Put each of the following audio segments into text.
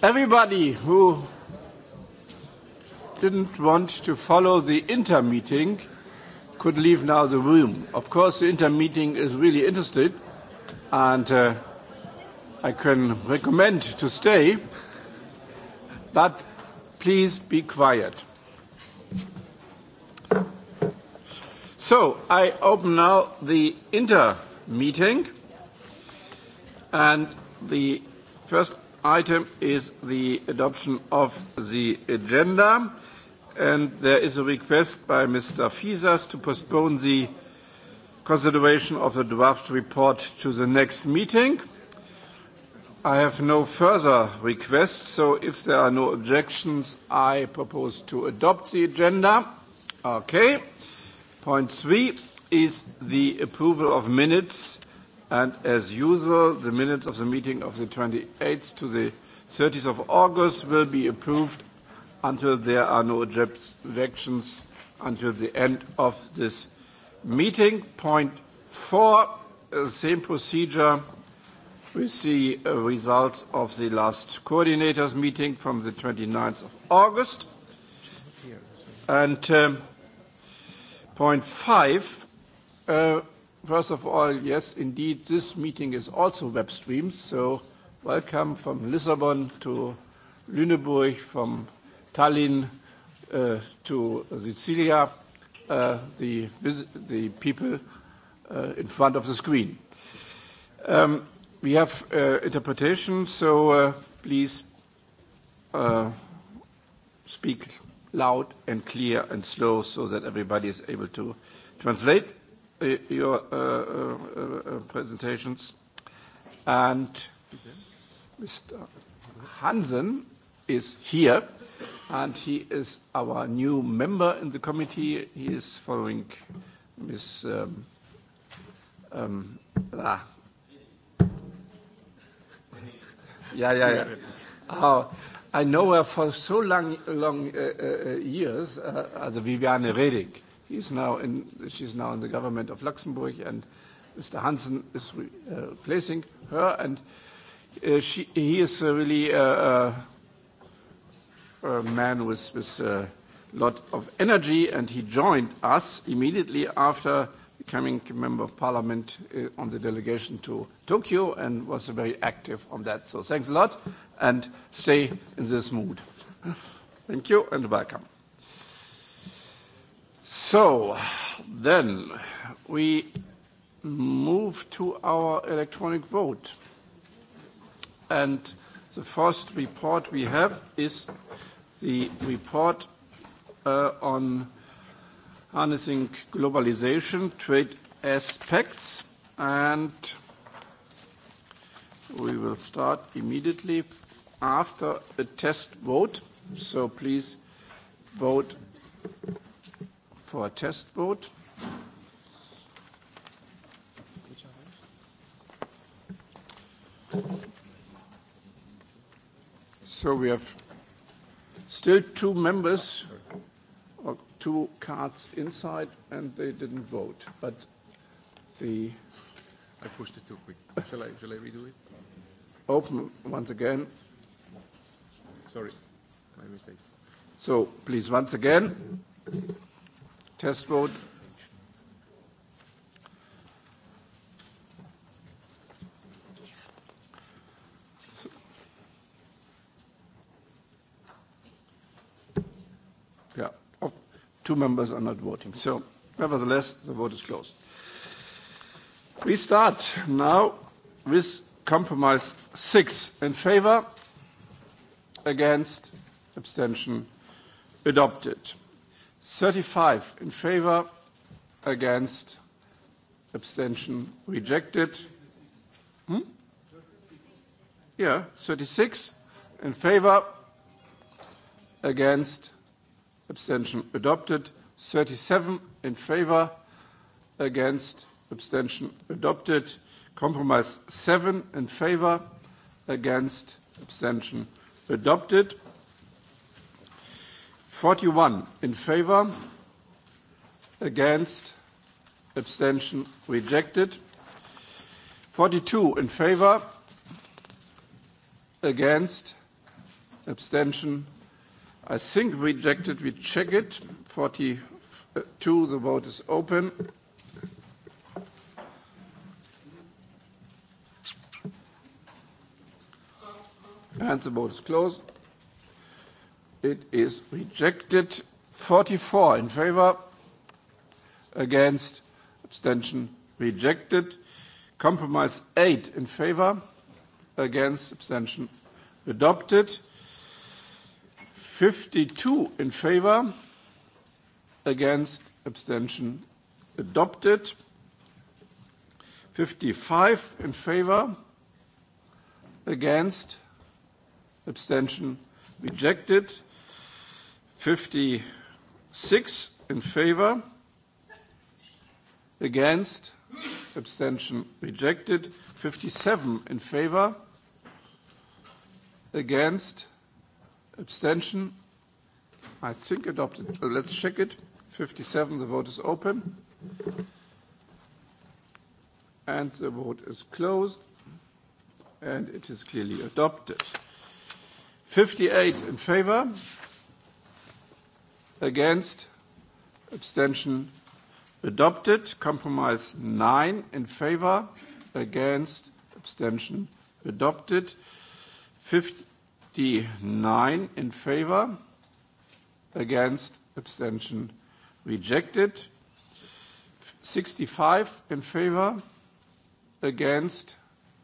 Everybody who didn't want to follow the inter meeting could leave now the room. Of course, the inter meeting is really interested, and uh, I can recommend to stay, but please be quiet. So, I open now the inter meeting, and the first item is the adoption of the agenda. And there is a request by Mr. Fisas to postpone the consideration of the draft report to the next meeting. I have no further requests, so if there are no objections, I propose to adopt the agenda. Okay. Point three is the approval of minutes And as usual, the minutes of the meeting of the 28th to the 30th of August will be approved until there are no objections until the end of this meeting. Point four, uh, same procedure. We see uh, results of the last coordinators meeting from the 29th of August. And um, point five, uh, First of all, yes, indeed, this meeting is also web streamed, so welcome from Lisbon to Lüneburg, from Tallinn uh, to Sicilia, uh, the, the people uh, in front of the screen. Um, we have uh, interpretation, so uh, please uh, speak loud and clear and slow so that everybody is able to translate your uh, uh, uh, presentations. And Mr. Hansen is here, and he is our new member in the committee. He is following Ms. Um, um, ah. Yeah, yeah, yeah. Oh, I know her for so long, long uh, uh, uh years, uh, also Viviane Reding. He's now in, she's now in the government of Luxembourg, and Mr. Hansen is re, uh, replacing her, and uh, she, he is uh, really uh, uh a man with, with a uh, lot of energy, and he joined us immediately after becoming a member of parliament uh, on the delegation to Tokyo and was very active on that. So thanks a lot and stay in this mood. Thank you and welcome. So, then we move to our electronic vote. And the first report we have is the report uh, on harnessing globalization, trade aspects, and we will start immediately after a test vote. So please vote for a test vote. So we have still two members or two cards inside, and they didn't vote. But the I pushed it too quick. Shall I, shall I redo it? Open once again. Sorry, my mistake. So please, once again. Test vote. Yeah, of two members are not voting. So, nevertheless, the vote is closed. We start now with compromise six in favor, against, abstention adopted. 35 in favor, against, abstention rejected. Hmm? Yeah, 36 in favor, against, abstention adopted. 37 in favor, against, abstention adopted. Compromise 7 in favor, against, abstention adopted. 41 in favor, against, abstention rejected. 42 in favor, against, abstention. I think rejected. We check it. 42, the vote is open. And the vote is closed. It is rejected. 44 in favor. Against. Abstention rejected. Compromise 8 in favor. Against. Abstention adopted. 52 in favor. Against. Abstention adopted. 55 in favor. Against. Abstention rejected. 56 in favor, against, abstention rejected. 57 in favor, against, abstention, I think adopted. Uh, let's check it. 57, the vote is open. And the vote is closed, and it is clearly adopted. 58 in favor, Against? Abstention adopted. Compromise 9 in favor. Against? Abstention adopted. 59 in favor. Against? Abstention rejected. 65 in favor. Against?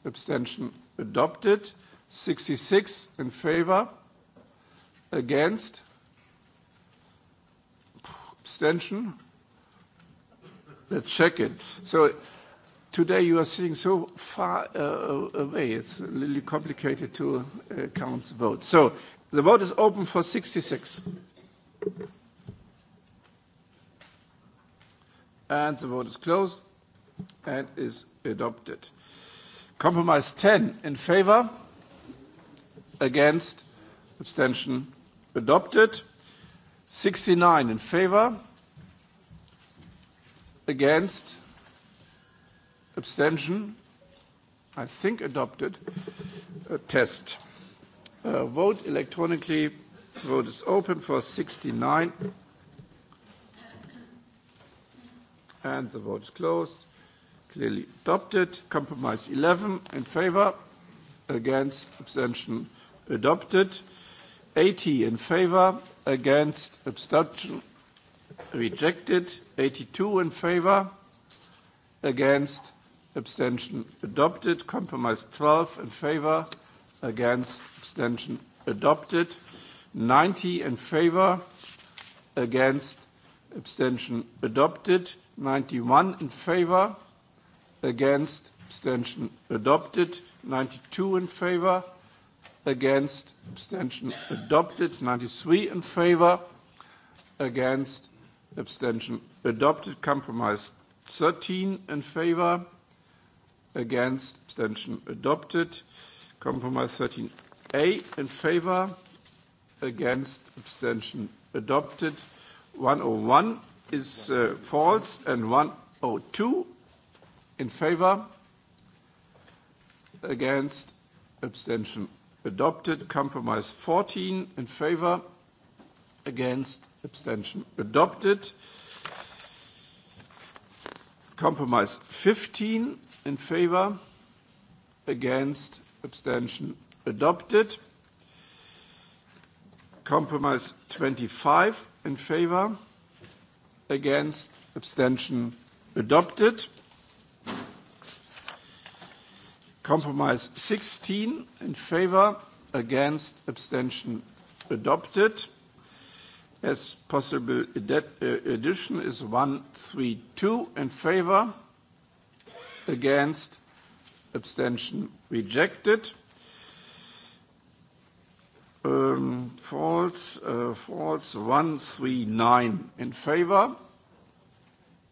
Abstention adopted. 66 in favor. Against? Abstention? Let's check it. So today you are sitting so far uh, uh, away, it's a little complicated to uh, count the votes. So the vote is open for 66. And the vote is closed and is adopted. Compromise 10 in favor, against, abstention adopted. 69 in favor, against, abstention, I think adopted. A test. Uh, vote electronically. Vote is open for 69. And the vote is closed. Clearly adopted. Compromise 11 in favor, against, abstention adopted. 80 in favor, against abstention rejected 82 in favor against abstention adopted compromise 12 in favor against abstention adopted 90 in favor against abstention adopted 91 in favor against abstention adopted 92 in favor against, abstention adopted. 93 in favor, against, abstention adopted. Compromise 13 in favor, against, abstention adopted. Compromise 13A in favor, against, abstention adopted. 101 is uh, false and 102 in favor, against, abstention adopted adopted. Compromise 14 in favor, against, abstention adopted. Compromise 15 in favor, against, abstention adopted. Compromise 25 in favor, against, abstention adopted. Compromise 16 in favor, against, abstention adopted. As possible uh, addition is 132 in favor, against, abstention rejected. Um, false, uh, false, 139 in favor,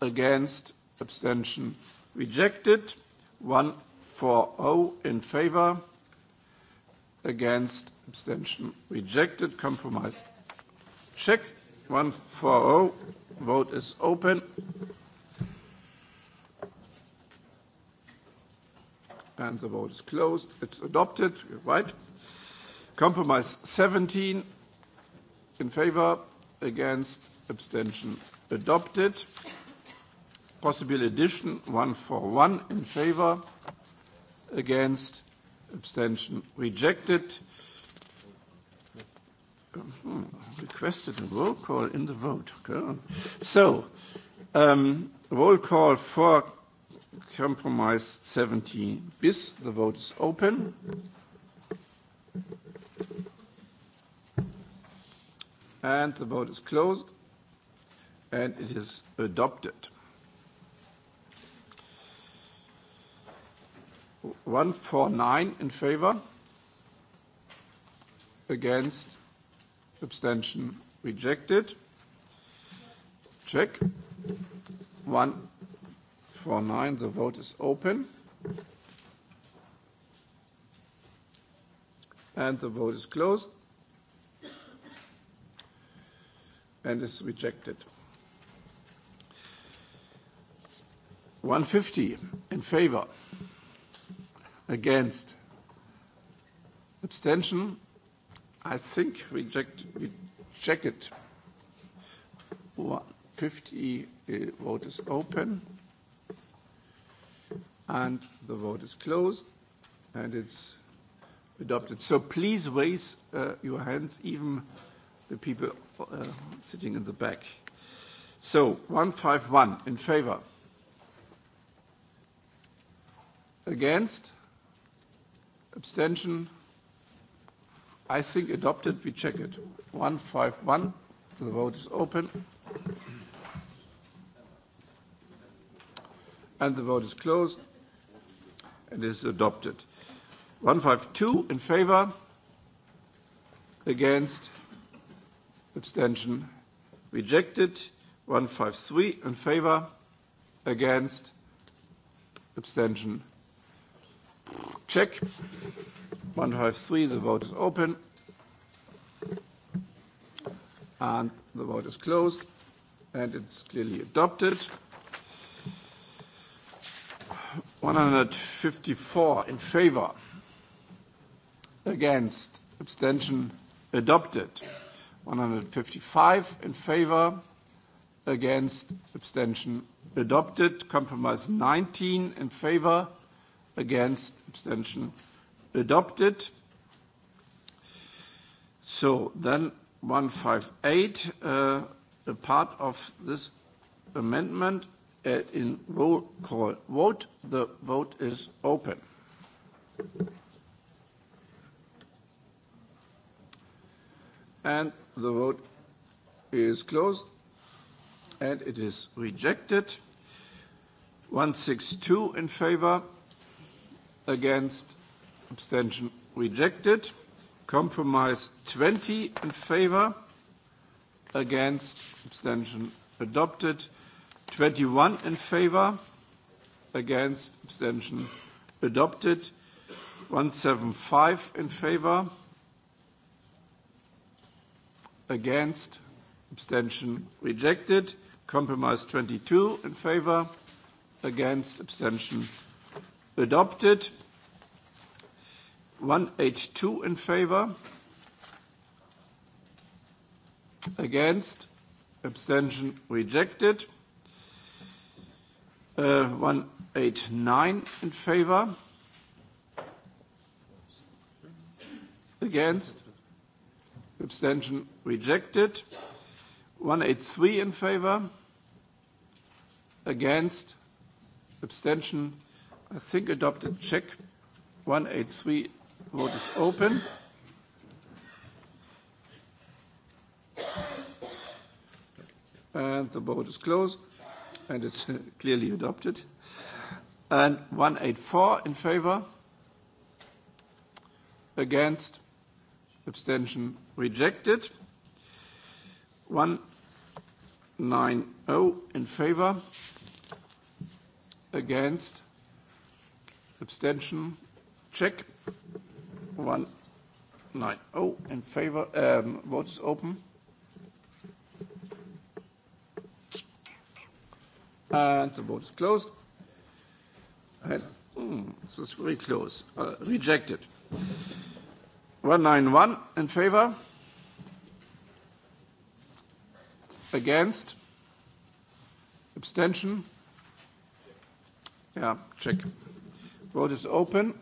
against, abstention rejected. 1 4.0 in favor, against, abstention rejected. Compromise check. 1.4.0. Vote is open. And the vote is closed. It's adopted. You're right. Compromise 17 in favor, against, abstention adopted. Possible addition 141 in favor, Against? Abstention rejected. Hmm, requested a roll call in the vote. Okay. So, um, roll call for compromise 17 bis. The vote is open. And the vote is closed. And it is adopted. 149 in favor, against, abstention rejected. Check. 149, the vote is open. And the vote is closed. And is rejected. 150 in favor, Against? Abstention? I think reject, rejected. 50 uh, vote is open. And the vote is closed. And it's adopted. So please raise uh, your hands, even the people uh, sitting in the back. So 151 in favor. Against? Abstention? I think adopted. We check it. 151. The vote is open. And the vote is closed. It is adopted. 152 in favor, against, abstention, rejected. 153 in favor, against, abstention, Check. 153, the vote is open. And the vote is closed, and it's clearly adopted. 154 in favor, against, abstention adopted. 155 in favor, against, abstention adopted. Compromise 19 in favor, Against? Abstention? Adopted. So then 158, uh, a part of this amendment uh, in roll call vote. The vote is open. And the vote is closed, and it is rejected. 162 in favor, against, abstention rejected. Compromise 20 in favor, against, abstention adopted. 21 in favor, against, abstention adopted. 175 in favor, against, abstention rejected. Compromise 22 in favor, against, abstention rejected Adopted. 182 in favor. Against. Abstention rejected. Uh, 189 in favor. Against. Abstention rejected. 183 in favor. Against. Abstention rejected I think adopted. Check. 183. Vote is open. And the vote is closed, and it's uh, clearly adopted. And 184 in favor, against, abstention rejected. 190 in favor, against, Abstention? Check. One, nine, oh, in favor. Um, vote is open. And the vote is closed. And, mm, this was very close. Uh, rejected. 191 in favor. Against? Abstention? Yeah, check. Vote is open.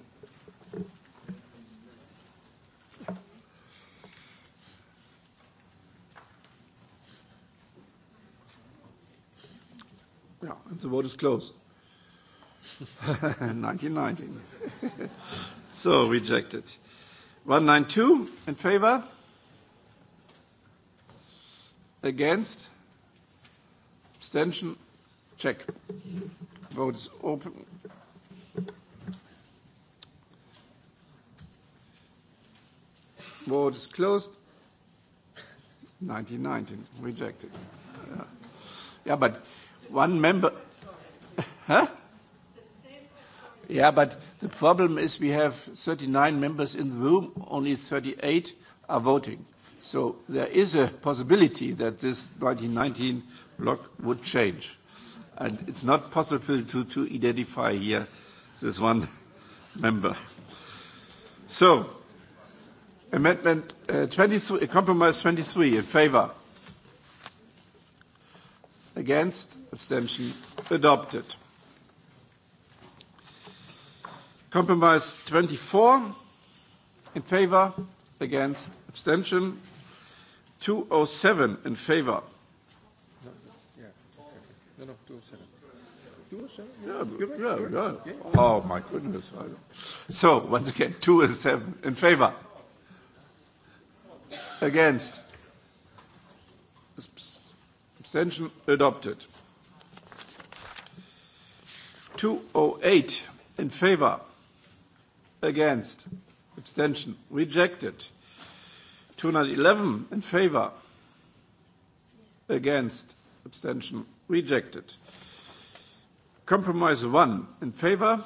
Yeah, and the vote is closed. 1919. so rejected. 192 in favor? Against? Abstention? Check. Vote is open. Vote is closed. 1919, rejected. Yeah, yeah but one member. Huh? Yeah, but the problem is we have 39 members in the room, only 38 are voting. So there is a possibility that this 1919 block would change. And it's not possible to, to identify here this one member. So, Amendment uh, 23, compromise 23 in favor. Against, abstention adopted. Compromise 24 in favor, against, abstention. 207 in favor. No, yeah. No, no, 207. 207? Yeah, yeah, yeah. yeah. Oh, my goodness. So, once again, 207 in favor. Against? Abstention adopted. 208 in favor. Against? Abstention rejected. 211 in favor. Against? Abstention rejected. Compromise 1 in favor.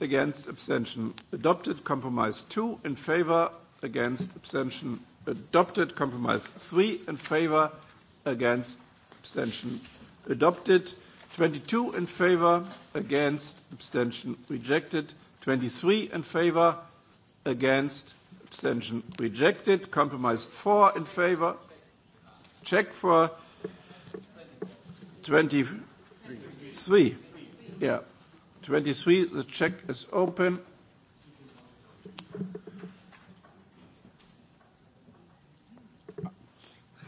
Against? Abstention adopted. Compromise 2 in favor. Against? Abstention adopted. Compromise 3 in favor, against, abstention adopted. 22 in favor, against, abstention rejected. 23 in favor, against, abstention rejected. Compromise 4 in favor. Check for 23. Yeah. 23, the check is open.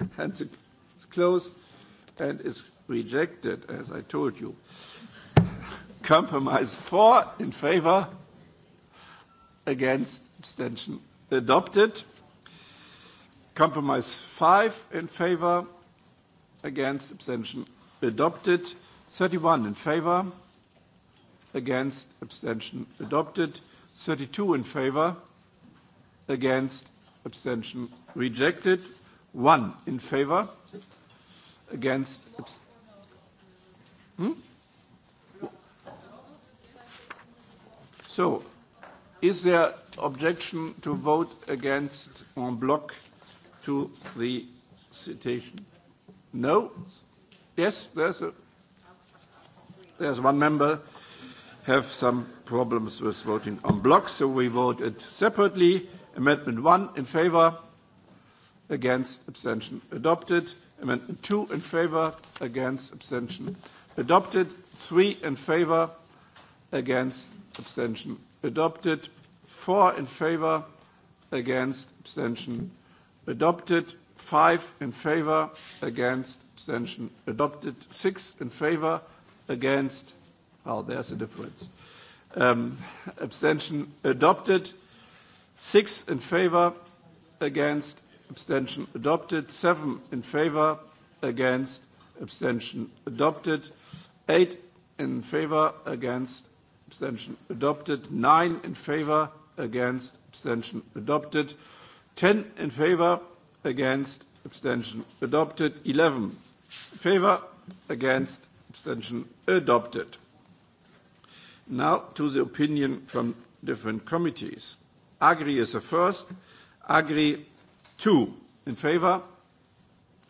and it's closed and is rejected, as I told you. Compromise four in favor, against, abstention adopted. Compromise five in favor, against, abstention adopted. 31 in favor, against, abstention adopted. 32 in favor, against, abstention rejected. 1 in favor, against. Hmm? So, is there objection to vote against en bloc to the citation? No? Yes, there's a there's one member have some problems with voting on block, so we vote it separately. Amendment 1 in favor, against, abstention adopted. Amendment 2 in favor, against, abstention adopted. 3 in favor, against, abstention adopted. 4 in favor, against, abstention adopted. 5 in favor, against, abstention adopted. 6 in favor, against, oh, there's a difference. Um, abstention adopted. 6 in favor, against, abstention adopted. Seven in favor, against, abstention adopted. Eight in favor, against, abstention adopted. Nine in favor, against, abstention adopted. Ten in favor, against, abstention adopted. Eleven in favor, against, abstention adopted. Now to the opinion from different committees. Agri is the first. Agri 2 in favor,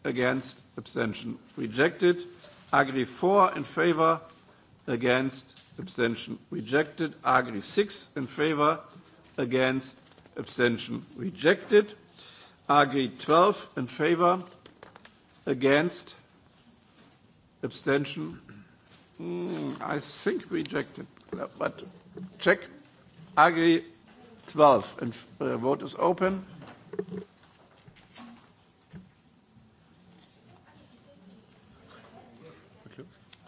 against, abstention rejected. Agri 4 in favor, against, abstention rejected. Agri 6 in favor, against, abstention rejected. Agri 12 in favor, against, abstention. Mm, I think rejected, but check. Agri 12 and uh, vote is open.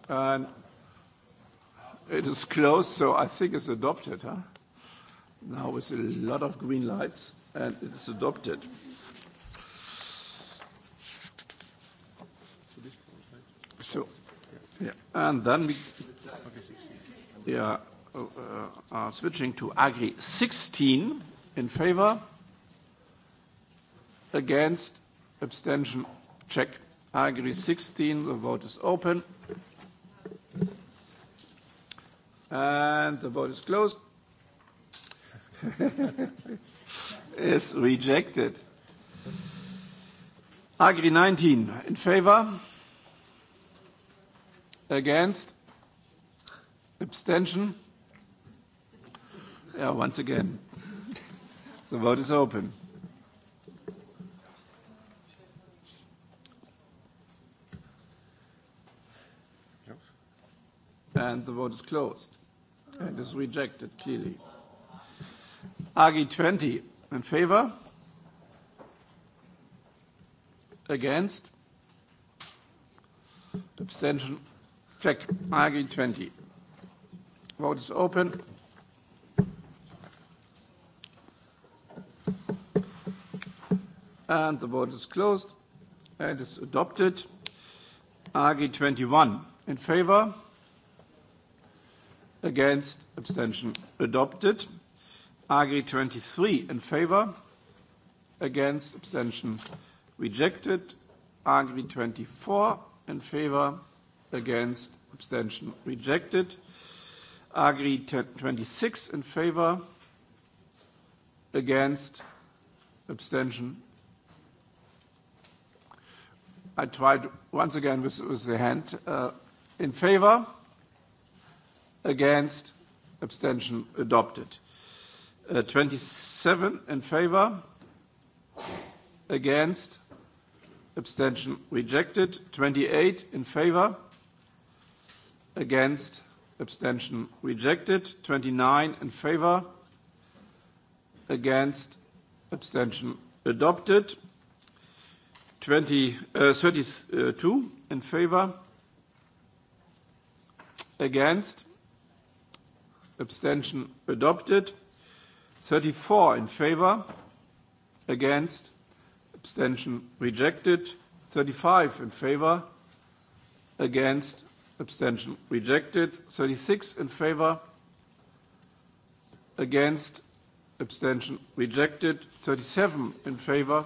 And it is closed, so I think it's adopted, huh? Now with a lot of green lights, and it's adopted. So, yeah, and then we, yeah, uh, uh, switching to Agri 16 in favor, against, abstention, check. Agri 16, the vote is open. And the vote is closed. is rejected. Agri 19 in favor. Against. Abstention. Yeah, once again. The vote is open. And the vote is closed. It is rejected, clearly. AGI 20 in favor? Against? Abstention? Check. AGI 20. Vote is open. And the vote is closed. It is adopted. AGI 21 in favor? Against. Abstention adopted. Agri 23 in favor. Against. Abstention rejected. Agri 24 in favor. Against. Abstention rejected. Agri 26 in favor. Against. Abstention. I tried once again with, with the hand. Uh, in favor. Against Against? Abstention adopted. Uh, 27 in favor? Against? Abstention rejected. 28 in favor? Against? Abstention rejected. 29 in favor? Against? Abstention adopted. 20, uh, 32 in favor? Against? abstention adopted. 34 in favor, against, abstention rejected. 35 in favor, against, abstention rejected. 36 in favor, against, abstention rejected. 37 in favor,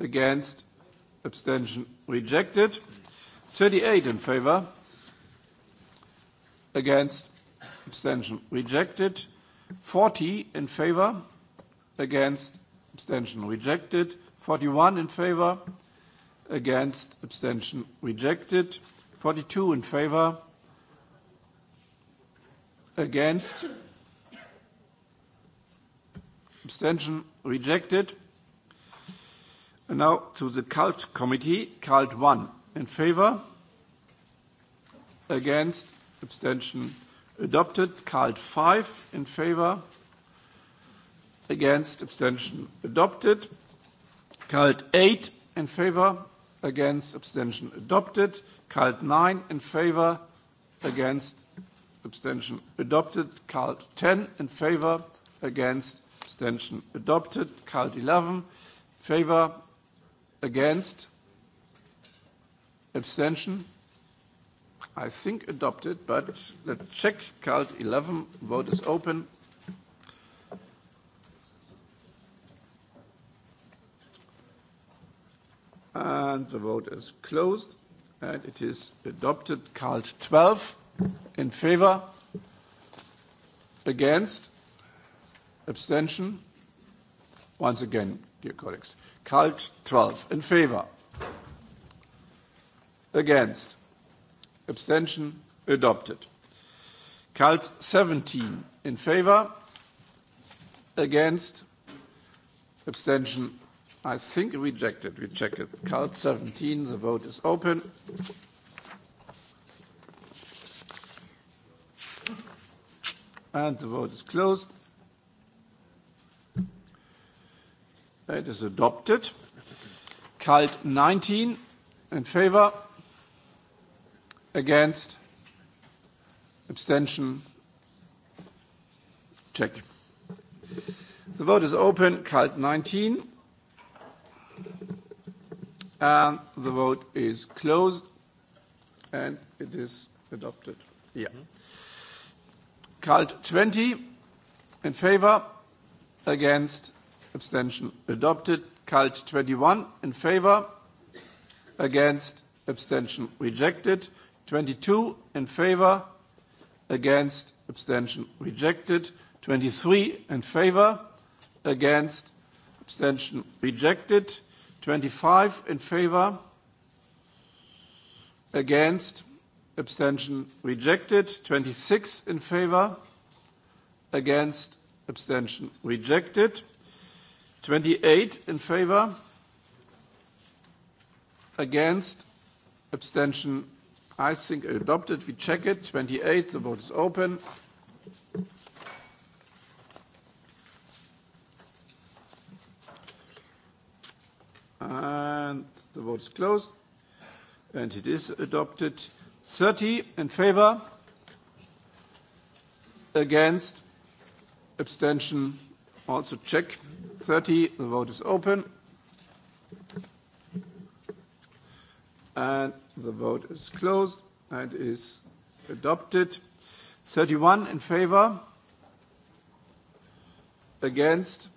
against, abstention rejected. 38 in favor, against, abstention rejected. 40 in favor, against, abstention rejected. 41 in favor, against, abstention rejected. 42 in favor, against, abstention rejected. And now to the Cult Committee, Cult 1 in favor, against, abstention adopted. Cult 5 in favor, against, abstention adopted. Cult 8 in favor, against, abstention adopted. Cult 9 in favor, against, abstention adopted. Cult 10 in favor, against, abstention adopted. Cult 11 favor, against, abstention I think adopted, but let's check. Cult 11, vote is open. And the vote is closed, and it is adopted. Cult 12, in favor, against, abstention. Once again, dear colleagues, Cult 12, in favor, against, Abstention? Adopted. Cult 17 in favor. Against? Abstention? I think rejected. We check it. Cult 17. The vote is open. And the vote is closed. It is adopted. Cult 19 in favor. Against? Abstention? Check. The vote is open. Cult 19. And the vote is closed, and it is adopted. Yeah. Mm-hmm. Cult 20, in favor, against, abstention adopted. Cult 21, in favor, against, abstention rejected. 22 in favor, against, abstention rejected. 23 in favor, against, abstention rejected. 25 in favor, against, abstention rejected. 26 in favor, against, abstention rejected. 28 in favor, against, abstention I think adopted. We check it. 28. The vote is open. And the vote is closed. And it is adopted. 30 in favor. Against. Abstention. Also check. 30. The vote is open. And The vote is closed and is adopted. 31 in favor, against,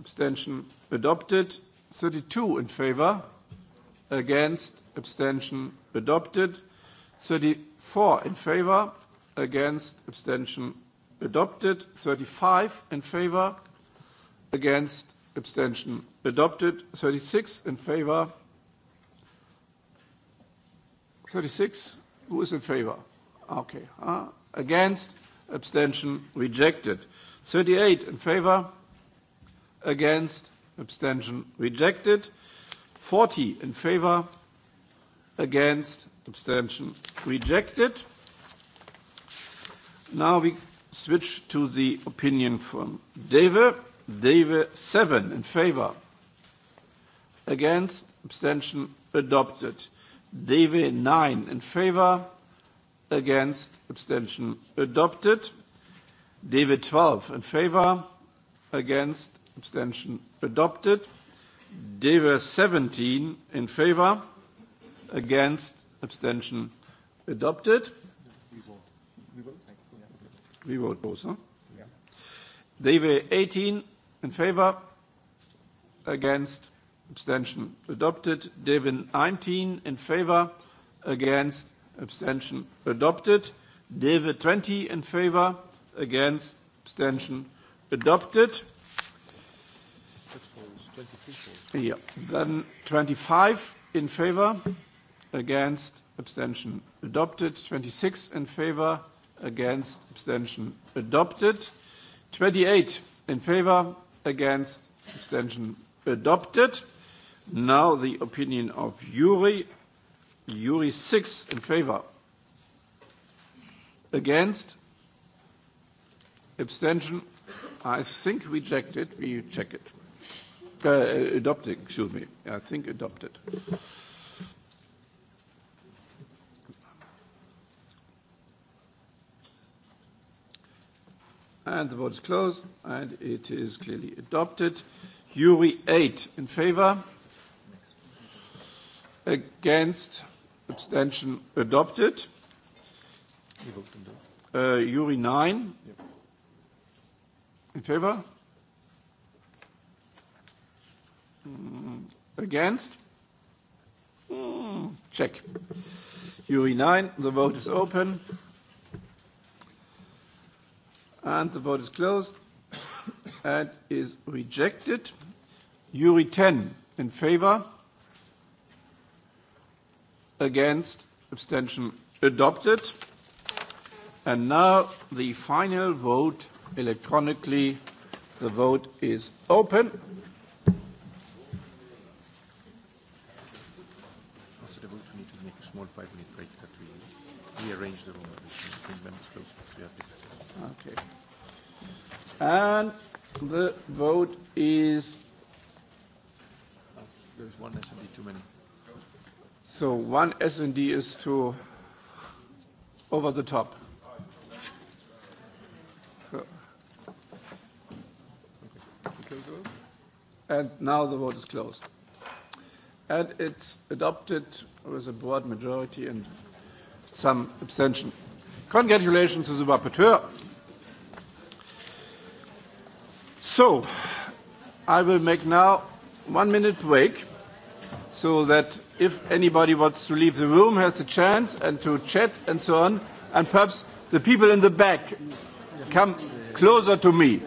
abstention adopted. 32 in favor, against, abstention adopted. 34 in favor, against, abstention adopted. 35 in favor, against, abstention adopted. 36 in favor, against, 36. Who is in favor? Okay. Huh? Against? Abstention rejected. 38 in favor? Against? Abstention rejected. 40 in favor? Against? Abstention rejected. Now we switch to the opinion from Deve. Deve 7 in favor? Against? Abstention adopted. DEWE 9 in favor, against, abstention adopted. DEWE 12 in favor, against, abstention adopted. DEWE 17 in favor, against, abstention adopted. We vote. We vote. We vote both, huh? Yeah. DEWE 18 in favor, against, abstention adopted. Devin 19 in favor, against, abstention adopted. David 20 in favor, against, abstention adopted. Yeah. Then 25 in favor, against, abstention adopted. 26 in favor, against, abstention adopted. 28 in favor, against, abstention adopted. Now the opinion of Yuri. Yuri 6 in favor. Against? Abstention? I think rejected. We check it. Uh, adopted, excuse me. I think adopted. And the vote is closed, and it is clearly adopted. Yuri 8 in favor. Against? Abstention adopted. Uh, Yuri 9. Yep. In favor? Mm, against? Mm, check. Yuri 9. The vote is open. And the vote is closed and is rejected. Yuri 10. In favor? against, abstention adopted. And now the final vote electronically. The vote is open. After the vote, we need to make a small five-minute break that we rearrange the room. Bring members closer to the other. Okay. And the vote is. There is one SMD too many. So one S&D is too over the top. So. And now the vote is closed. And it's adopted with a broad majority and some abstention. Congratulations to the rapporteur. So I will make now one minute break so that if anybody wants to leave the room has the chance and to chat and so on. And perhaps the people in the back come closer to me.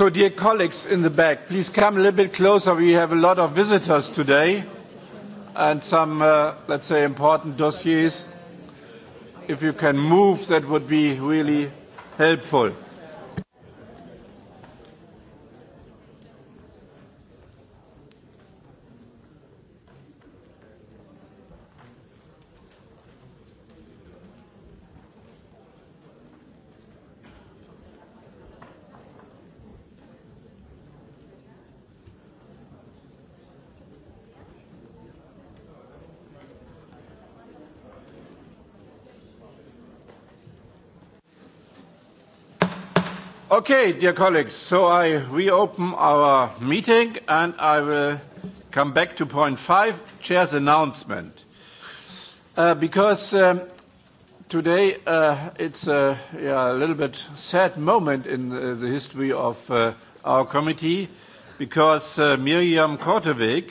So, dear colleagues in the back, please come a little bit closer. We have a lot of visitors today and some, uh, let's say, important dossiers. If you can move, that would be really helpful. Okay, dear colleagues, so I reopen our meeting and I will come back to point five, chair's announcement. Uh, because um, today uh, it's a, yeah, a little bit sad moment in uh, the history of uh, our committee because uh, Miriam Korteweg,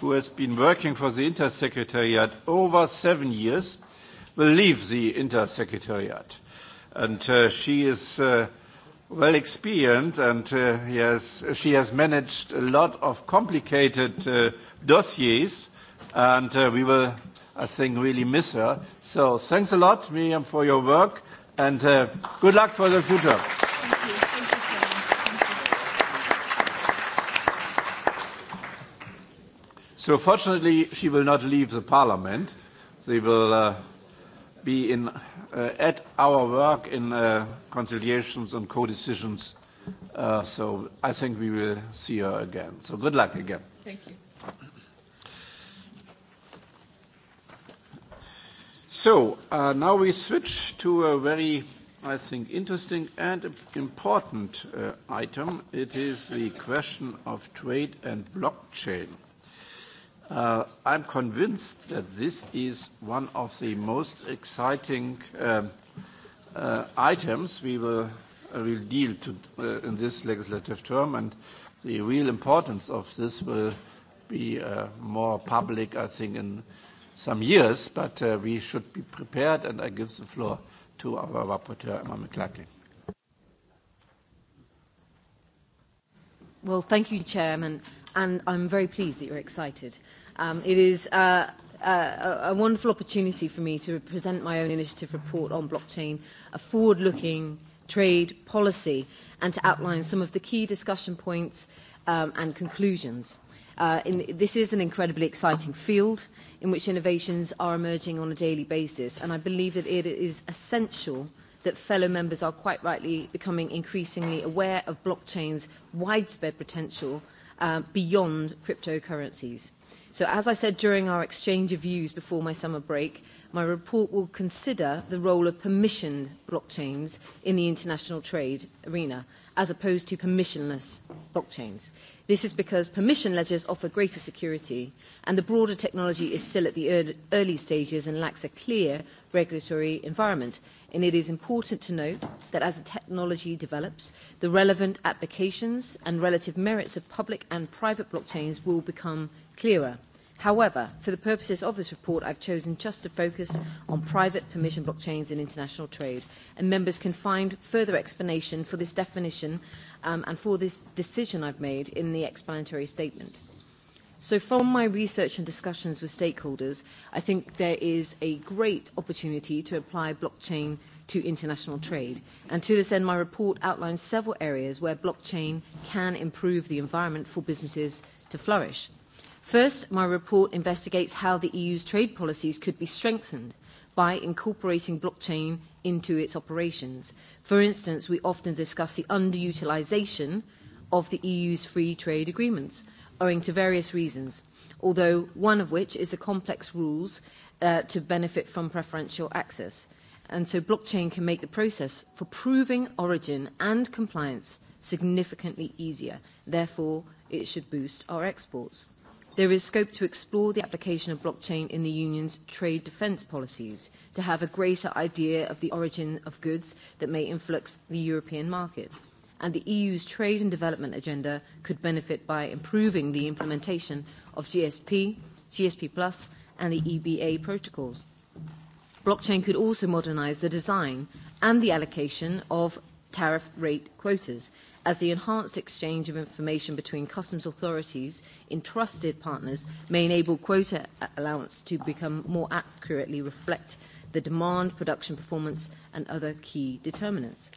who has been working for the Intersecretariat over seven years, will leave the Intersecretariat. And uh, she is uh, well experienced and uh, he has, she has managed a lot of complicated uh, dossiers and uh, we will, I think, really miss her. So thanks a lot, Miriam, for your work and uh, good luck for the future. Thank you. Thank you. So fortunately, she will not leave the parliament. They will uh, be in, uh, at our work in uh, conciliations and co-decisions. Uh, so I think we will see her again. So good luck again. Thank you. So uh, now we switch to a very, I think, interesting and important uh, item. It is the question of trade and blockchain. Uh, Uh, I'm convinced that this is one of the most exciting uh, uh, items we will, uh, will deal to uh, in this legislative term, and the real importance of this will be uh, more public, I think, in some years. But we should be prepared, and I give the floor to our rapporteur, Emma McLaughlin. Well, thank you, Chairman, and I'm very pleased that you're excited. Uh, Um, it is uh, uh, a wonderful opportunity for me to present my own initiative report on blockchain, a forward-looking trade policy, and to outline some of the key discussion points um, and conclusions. Uh, in, this is an incredibly exciting field in which innovations are emerging on a daily basis, and I believe that it is essential that fellow members are quite rightly becoming increasingly aware of blockchain's widespread potential uh, beyond cryptocurrencies. So as I said during our exchange of views before my summer break, my report will consider the role of permissioned blockchains in the international trade arena, as opposed to permissionless blockchains. This is because permission ledgers offer greater security, and the broader technology is still at the early stages and lacks a clear regulatory environment. And it is important to note that as the technology develops, the relevant applications and relative merits of public and private blockchains will become clearer. However, for the purposes of this report, I've chosen just to focus on private permission blockchains in international trade, and members can find further explanation for this definition um, and for this decision I've made in the explanatory statement. So from my research and discussions with stakeholders, I think there is a great opportunity to apply blockchain to international trade. And to this end, my report outlines several areas where blockchain can improve the environment for businesses to flourish. First, my report investigates how the EU's trade policies could be strengthened by incorporating blockchain into its operations. For instance, we often discuss the underutilization of the EU's free trade agreements, owing to various reasons, although one of which is the complex rules uh, to benefit from preferential access. And so blockchain can make the process for proving origin and compliance significantly easier. Therefore, it should boost our exports. There is scope to explore the application of blockchain in the Union's trade defence policies to have a greater idea of the origin of goods that may influx the European market. And the EU's trade and development agenda could benefit by improving the implementation of GSP, GSP Plus, and the EBA protocols. Blockchain could also modernize the design and the allocation of tariff rate quotas as the enhanced exchange of information between customs authorities in trusted partners may enable quota allowance to become more accurately reflect the demand, production performance and other key determinants.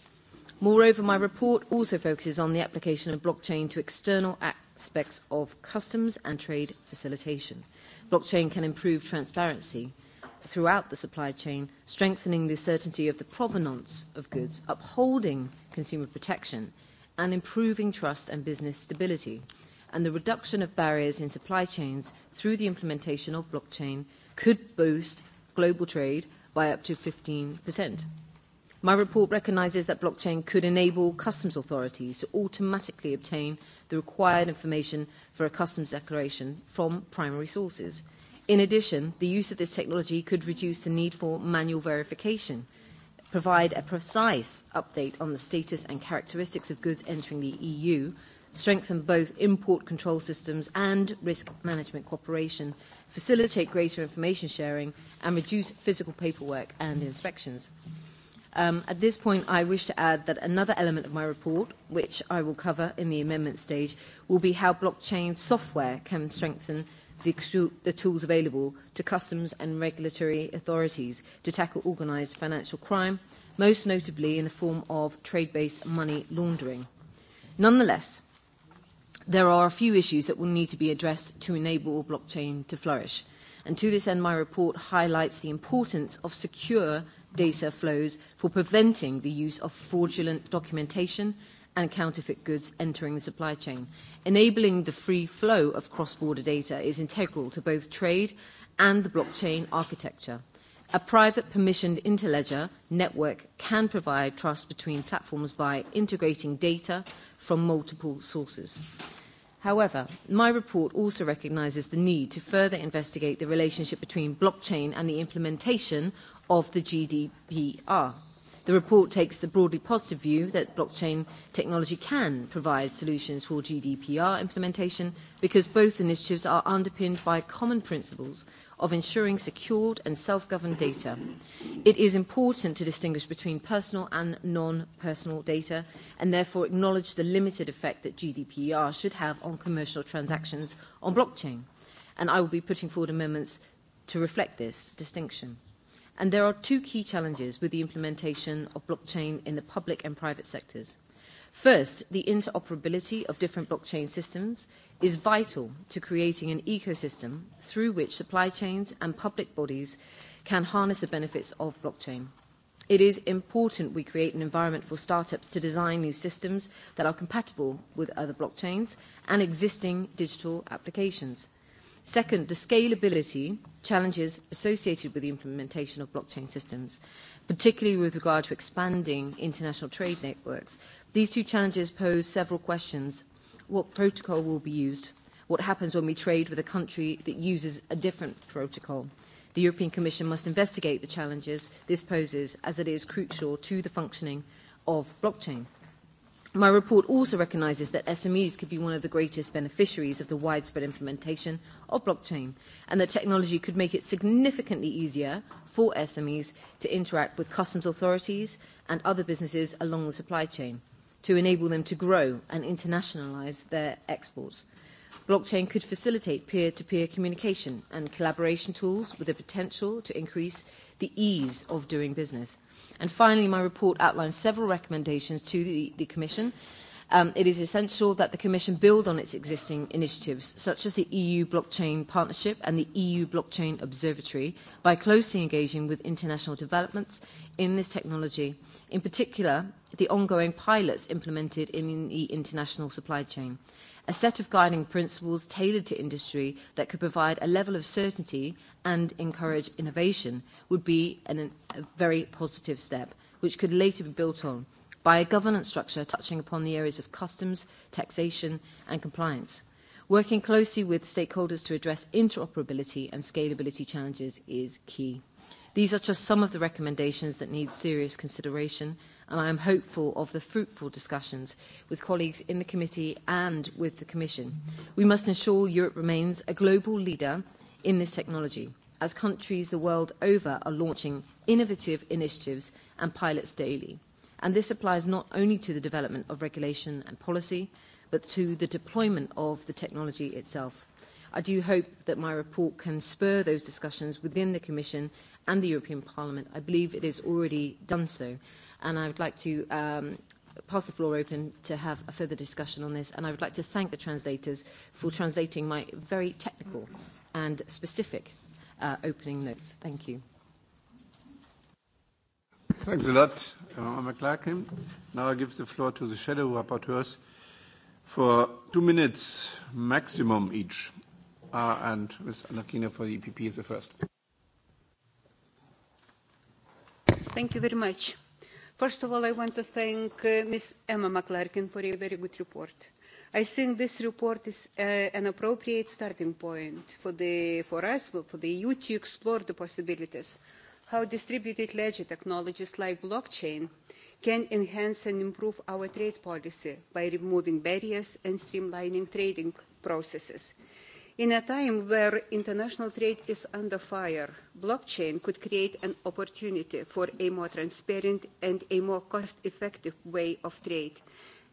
Moreover, my report also focuses on the application of blockchain to external aspects of customs and trade facilitation. Blockchain can improve transparency throughout the supply chain, strengthening the certainty of the provenance of goods, upholding consumer protection, and improving trust and business stability, and the reduction of barriers in supply chains through the implementation of blockchain could boost global trade by up to 15%. My report recognizes that blockchain could enable customs authorities to automatically obtain the required information for a customs declaration from primary sources. In addition, the use of this technology could reduce the need for manual verification, provide a precise update on the status and characteristics of goods entering the EU, strengthen both import control systems and risk management cooperation, facilitate greater information sharing, and reduce physical paperwork and inspections. Um, at this point, I wish to add that another element of my report, which I will cover in the amendment stage, will be how blockchain software can strengthen the, the tools available to customs and regulatory authorities to tackle organised financial crime, most notably in the form of trade-based money laundering. Nonetheless, there are a few issues that will need to be addressed to enable blockchain to flourish. And to this end, my report highlights the importance of secure data flows for preventing the use of fraudulent documentation and counterfeit goods entering the supply chain. Enabling the free flow of cross-border data is integral to both trade and the blockchain architecture. A private permissioned interledger network can provide trust between platforms by integrating data from multiple sources. However, my report also recognizes the need to further investigate the relationship between blockchain and the implementation of the GDPR The report takes the broadly positive view that blockchain technology can provide solutions for GDPR implementation because both initiatives are underpinned by common principles of ensuring secured and self-governed data. It is important to distinguish between personal and non-personal data and therefore acknowledge the limited effect that GDPR should have on commercial transactions on blockchain. And I will be putting forward amendments to reflect this distinction and there are two key challenges with the implementation of blockchain in the public and private sectors. First, the interoperability of different blockchain systems is vital to creating an ecosystem through which supply chains and public bodies can harness the benefits of blockchain. It is important we create an environment for startups to design new systems that are compatible with other blockchains and existing digital applications. Second, the scalability challenges associated with the implementation of blockchain systems, particularly with regard to expanding international trade networks. These two challenges pose several questions. What protocol will be used? What happens when we trade with a country that uses a different protocol? The European Commission must investigate the challenges this poses as it is crucial to the functioning of blockchain. My report also recognises that SMEs could be one of the greatest beneficiaries of the widespread implementation of blockchain and that technology could make it significantly easier for SMEs to interact with customs authorities and other businesses along the supply chain to enable them to grow and internationalise their exports. Blockchain could facilitate peer-to-peer -peer communication and collaboration tools with the potential to increase the ease of doing business. And finally, my report outlines several recommendations to the, the Commission. Um, it is essential that the Commission build on its existing initiatives, such as the EU Blockchain Partnership and the EU Blockchain Observatory, by closely engaging with international developments in this technology, in particular, the ongoing pilots implemented in the international supply chain. Uh, a set of guiding principles tailored to industry that could provide a level of certainty and encourage innovation would be an, a very positive step, which could later be built on by a governance structure touching upon the areas of customs, taxation and compliance. Working closely with stakeholders to address interoperability and scalability challenges is key. These are just some of the recommendations that need serious consideration, and I am hopeful of the fruitful discussions with colleagues in the committee and with the Commission. We must ensure Europe remains a global leader in this technology, as countries the world over are launching innovative initiatives and pilots daily. And this applies not only to the development of regulation and policy, but to the deployment of the technology itself. I do hope that my report can spur those discussions within the Commission and the European Parliament. I believe it has already done so, and I would like to um, pass the floor open to have a further discussion on this. And I would like to thank the translators for translating my very technical and specific uh, opening notes. Thank you. Thanks a lot, uh, Emma McLaughlin. Now I give the floor to the shadow rapporteurs for two minutes maximum each. Uh, and Ms. Anakina for the EPP is the first. Thank you very much. First of all, I want to thank uh, Ms. Emma McClarkin for a very good report. I think this report is uh, an appropriate starting point for, the, for us, for the EU, to explore the possibilities how distributed ledger technologies like blockchain can enhance and improve our trade policy by removing barriers and streamlining trading processes. In a time where international trade is under fire, blockchain could create an opportunity for a more transparent and a more cost-effective way of trade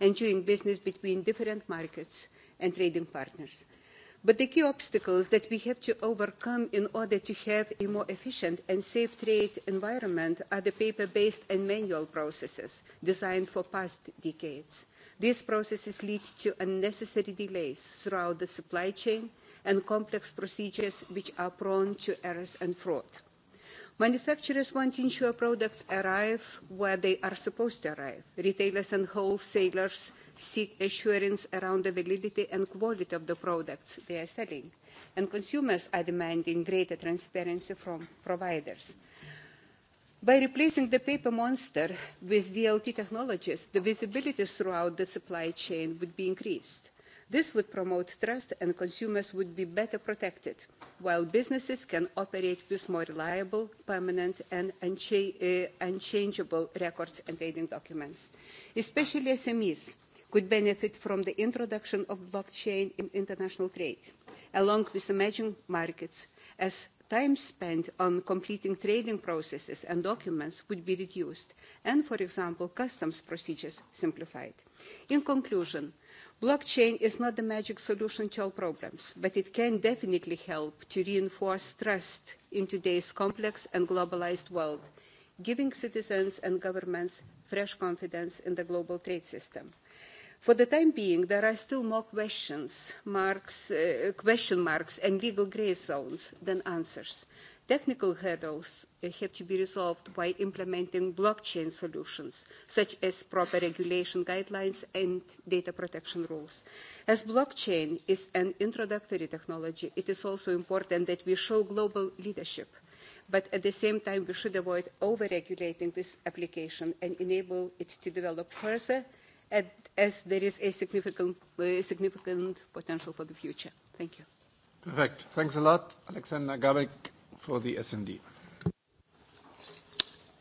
and doing business between different markets and trading partners. But the key obstacles that we have to overcome in order to have a more efficient and safe trade environment are the paper-based and manual processes designed for past decades. These processes lead to unnecessary delays throughout the supply chain and complex procedures which are prone to errors and fraud. Manufacturers want to ensure products arrive where they are supposed to arrive. Retailers and wholesalers seek assurance around the validity and quality of the products they are selling. And consumers are demanding greater transparency from providers. By replacing the paper monster with DLT technologies, the visibility throughout the supply chain would be increased. This would promote trust and consumers would be better protected, while businesses can operate with more reliable, permanent and uncha uh, unchangeable records and trading documents. Especially SMEs could benefit from the introduction of blockchain in international trade, along with emerging markets, as time spent on completing trading processes and documents would be reduced, and, for example, customs procedures simplified. In conclusion, Blockchain is not the magic solution to all problems, but it can definitely help to reinforce trust in today's complex and globalized world, giving citizens and governments fresh confidence in the global trade system. For the time being, there are still more questions, marks, uh, question marks and legal grey zones than answers. Technical hurdles have to be resolved by implementing blockchain solutions, such as proper regulation guidelines and data protection rules. As blockchain is an introductory technology, it is also important that we show global leadership but at the same time we should avoid over-regulating this application and enable it to develop further at, as there is a significant, uh, significant potential for the future. Thank you. Perfect. Thanks a lot, Alexander Gabek for the S&D.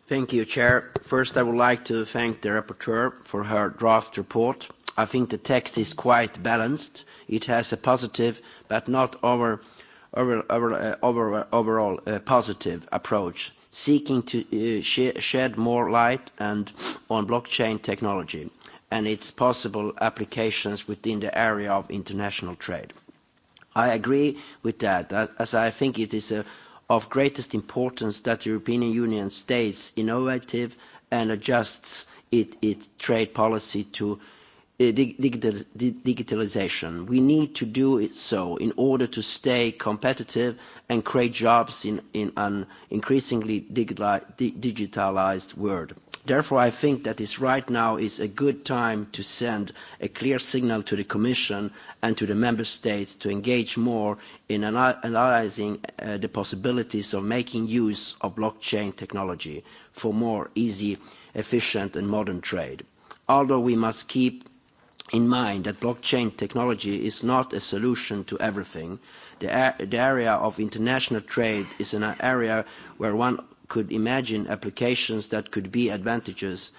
Thank you, Chair. First, I would like to thank the rapporteur for her draft report. I think the text is quite balanced. It has a positive, but not over, over, over, uh, over, overall uh, positive approach, seeking to uh, sh shed more light and on blockchain technology and its possible applications within the area of international trade. I agree with that, as I think it is a of greatest importance that the European Union stays innovative and adjusts its it trade policy to Uh, digital, digitalization. We need to do it so in order to stay competitive and create jobs in, in an increasingly digitalized world. Therefore, I think that this right now is a good time to send a clear signal to the Commission and to the Member States to engage more in analyzing uh, the possibilities of making use of blockchain technology for more easy, efficient and modern trade although we must keep in mind that blockchain technology is not a solution to everything. The, ar the area of international trade is an area where one could imagine applications that could be advantageous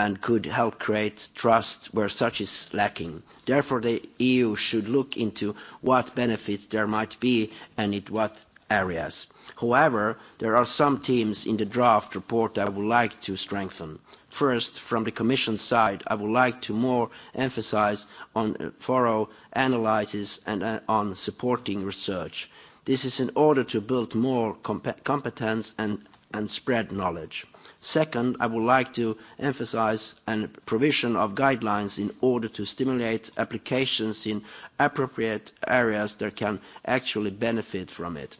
and could help create trust where such is lacking. Therefore, the EU should look into what benefits there might be and it what areas. However, there are some themes in the draft report that I would like to strengthen. First, from the Commission side, I would like to more emphasize on uh, thorough analysis and uh, on supporting research. This is in order to build more comp competence and, and spread knowledge. Second, I would like to emphasize a provision of guidelines in order to stimulate applications in appropriate areas that can actually benefit from it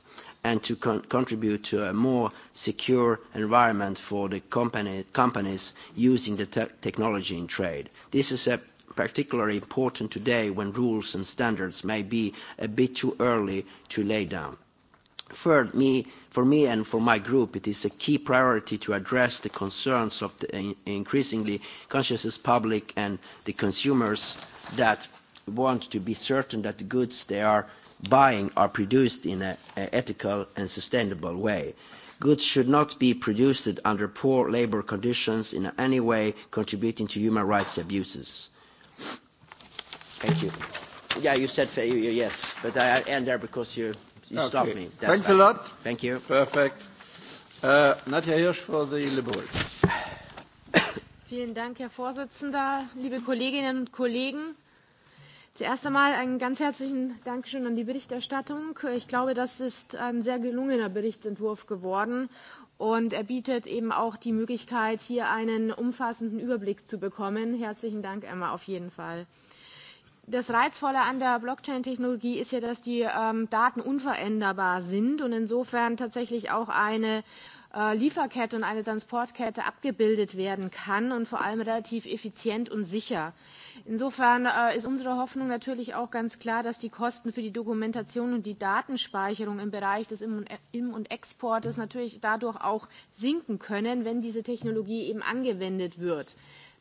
and to con contribute to a more secure environment for the company, companies using the te technology in trade. This is a particularly important today when rules and standards may be a bit too early to lay down. Third, me, for me and for my group, it is a key priority to address the concerns of the in increasingly conscious public and the consumers that want to be certain that the goods they are buying are produced in an ethical and sustainable way. Goods should not be produced under poor labour conditions in any way contributing to human rights abuses. Thank you. Yeah, you said yes, but I end there because you, you okay. stopped me. That's Thanks fine. a lot. Thank you. Perfect. Uh, Nadja Hirsch for the Liberals. Vielen Dank, Herr Vorsitzender, liebe Kolleginnen und Kollegen. Zuerst einmal einen ganz herzlichen Dankeschön an die Berichterstattung. Ich glaube, das ist ein sehr gelungener Berichtsentwurf geworden. Und er bietet eben auch die Möglichkeit, hier einen umfassenden Überblick zu bekommen. Herzlichen Dank, Emma, auf jeden Fall. Das Reizvolle an der Blockchain-Technologie ist ja, dass die ähm, Daten unveränderbar sind und insofern tatsächlich auch eine Äh, Lieferkette und eine Transportkette abgebildet werden kann und vor allem relativ effizient und sicher. Insofern äh, ist unsere Hoffnung natürlich auch ganz klar, dass die Kosten für die Dokumentation und die Datenspeicherung im Bereich des Im- und e-, Exportes natürlich dadurch auch sinken können, wenn diese Technologie eben angewendet wird. Äh,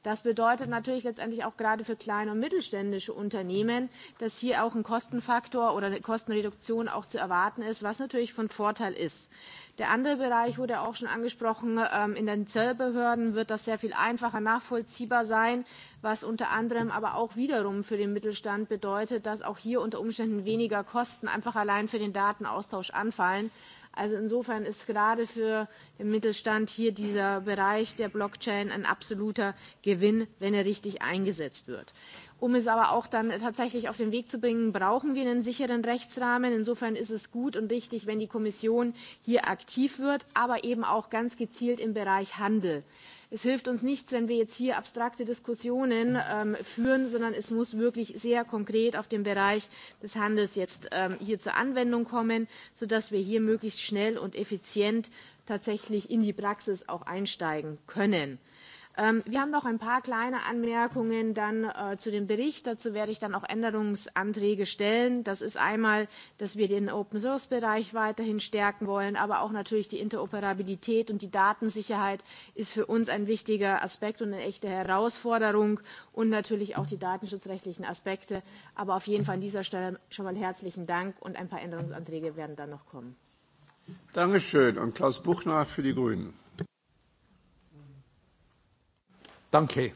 Das bedeutet natürlich letztendlich auch gerade für kleine und mittelständische Unternehmen, dass hier auch ein Kostenfaktor oder eine Kostenreduktion auch zu erwarten ist, was natürlich von Vorteil ist. Der andere Bereich wurde auch schon angesprochen. Ähm, in den Zellbehörden wird das sehr viel einfacher nachvollziehbar sein, was unter anderem aber auch wiederum für den Mittelstand bedeutet, dass auch hier unter Umständen weniger Kosten einfach allein für den Datenaustausch anfallen. Also insofern ist gerade für den Mittelstand hier dieser Bereich der Blockchain ein absoluter Gewinn, wenn er richtig eingesetzt wird. Um es aber auch dann tatsächlich auf den Weg zu bringen, brauchen wir einen sicheren Rechtsrahmen. Insofern ist es gut und richtig, wenn die Kommission hier aktiv wird, aber eben auch ganz gezielt im Bereich Handel. Es hilft uns nichts, wenn wir jetzt hier abstrakte Diskussionen ähm, führen, sondern es muss wirklich sehr konkret auf den Bereich des Handels jetzt ähm, hier zur Anwendung kommen, sodass wir hier möglichst schnell und effizient tatsächlich in die Praxis auch einsteigen können. Ähm, wir haben noch ein paar kleine Anmerkungen dann äh, zu dem Bericht. Dazu werde ich dann auch Änderungsanträge stellen. Das ist einmal, dass wir den Open-Source-Bereich weiterhin stärken wollen, aber auch natürlich die Interoperabilität und die Datensicherheit ist für uns ein wichtiger Aspekt und eine echte Herausforderung und natürlich auch die datenschutzrechtlichen Aspekte. Aber auf jeden Fall an dieser Stelle schon mal herzlichen Dank und ein paar Änderungsanträge werden dann noch kommen. Dankeschön. Und Klaus Buchner für die Grünen. Danke.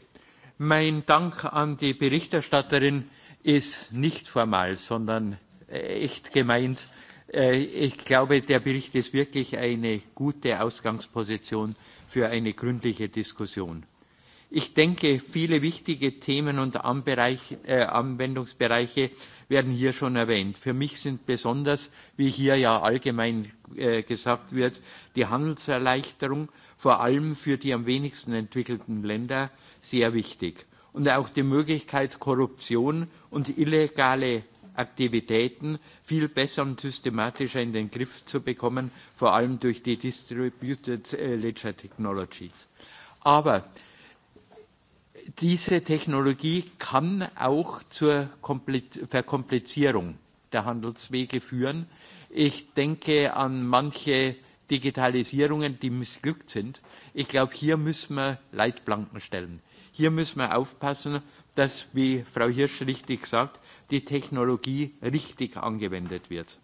Mein Dank an die Berichterstatterin ist nicht formal, sondern echt gemeint. Äh, ich glaube, der Bericht ist wirklich eine gute Ausgangsposition für eine gründliche Diskussion. Ich denke, viele wichtige Themen und Anbereich, äh, Anwendungsbereiche werden hier schon erwähnt. Für mich sind besonders, wie hier ja allgemein äh, gesagt wird, die Handelserleichterung vor allem für die am wenigsten entwickelten Länder sehr wichtig. Und auch die Möglichkeit, Korruption und illegale Aktivitäten viel besser und systematischer in den Griff zu bekommen, vor allem durch die Distributed äh, Ledger Technologies. Aber diese Technologie kann auch zur Kompli- Verkomplizierung der Handelswege führen. Ich denke an manche Digitalisierungen, die missglückt sind. Ich glaube, hier müssen wir Leitplanken stellen. Hier müssen wir aufpassen, dass, wie Frau Hirsch richtig sagt, die Technologie richtig angewendet wird.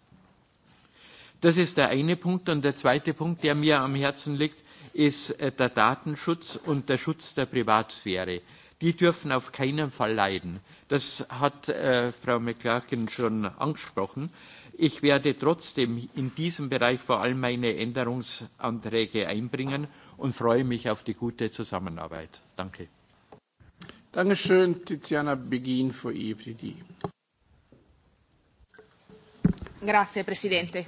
Das ist der eine Punkt. Und der zweite Punkt, der mir am Herzen liegt, ist äh, der Datenschutz und der Schutz der Privatsphäre. Die dürfen auf keinen Fall leiden. Das hat äh, Frau McClarkin schon angesprochen. Äh, Ich werde trotzdem in diesem Bereich vor allem meine Änderungsanträge einbringen und freue mich auf die gute Zusammenarbeit. Danke. Dankeschön, Tiziana Beghin für EFDD. Grazie Presidente.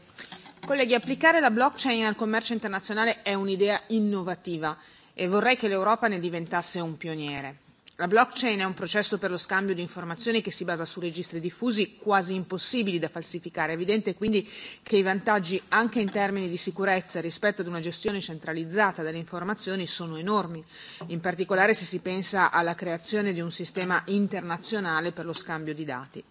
Colleghi, applicare la blockchain al commercio internazionale è un'idea innovativa e vorrei che l'Europa ne diventasse un pioniere. La blockchain è un processo per lo scambio di informazioni che si basa su registri diffusi quasi impossibili da falsificare. È evidente quindi che i vantaggi anche in termini di sicurezza e rispetto ad una gestione centralizzata delle informazioni sono enormi, in particolare se si pensa alla creazione di un sistema internazionale per lo scambio di dati.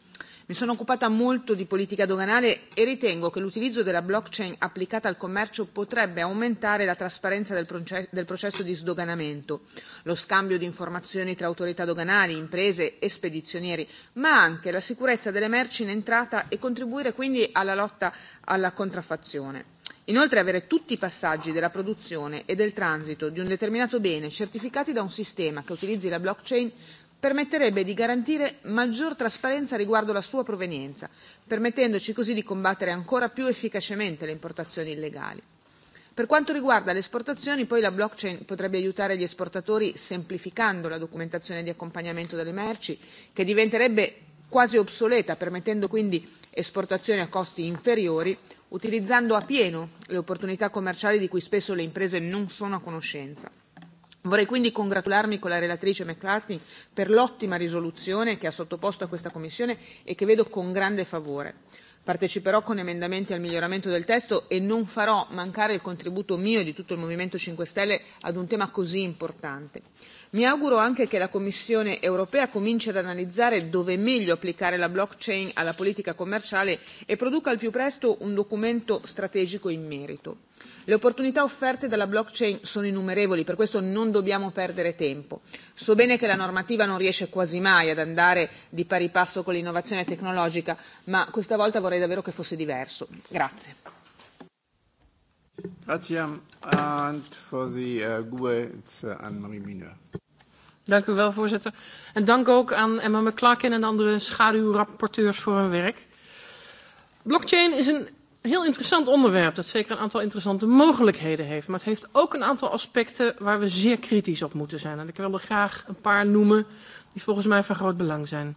Mi sono occupata molto di politica doganale e ritengo che l'utilizzo della blockchain applicata al commercio potrebbe aumentare la trasparenza del, proce- del processo di sdoganamento, lo scambio di informazioni tra autorità doganali, imprese e spedizionieri, ma anche la sicurezza delle merci in entrata e contribuire quindi alla lotta alla contraffazione. Inoltre avere tutti i passaggi della produzione e del transito di un determinato bene certificati da un sistema che utilizzi la blockchain permetterebbe di garantire maggior trasparenza riguardo la sua provenienza, permettendoci così di combattere ancora più efficacemente le importazioni illegali. Per quanto riguarda le esportazioni, poi la blockchain potrebbe aiutare gli esportatori semplificando la documentazione di accompagnamento delle merci, che diventerebbe quasi obsoleta, permettendo quindi esportazioni a costi inferiori, utilizzando appieno le opportunità commerciali di cui spesso le imprese non sono a conoscenza. Vorrei quindi congratularmi con la relatrice McCarthy per l'ottima risoluzione che ha sottoposto a questa Commissione e che vedo con grande favore. Parteciperò con emendamenti al miglioramento del testo e non farò mancare il contributo mio e di tutto il Movimento 5 Stelle ad un tema così importante. Mi auguro anche che la Commissione europea cominci ad analizzare dove è meglio applicare la blockchain alla politica commerciale e produca al più presto un documento strategico in merito. Le opportunità offerte dalla blockchain sono innumerevoli, per questo non dobbiamo perdere tempo. So bene che la normativa non riesce quasi mai ad andare di pari passo con l'innovazione tecnologica, ma questa volta vorrei davvero che fosse diverso. Grazie. Grazie. And for the uh, GUE, it's uh, Anne-Marie Mineur. Dank u wel, voorzitter. En dank ook aan Emma McClarkin en andere schaduwrapporteurs voor hun werk. Blockchain is een heel interessant onderwerp dat zeker een aantal interessante mogelijkheden heeft. Maar het heeft ook een aantal aspecten waar we zeer kritisch op moeten zijn. En ik wil er graag een paar noemen die volgens mij van groot belang zijn.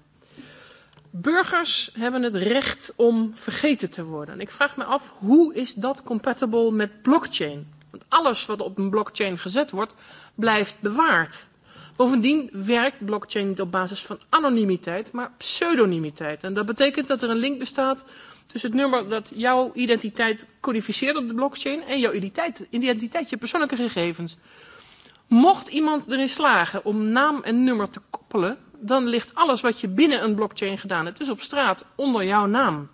Burgers hebben het recht om vergeten te worden. En ik vraag me af, hoe is dat compatible met blockchain? Want alles wat op een blockchain gezet wordt, blijft bewaard. Bovendien werkt blockchain niet op basis van anonimiteit, maar pseudonimiteit. En dat betekent dat er een link bestaat tussen het nummer dat jouw identiteit codificeert op de blockchain en jouw identiteit, identiteit je persoonlijke gegevens. Mocht iemand erin slagen om naam en nummer te koppelen dan ligt alles wat je binnen een blockchain gedaan hebt, dus op straat, onder jouw naam.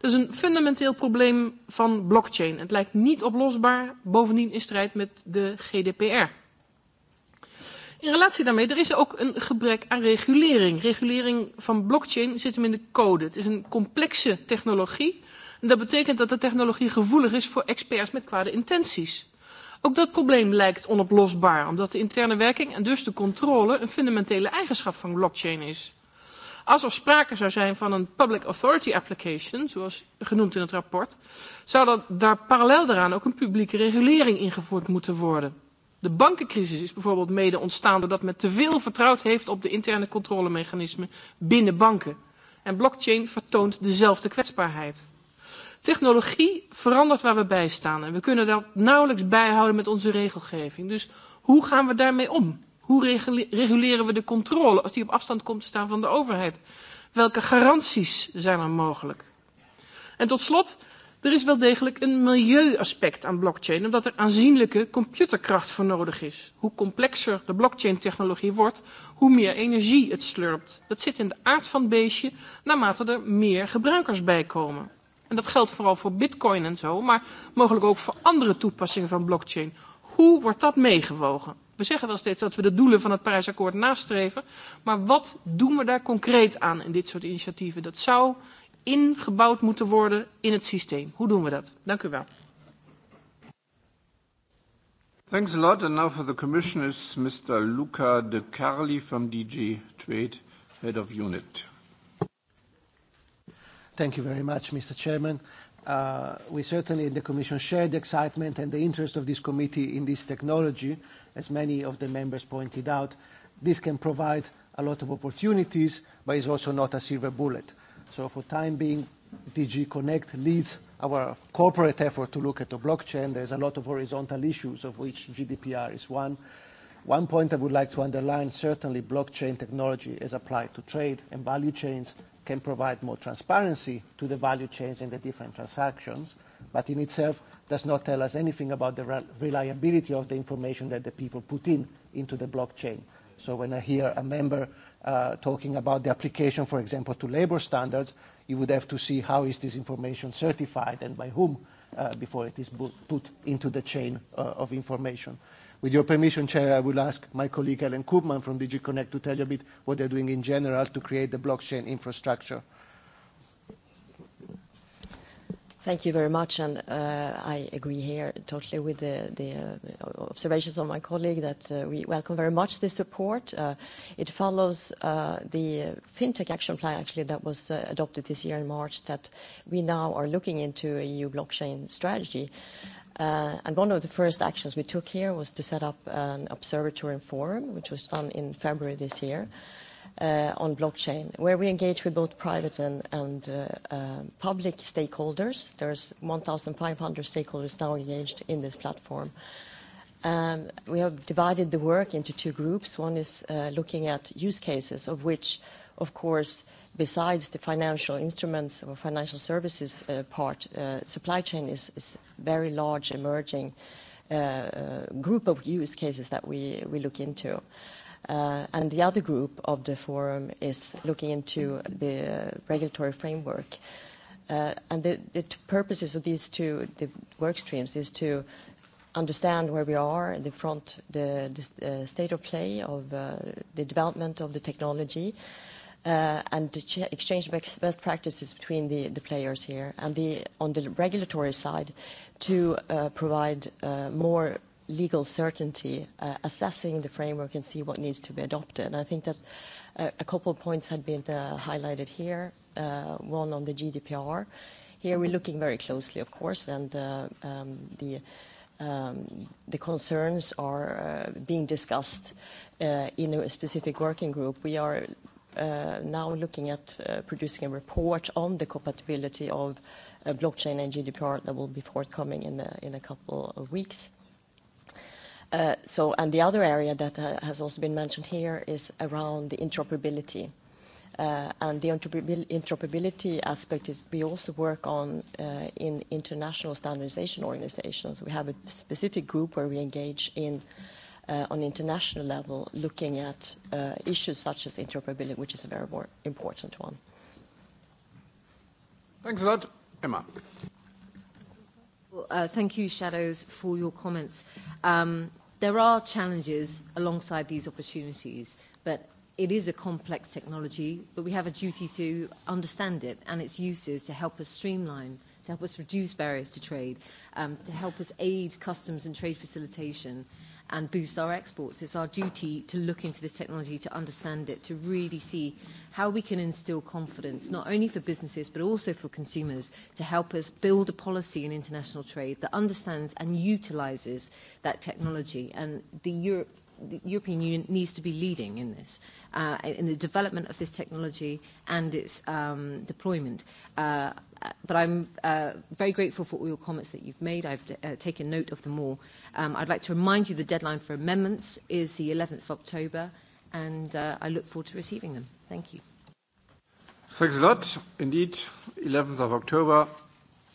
Dat is een fundamenteel probleem van blockchain. Het lijkt niet oplosbaar, bovendien in strijd met de GDPR. In relatie daarmee, er is ook een gebrek aan regulering. Regulering van blockchain zit hem in de code. Het is een complexe technologie. En dat betekent dat de technologie gevoelig is voor experts met kwade intenties. Ook dat probleem lijkt onoplosbaar, omdat de interne werking en dus de controle een fundamentele eigenschap van blockchain is. Als er sprake zou zijn van een public authority application, zoals genoemd in het rapport, zou dat, daar parallel daaraan ook een publieke regulering ingevoerd moeten worden. De bankencrisis is bijvoorbeeld mede ontstaan doordat men te veel vertrouwd heeft op de interne controlemechanismen binnen banken. En blockchain vertoont dezelfde kwetsbaarheid. Technologie verandert waar we bij staan en we kunnen dat nauwelijks bijhouden met onze regelgeving. Dus hoe gaan we daarmee om? Hoe reguleren we de controle als die op afstand komt te staan van de overheid? Welke garanties zijn er mogelijk? En tot slot, er is wel degelijk een milieuaspect aan blockchain, omdat er aanzienlijke computerkracht voor nodig is. Hoe complexer de blockchain-technologie wordt, hoe meer energie het slurpt. Dat zit in de aard van het beestje, naarmate er meer gebruikers bij komen. En dat geldt vooral voor bitcoin en zo, maar mogelijk ook voor andere toepassingen van blockchain. Hoe wordt dat meegewogen? We zeggen wel steeds dat we de doelen van het Parijsakkoord nastreven, maar wat doen we daar concreet aan in dit soort initiatieven? Dat zou ingebouwd moeten worden in het systeem. Hoe doen we dat? Dank u wel. Thanks a lot. And now for the commission is Mr. Luca De Carli from DG Trade, Head of Unit. Thank you very much, Mr. Chairman. Uh, we certainly in the Commission share the excitement and the interest of this committee in this technology. As many of the members pointed out, this can provide a lot of opportunities, but is also not a silver bullet. So for time being, DG Connect leads our corporate effort to look at the blockchain. There's a lot of horizontal issues, of which GDPR is one. One point I would like to underline, certainly blockchain technology is applied to trade and value chains, can provide more transparency to the value chains in the different transactions, but in itself does not tell us anything about the re reliability of the information that the people put in into the blockchain. So when I hear a member uh, talking about the application, for example, to labor standards, you would have to see how is this information certified and by whom uh, before it is put into the chain uh, of information. Uh, With your permission, Chair, I will ask my colleague, Ellen Koopman from DG Connect, to tell you a bit what they're doing in general to create the blockchain infrastructure. Thank you very much. And, uh, I agree here totally with the, the uh, observations of my colleague that uh, we welcome very much this support. Uh, it follows uh, the Fintech Action Plan actually that was uh, adopted this year in March that we now are looking into EU blockchain strategy. Mm -hmm. Uh, and one of the first actions we took here was to set up an observatory and forum, which was done in February this year, uh, on blockchain, where we engage with both private and, and uh, uh, public stakeholders. There's 1,500 stakeholders now engaged in this platform. Um, we have divided the work into two groups. One is uh, looking at use cases, of which, of course, uh, besides the financial instruments or financial services uh, part, uh, supply chain is very large emerging uh, group of use cases that we look into. And the other group of the forum is looking into the regulatory framework. And the purposes of these two work streams is to understand where we are in the front, the state of play of the development of the technology, uh, uh, and to ch- exchange best practices between the, the players here and the, on the regulatory side to uh, provide uh, more legal certainty, uh, assessing the framework and see what needs to be adopted. And I think that uh, a couple of points had been uh, highlighted here, uh, one on the GDPR. Here we're looking very closely, of course, and uh, um, the um, the concerns are uh, being discussed uh, in a specific working group. We are Uh, now looking at uh, producing a report on the compatibility of uh, blockchain and GDPR that will be forthcoming in a couple of weeks. So, and the other area that has also been mentioned here is around the interoperability. And the interoperability aspect is we also work on in international standardization organizations. We have a specific group where we engage in uh, on international level looking at uh, issues such as interoperability, which is a very more important one. Thanks a lot. Emma. Well, uh, thank you, Shadows, for your comments. Um, there are challenges alongside these opportunities, but it is a complex technology, but we have a duty to understand it and its uses to help us streamline, to help us reduce barriers to trade, um, to help us aid customs and trade facilitation, uh, and boost our exports. It's our duty to look into this technology, to understand it, to really see how we can instill confidence, not only for businesses, but also for consumers, to help us build a policy in international trade that understands and utilizes that technology. And the Europe the European Union needs to be leading in this, uh, in the development of this technology and its um, deployment. Uh, but I'm uh, very grateful for all your comments that you've made. I've d- uh, taken note of them all. Um, I'd like to remind you the deadline for amendments is the 11th of October, and uh, I look forward to receiving them. Thank you. Thanks a lot. Indeed, 11th of October,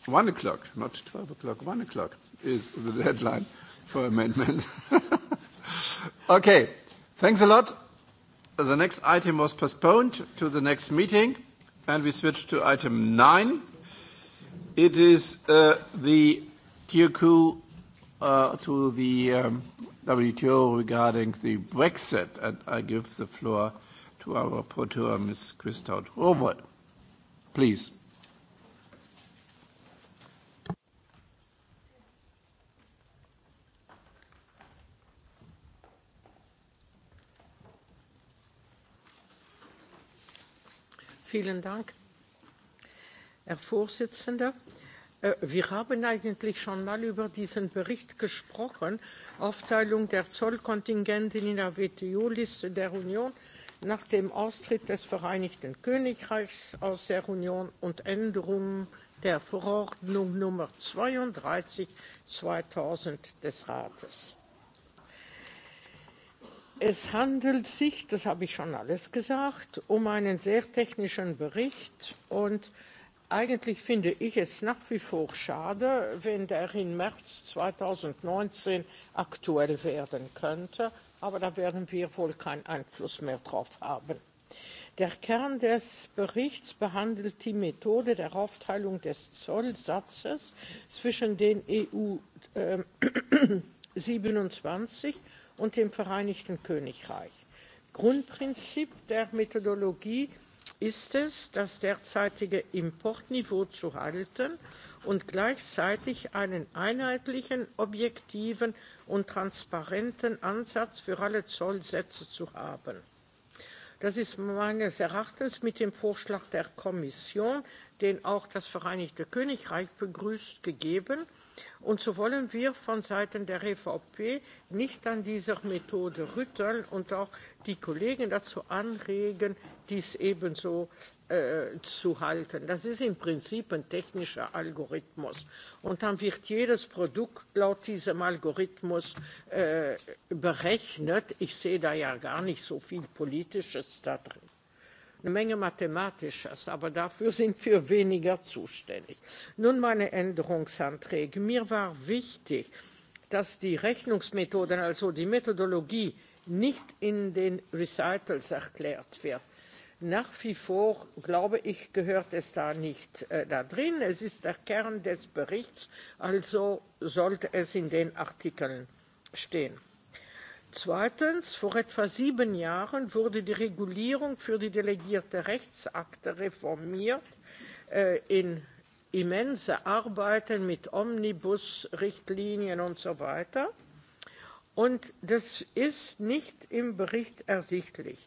1 o'clock, not 12 o'clock, 1 o'clock is the deadline for amendment. Okay. Thanks a lot. The next item was postponed to the next meeting, and we switch to item nine. It is uh, the TQ uh, to the um, WTO regarding the Brexit, and I give the floor to our rapporteur, Ms. Christophe Rowohl. Please. Vielen Dank, Herr Vorsitzender. Äh, wir haben eigentlich schon mal über diesen Bericht gesprochen, Aufteilung der Zollkontingente in der WTO-Liste der Union nach dem Austritt des Vereinigten Königreichs aus der Union und Änderungen der Verordnung Nummer 32 2000 des Rates. Es handelt sich, das habe ich schon alles gesagt, um einen sehr technischen Bericht und eigentlich finde ich es nach wie vor schade, wenn der im März 2019 aktuell werden könnte, aber da werden wir wohl keinen Einfluss mehr drauf haben. Der Kern des Berichts behandelt die Methode der Aufteilung des Zollsatzes zwischen den EU äh, 27 und dem Vereinigten Königreich. Grundprinzip der Methodologie ist es, das derzeitige Importniveau zu halten und gleichzeitig einen einheitlichen, objektiven und transparenten Ansatz für alle Zollsätze zu haben. Das ist meines Erachtens mit dem Vorschlag der Kommission, den auch das Vereinigte Königreich begrüßt, gegeben. Und so wollen wir von Seiten der EVP nicht an dieser Methode rütteln und auch die Kollegen dazu anregen, dies ebenso äh, zu halten. Das ist im Prinzip ein technischer Algorithmus. Und dann wird jedes Produkt laut diesem Algorithmus äh, berechnet. Ich sehe da ja gar nicht so viel Politisches da drin eine Menge Mathematisches, aber dafür sind wir weniger zuständig. Nun meine Änderungsanträge. Mir war wichtig, dass die Rechnungsmethoden, also die Methodologie, nicht in den Recitals erklärt wird. Nach wie vor, glaube ich, gehört es da nicht äh, da drin. Es ist der Kern des Berichts, also sollte es in den Artikeln stehen. Zweitens, vor etwa sieben Jahren wurde die Regulierung für die delegierte Rechtsakte reformiert äh, in immense Arbeiten mit Omnibus-Richtlinien und so weiter. Und das ist nicht im Bericht ersichtlich.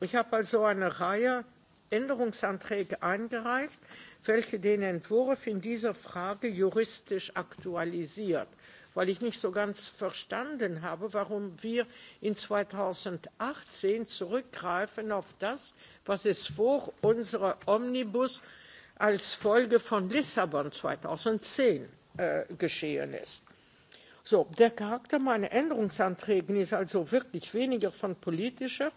Ich habe also eine Reihe Änderungsanträge eingereicht, welche den Entwurf in dieser Frage juristisch aktualisiert, weil ich nicht so ganz verstanden habe, warum wir in 2018 zurückgreifen auf das, was es vor unserer Omnibus als Folge von Lissabon 2010 äh, geschehen ist. So, der Charakter meiner Änderungsanträge ist also wirklich weniger von politischer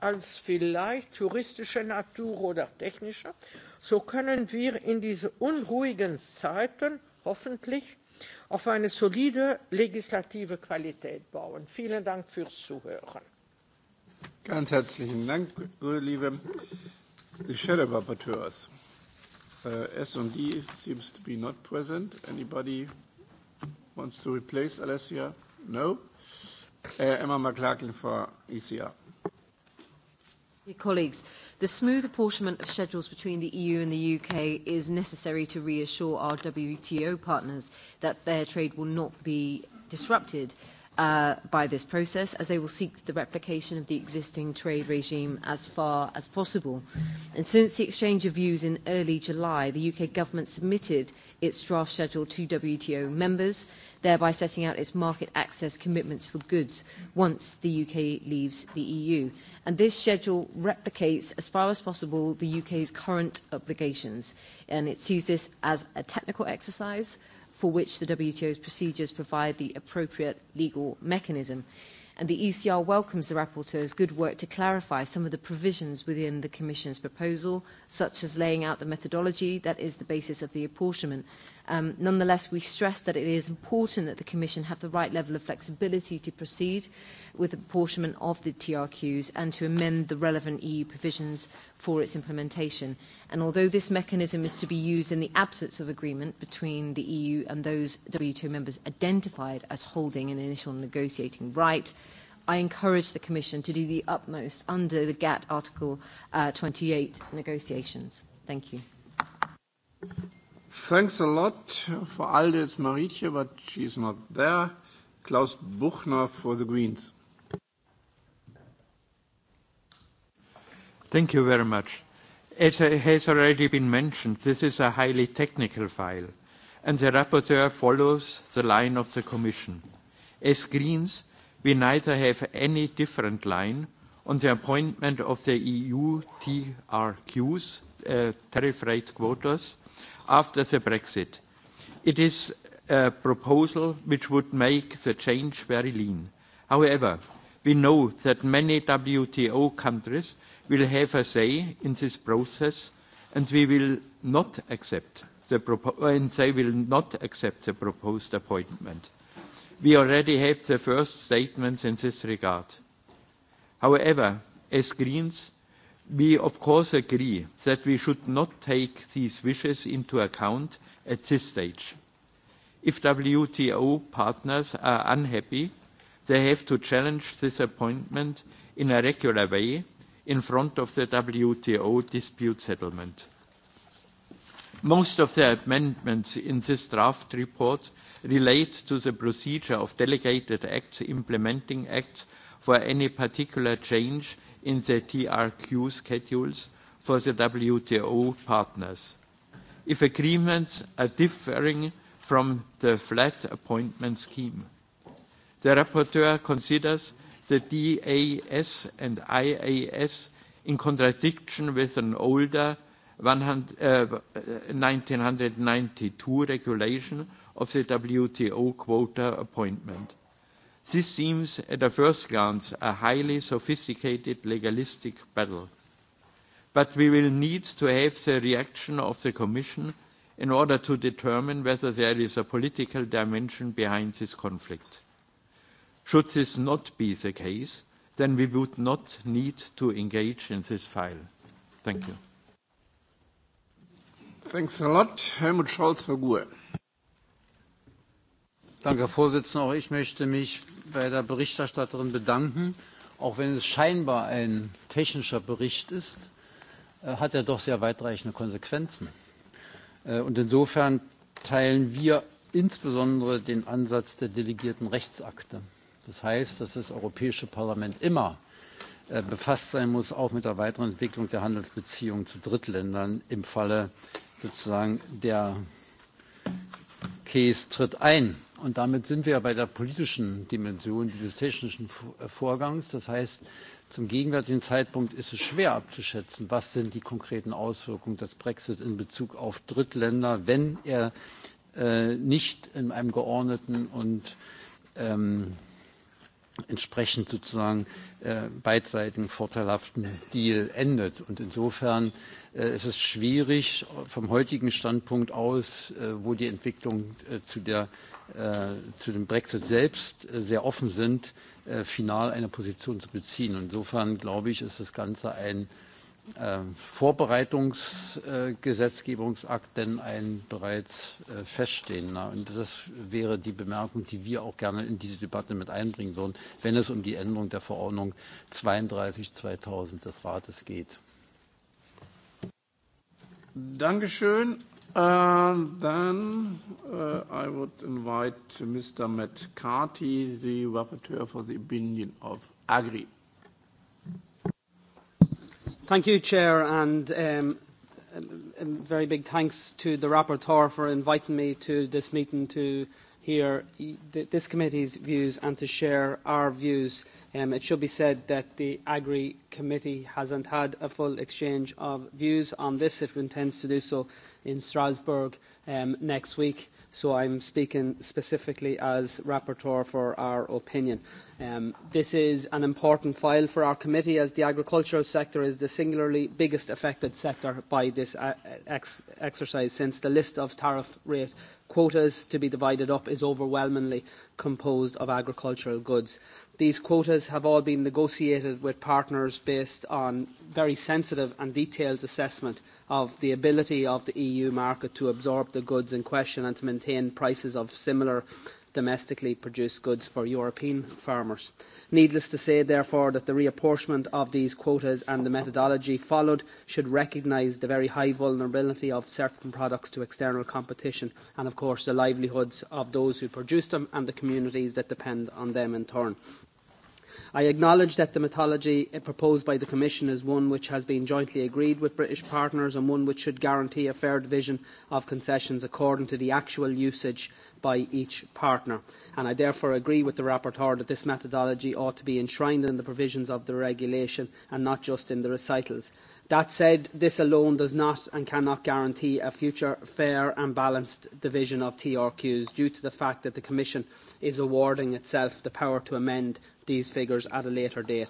als vielleicht touristischer Natur oder technischer, so können wir in diesen unruhigen Zeiten hoffentlich auf eine solide legislative Qualität bauen. Vielen Dank fürs Zuhören. Ganz herzlichen Dank, liebe the shadow rapporteurs. Uh, S&D seems to be not present. Anybody wants to replace Alessia? No. Uh, Emma McLaughlin for ECR. Colleagues, the smooth apportionment of schedules between the EU and the UK is necessary to reassure our WTO partners that their trade will not be disrupted uh, by this process, as they will seek the replication of the existing trade regime as far as possible. And since the exchange of views in early July, the UK government submitted its draft schedule to WTO members, thereby setting out its market access commitments for goods once the UK leaves the EU. And this schedule replicates, as far as possible, the UK's current obligations. And it sees this as a technical exercise for which the WTO's procedures provide the appropriate legal mechanism. And the ECR welcomes the rapporteur's good work to clarify some of the provisions within the Commission's proposal, such as laying out the methodology that is the basis of the apportionment Um, nonetheless, we stress that it is important that the Commission have the right level of flexibility to proceed with apportionment of the TRQs and to amend the relevant EU provisions for its implementation. And although this mechanism is to be used in the absence of agreement between the EU and those WTO members identified as holding an initial negotiating right, I encourage the Commission to do the utmost under the GATT Article uh, 28 negotiations. Thank you. Thanks a lot for ALDE. It's Marietje, but she's not there. Klaus Buchner for the Greens. Thank you very much. As has already been mentioned, this is a highly technical file, and the rapporteur follows the line of the Commission. As Greens, we neither have any different line on the appointment of the EU TRQs, uh, tariff rate quotas, after the Brexit. It is a proposal which would make the change very lean. However, we know that many WTO countries will have a say in this process, and we will not accept the and they will not accept the proposed appointment. We already have the first statements in this regard. However, as Greens, We, of course, agree that we should not take these wishes into account at this stage. If WTO partners are unhappy, they have to challenge this appointment in a regular way in front of the WTO dispute settlement. Most of the amendments in this draft report relate to the procedure of delegated acts, implementing acts for any particular change in the TRQ schedules for the WTO partners. If agreements are differing from the flat appointment scheme, the rapporteur considers the DAS and IAS in contradiction with an older 100, uh, 1992 regulation of the WTO quota appointment. This seems, at a first glance, a highly sophisticated legalistic battle. But we will need to have the reaction of the Commission in order to determine whether there is a political dimension behind this conflict. Should this not be the case, then we would not need to engage in this file. Thank you. Thanks a lot. Helmut Scholz for GUE. Danke, Herr Vorsitzender. Auch ich möchte mich bei der Berichterstatterin bedanken. Auch wenn es scheinbar ein technischer Bericht ist, äh, hat er doch sehr weitreichende Konsequenzen. Äh, und insofern teilen wir insbesondere den Ansatz der delegierten Rechtsakte. Das heißt, dass das Europäische Parlament immer äh, befasst sein muss, auch mit der weiteren Entwicklung der Handelsbeziehungen zu Drittländern im Falle sozusagen der Case tritt ein. Und damit sind wir bei der politischen Dimension dieses technischen äh, Vorgangs. Das heißt, zum gegenwärtigen Zeitpunkt ist es schwer abzuschätzen, was sind die konkreten Auswirkungen des Brexit in Bezug auf Drittländer, wenn er äh, nicht in einem geordneten und ähm, entsprechend sozusagen äh, beidseitigen vorteilhaften Deal endet. Und insofern äh, ist es schwierig vom heutigen Standpunkt aus, äh, wo die Entwicklung äh, zu der Äh, zu dem Brexit selbst äh, sehr offen sind, äh, final eine Position zu beziehen. Insofern glaube ich, ist das Ganze ein Vorbereitungsgesetzgebungsakt, denn ein bereits feststehender. Und das wäre die Bemerkung, die wir auch gerne in diese Debatte mit einbringen würden, wenn es um die Änderung der Verordnung 32/2000 des Rates geht. Dankeschön. Um, then uh, I would invite Mr. Matt Carty, the rapporteur for the opinion of Agri. Thank you, Chair, and um, um, very big thanks to the rapporteur for inviting me to this meeting to hear this committee's views and to share our views. Um, it should be said that the Agri Committee hasn't had a full exchange of views on this. It intends to do so in Strasbourg um, next week. So I'm speaking specifically as rapporteur for our opinion. Um, this is an important file for our committee as the agricultural sector is the singularly biggest affected sector by this uh, ex exercise since the list of tariff rate quotas to be divided up is overwhelmingly composed of agricultural goods. These quotas have all been negotiated with partners based on very sensitive and detailed assessment of the ability of the EU market to absorb the goods in question and to maintain prices of similar domestically produced goods for European farmers. Needless to say, therefore, that the reapportionment of these quotas and the methodology followed should recognise the very high vulnerability of certain products to external competition and, of course, the livelihoods of those who produce them and the communities that depend on them in turn. I acknowledge that the methodology uh, proposed by the Commission is one which has been jointly agreed with British partners and one which should guarantee a fair division of concessions according to the actual usage by each partner. And I therefore agree with the rapporteur that this methodology ought to be enshrined in the provisions of the regulation and not just in the recitals. That said, this alone does not and cannot guarantee a future fair and balanced division of TRQs due to the fact that the Commission is awarding itself the power to amend these figures at a later date.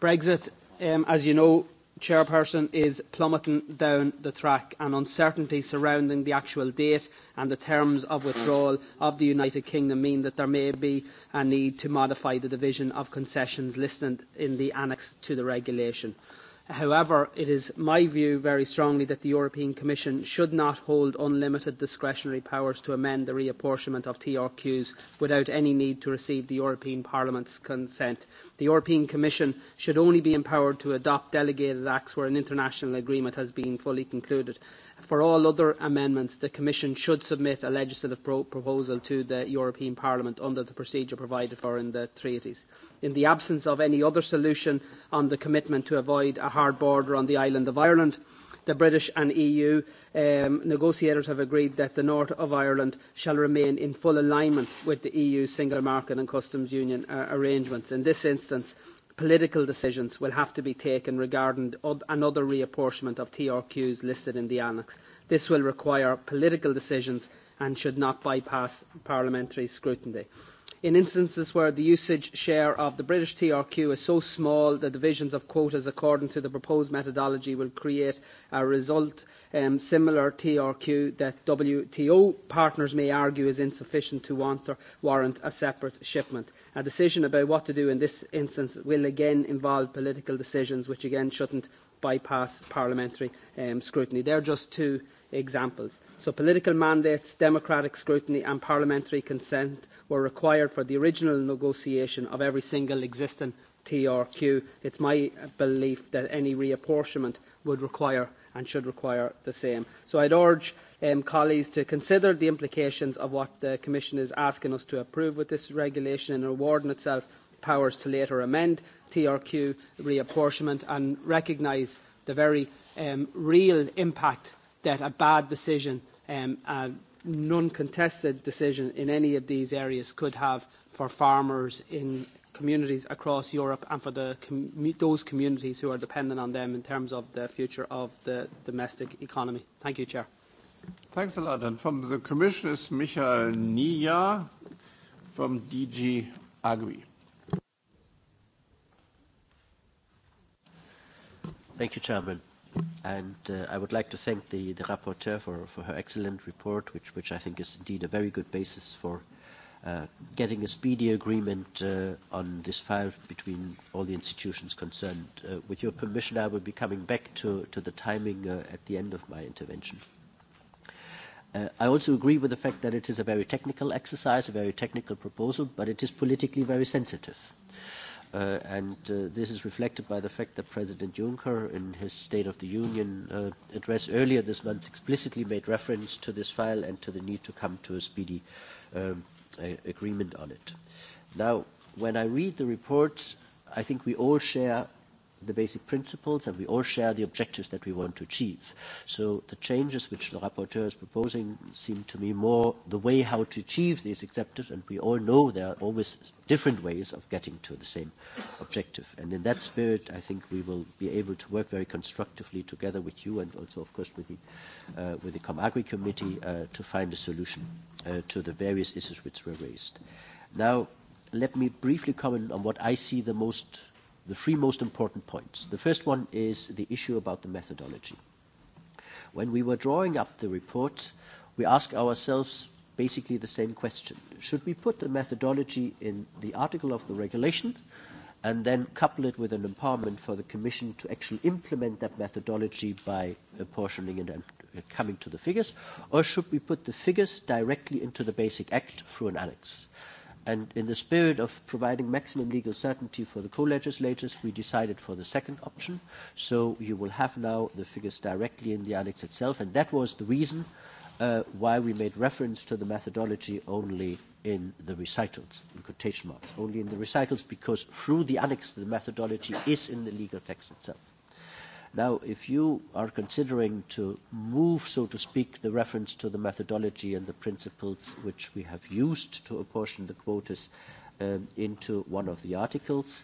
Brexit, um, as you know, chairperson, is plummeting down the track and uncertainty surrounding the actual date and the terms of withdrawal of the United Kingdom mean that there may be a need to modify the division of concessions listed in the annex to the regulation. Uh, However, it is my view very strongly that the European Commission should not hold unlimited discretionary powers to amend the reapportionment of TRQs without any need to receive the European Parliament's consent. The European Commission should only be empowered to adopt delegated acts where an international agreement has been fully concluded. For all other amendments, the Commission should submit a legislative pro proposal to the European Parliament under the procedure provided for in the treaties in the absence of any other solution on the commitment to avoid a hard border on the island of Ireland. The British and EU um, negotiators have agreed that the north of Ireland shall remain in full alignment with the EU's single market and customs union uh, arrangements. In this instance, political decisions will have to be taken regarding another reapportionment of TRQs listed in the annex. This will require political decisions and should not bypass parliamentary scrutiny in instances where the usage share of the British TRQ is so small, the divisions of quotas according to the proposed methodology will create a result um, similar TRQ that WTO partners may argue is insufficient to want or warrant a separate shipment. A decision about what to do in this instance will again involve political decisions, which again shouldn't bypass parliamentary um, scrutiny. They're just two examples. So political mandates, democratic scrutiny and parliamentary consent were required for the original negotiation of every single existing TRQ. It's my belief that any reapportionment would require and should require the same. So I'd urge um, colleagues to consider the implications of what the Commission is asking us to approve with this regulation and awarding itself powers to later amend TRQ reapportionment and recognise the very um, real impact that a bad decision, um, a non-contested decision in any of these areas could have for farmers in communities across Europe and for the com- those communities who are dependent on them in terms of the future of the domestic economy. Thank you, Chair. Thanks a lot. And from the Commission is Michael Nia from DG Agri. Thank you, Chairman. And uh, I would like to thank the, the rapporteur for, for her excellent report, which, which I think is indeed a very good basis for uh, getting a speedy agreement uh, on this file between all the institutions concerned. Uh, with your permission, I will be coming back to, to the timing uh, at the end of my intervention. Uh, I also agree with the fact that it is a very technical exercise, a very technical proposal, but it is politically very sensitive. Uh, Uh, and uh, this is reflected by the fact that President Juncker, in his State of the Union uh, address earlier this month, explicitly made reference to this file and to the need to come to a speedy um, a agreement on it. Now, when I read the report, I think we all share the basic principles and we all share the objectives that we want to achieve. So the changes which the rapporteur is proposing seem to me more the way how to achieve these objectives and we all know there are always different ways of getting to the same objective. And in that spirit, I think we will be able to work very constructively together with you and also, of course, with the, uh, with the ComAgri committee uh, to find a solution uh, to the various issues which were raised. Now, let me briefly comment on what I see the most the three most important points. The first one is the issue about the methodology. When we were drawing up the report, we asked ourselves basically the same question. Should we put the methodology in the article of the regulation and then couple it with an empowerment for the Commission to actually implement that methodology by apportioning it and uh, coming to the figures, or should we put the figures directly into the Basic Act through an annex? Uh, And in the spirit of providing maximum legal certainty for the co-legislators, we decided for the second option. So you will have now the figures directly in the annex itself. And that was the reason uh, why we made reference to the methodology only in the recitals, in quotation marks, only in the recitals, because through the annex, the methodology is in the legal text itself. Now, if you are considering to move, so to speak, the reference to the methodology and the principles which we have used to apportion the quotas um, into one of the articles,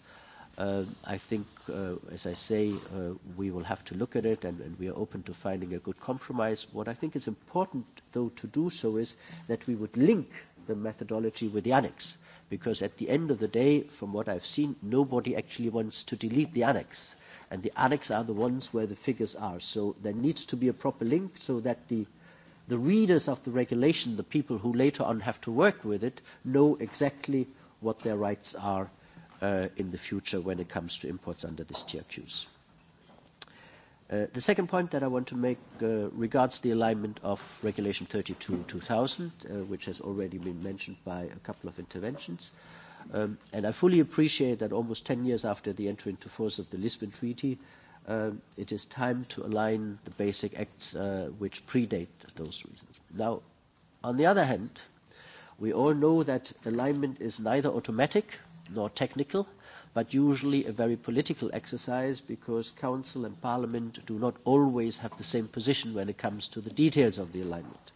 uh, I think, uh, as I say, uh, we will have to look at it and, and we are open to finding a good compromise. What I think is important, though, to do so is that we would link the methodology with the annex, because at the end of the day, from what I've seen, nobody actually wants to delete the annex and the addicts are the ones where the figures are. So there needs to be a proper link so that the, the readers of the regulation, the people who later on have to work with it, know exactly what their rights are uh, in the future when it comes to imports under this TRQs. Uh, the second point that I want to make uh, regards the alignment of Regulation 32-2000, uh, which has already been mentioned by a couple of interventions. Uh, Um, and I fully appreciate that almost 10 years after the entry into force of the Lisbon Treaty, uh, it is time to align the basic acts uh, which predate those reasons. Now, on the other hand, we all know that alignment is neither automatic nor technical, but usually a very political exercise because Council and Parliament do not always have the same position when it comes to the details of the alignment.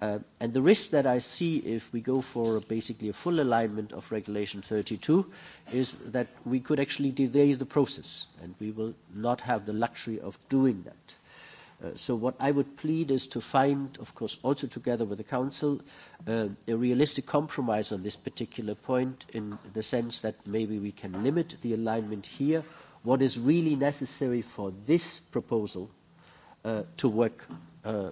Uh, and the risk that I see if we go for a, basically a full alignment of Regulation 32 is that we could actually delay the process, and we will not have the luxury of doing that. Uh, so what I would plead is to find, of course, also together with the Council, uh, a realistic compromise on this particular point in the sense that maybe we can limit the alignment here, what is really necessary for this proposal uh, to work uh,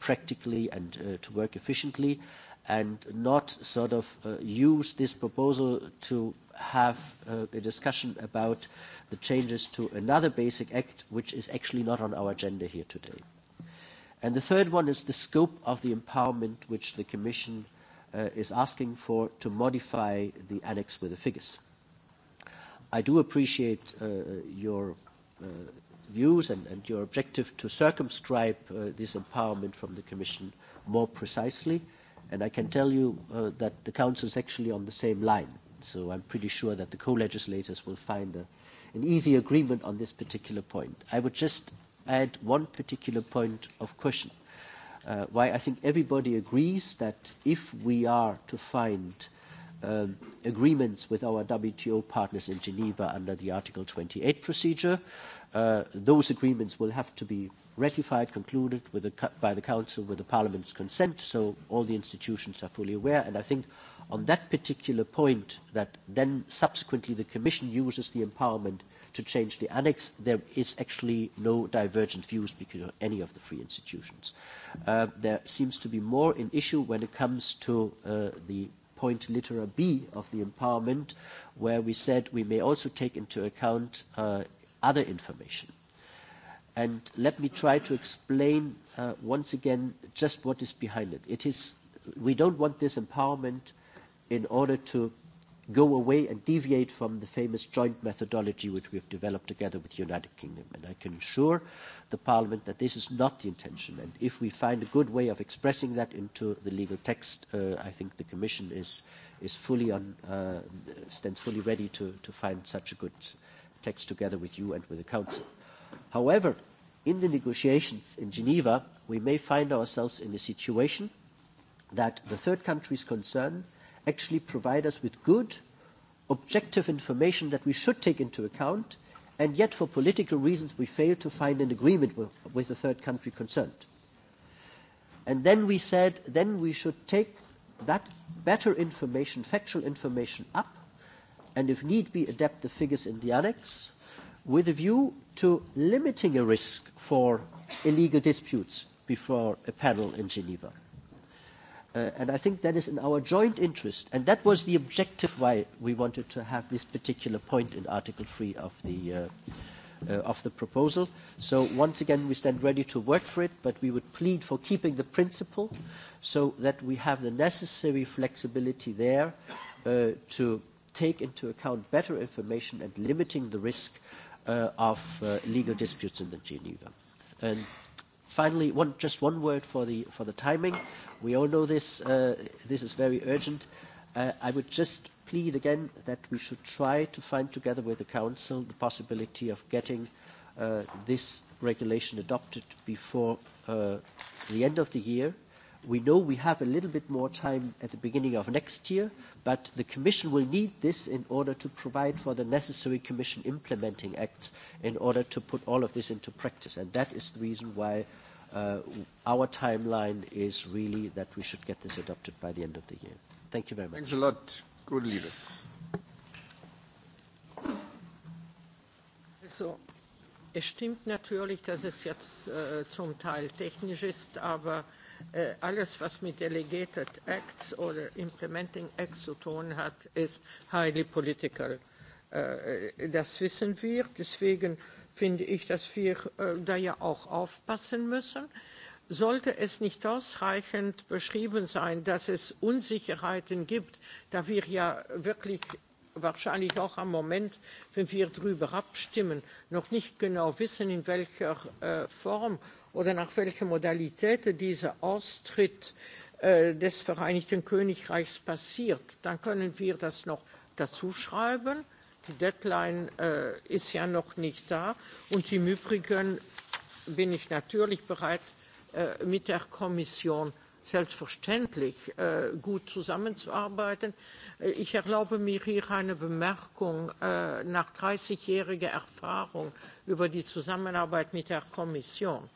practically and uh, to work efficiently and not sort of uh, use this proposal to have uh, a discussion about the changes to another basic act which is actually not on our agenda here today. And the third one is the scope of the empowerment which the Commission uh, is asking for to modify the annex with the figures. I do appreciate uh, your uh, views and, and your objective to circumscribe uh, this empowerment from the Commission more precisely. And I can tell you uh, that the Council is actually on the same line. So I'm pretty sure that the co-legislators will find a, an easy agreement on this particular point. I would just add one particular point of caution. Uh, why I think everybody agrees that if we are to find uh, uh, agreements with our WTO partners in Geneva under the Article 28 procedure. Uh, those agreements will have to be ratified, concluded with the, by the Council with the Parliament's consent, so all the institutions are fully aware. And I think on that particular point, that then subsequently the Commission uses the empowerment to change the annex, there is actually no divergent views between any of the three institutions. Uh, there seems to be more an issue when it comes to uh, the point litera B of the empowerment, where we said we may also take into account uh, other information. And let me try to explain uh, once again just what is behind it. It is we don't want this empowerment in order to go away and deviate from the famous joint methodology which we have developed together with the United Kingdom. And I can assure the Parliament that this is not the intention. And if we find a good way of expressing that into the legal text, uh, I think the Commission is, is fully on, uh, stands fully ready to, to find such a good text together with you and with the Council. However, in the negotiations in Geneva, we may find ourselves in a situation that the third countries concerned – actually provide us with good, objective information that we should take into account, and yet for political reasons we failed to find an agreement with, with the third country concerned. And then we said, then we should take that better information, factual information up, and if need be, adapt the figures in the annex with a view to limiting a risk for illegal disputes before a panel in Geneva. Uh, and I think that is in our joint interest. And that was the objective why we wanted to have this particular point in Article 3 of the, uh, uh, of the proposal. So once again, we stand ready to work for it, but we would plead for keeping the principle so that we have the necessary flexibility there uh, to take into account better information and limiting the risk uh, of uh, legal disputes in the Geneva. And Finally, one, just one word for the, for the timing. We all know this. Uh, this is very urgent. Uh, I would just plead again that we should try to find together with the Council the possibility of getting uh, this regulation adopted before uh, the end of the year. We know we have a little bit more time at the beginning of next year, but the Commission will need this in order to provide for the necessary Commission implementing acts in order to put all of this into practice. And that is the reason why uh, our timeline is really that we should get this adopted by the end of the year. Thank you very much. Thanks a lot. Good leader. So. Es stimmt natürlich, dass es jetzt äh, zum Teil technisch ist, aber äh, alles, was mit Delegated Acts oder Implementing Acts zu tun hat, ist highly political. Äh, das wissen wir. Deswegen finde ich, dass wir äh, da ja auch aufpassen müssen. Sollte es nicht ausreichend beschrieben sein, dass es Unsicherheiten gibt, da wir ja wirklich wahrscheinlich auch am Moment, wenn wir darüber abstimmen, noch nicht genau wissen, in welcher äh, Form oder nach welcher Modalität dieser Austritt äh, des Vereinigten Königreichs passiert, dann können wir das noch dazuschreiben Die Deadline äh, ist ja noch nicht da. Und im Übrigen bin ich natürlich bereit, äh, mit der Kommission selbstverständlich äh, gut zusammenzuarbeiten. Äh, ich erlaube mir hier eine Bemerkung äh, nach 30-jähriger Erfahrung über die Zusammenarbeit mit der Kommission.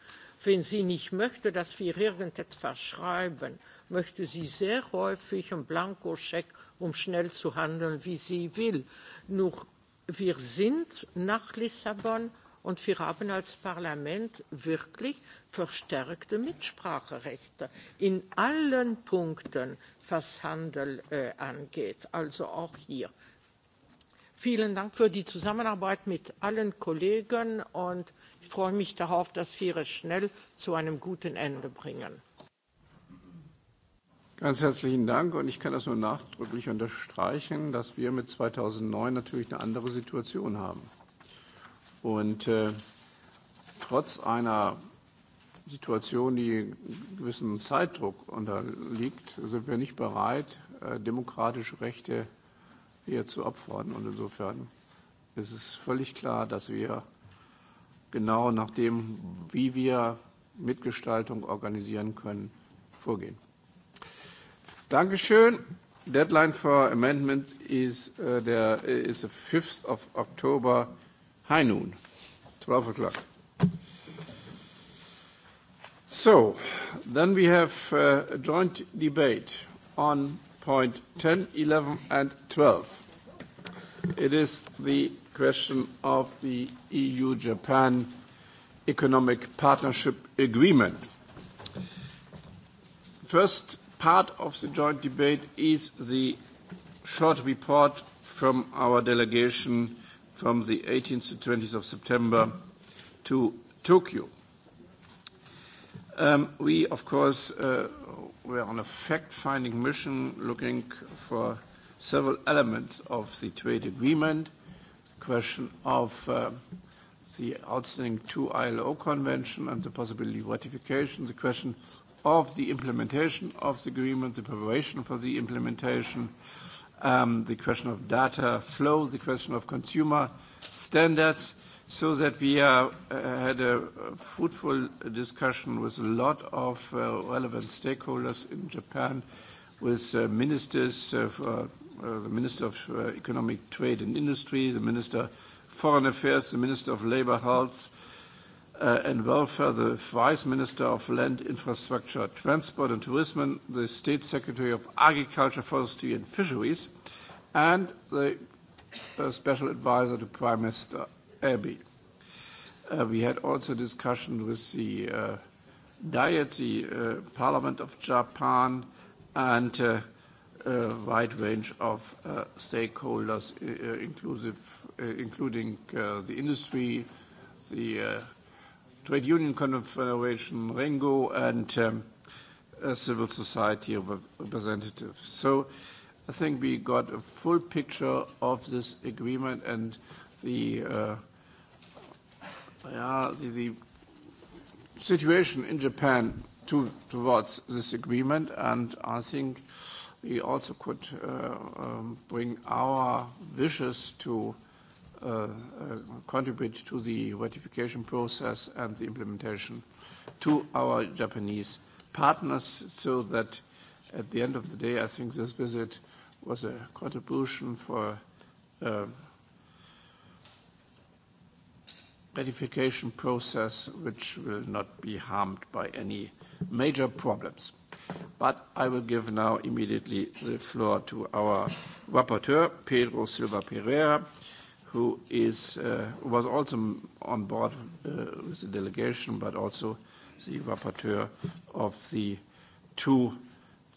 Wenn sie nicht möchte, dass wir irgendetwas schreiben, möchte sie sehr häufig einen Blankoscheck um schnell zu handeln, wie sie will. Nur wir sind nach Lissabon und wir haben als Parlament wirklich verstärkte Mitspracherechte in allen Punkten, was Handel äh, angeht, also auch hier. Vielen Dank für die Zusammenarbeit mit allen Kollegen und ich freue mich darauf, dass wir es schnell zu einem guten Ende bringen. Ganz herzlichen Dank. Und ich kann das nur nachdrücklich unterstreichen, dass wir mit 2009 natürlich eine andere Situation haben. Und äh, trotz einer Situation, die gewissen Zeitdruck unterliegt, sind wir nicht bereit, äh, demokratische Rechte hier zu opfern. Und insofern ist es völlig klar, dass wir genau nach dem, wie wir Mitgestaltung organisieren können, vorgehen. Dankeschön. Deadline for amendment is, uh, the, is the 5th of October, high noon, 12 o'clock. So, then we have uh, a joint debate on point 10, 11, and 12. It is the question of the EU-Japan Economic Partnership Agreement. First part of the joint debate is the short report from our delegation from the 18th to 20th of September to Tokyo. Um, we, of course, uh, were on a fact-finding mission looking for several elements of the trade agreement, the question of uh, the outstanding two ILO convention and the possibility of ratification, the question of the implementation of the agreement, the preparation for the implementation, um, the question of data flow, the question of consumer standards, so that we are, uh, had a fruitful discussion with a lot of uh, relevant stakeholders in Japan, with uh, ministers, uh, for, uh, the Minister of uh, Economic Trade and Industry, the Minister of Foreign Affairs, the Minister of Labor Health, uh, and Welfare, the Vice Minister of Land, Infrastructure, Transport and Tourism, the State Secretary of Agriculture, Forestry and Fisheries, and the uh, Special Advisor to Prime Minister Abiy. Uh, we had also discussion with the uh, Diet, the uh, Parliament of Japan, and uh, a wide range of uh, stakeholders, uh, inclusive, uh, including uh, the industry, the uh, Trade Union Confederation, Rengo, and um, a civil society representative. So I think we got a full picture of this agreement and the, uh, yeah, the, the situation in Japan to, towards this agreement. And I think we also could uh, um, bring our wishes to uh, Uh, uh, contribute to the ratification process and the implementation to our Japanese partners so that at the end of the day, I think this visit was a contribution for uh, ratification process which will not be harmed by any major problems. But I will give now immediately the floor to our rapporteur, Pedro Silva Pereira, who is, uh, was also on board uh, with the delegation, but also the rapporteur of the two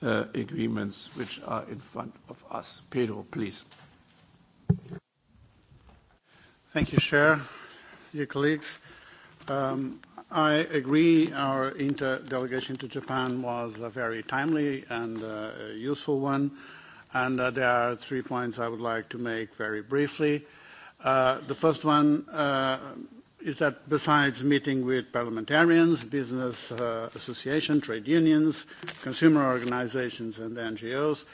uh, agreements which are in front of us. Pedro, please. Thank you, Chair. Dear colleagues, um, I agree our inter delegation to Japan was a very timely and uh, useful one. And uh, there are three points I would like to make very briefly. Uh, the first one uh, is that besides meeting with parliamentarians, business uh, association, trade unions, consumer organizations, and NGOs,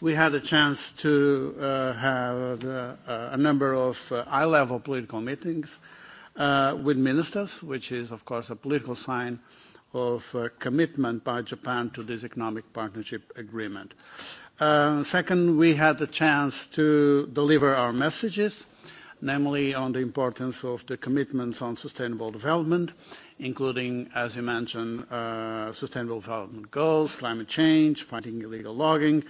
we had a chance to uh, have uh, a number of uh, high-level political meetings uh, with ministers, which is, of course, a political sign of uh, commitment by Japan to this economic partnership agreement. Uh, second, we had the chance to deliver our messages uh, namely on the importance of the commitments on sustainable development, including, as you mentioned, uh, sustainable development goals, climate change, fighting illegal logging,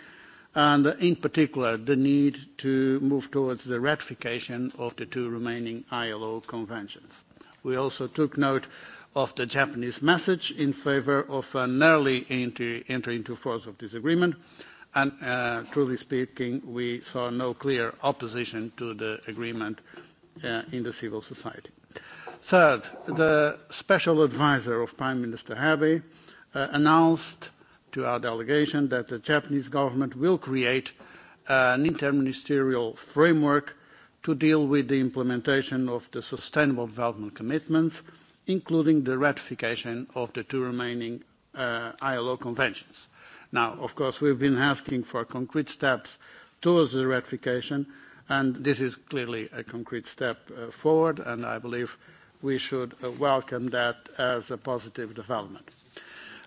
and in particular, the need to move towards the ratification of the two remaining ILO conventions. We also took note of the Japanese message in favor of an early entry, entry into force of this agreement, uh, And uh, truly speaking, we saw no clear opposition to the agreement uh, in the civil society. Third, the special advisor of Prime Minister Abe uh, announced to our delegation that the Japanese government will create an interministerial framework to deal with the implementation of the Sustainable Development Commitments, including the ratification of the two remaining uh, ILO conventions. Now, of course, we've been asking for concrete steps towards the ratification, and this is clearly a concrete step uh, forward, and I believe we should uh, welcome that as a positive development.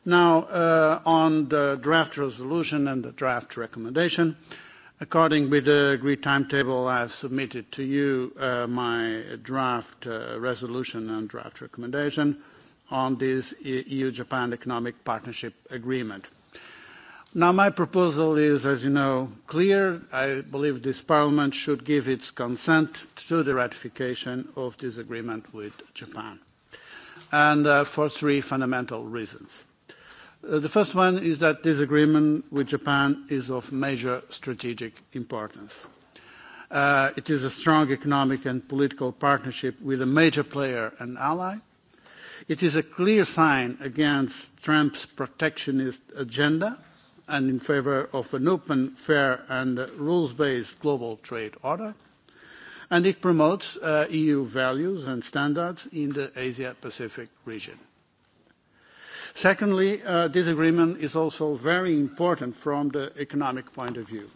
Now, uh, on the draft resolution and the draft recommendation, according with the agreed timetable, I've submitted to you uh, my draft uh, resolution and draft recommendation on this EU-Japan Economic Partnership Agreement. Uh, Now, my proposal is, as you know, clear. I believe this Parliament should give its consent to the ratification of this agreement with Japan, and uh, for three fundamental reasons. Uh, the first one is that this agreement with Japan is of major strategic importance. Uh, it is a strong economic and political partnership with a major player and ally. It is a clear sign against Trump's protectionist agenda – and in favor of an open, fair, and rules-based global trade order, and it promotes uh, EU values and standards in the Asia-Pacific region. Secondly, uh, this agreement is also very important from the economic point of view,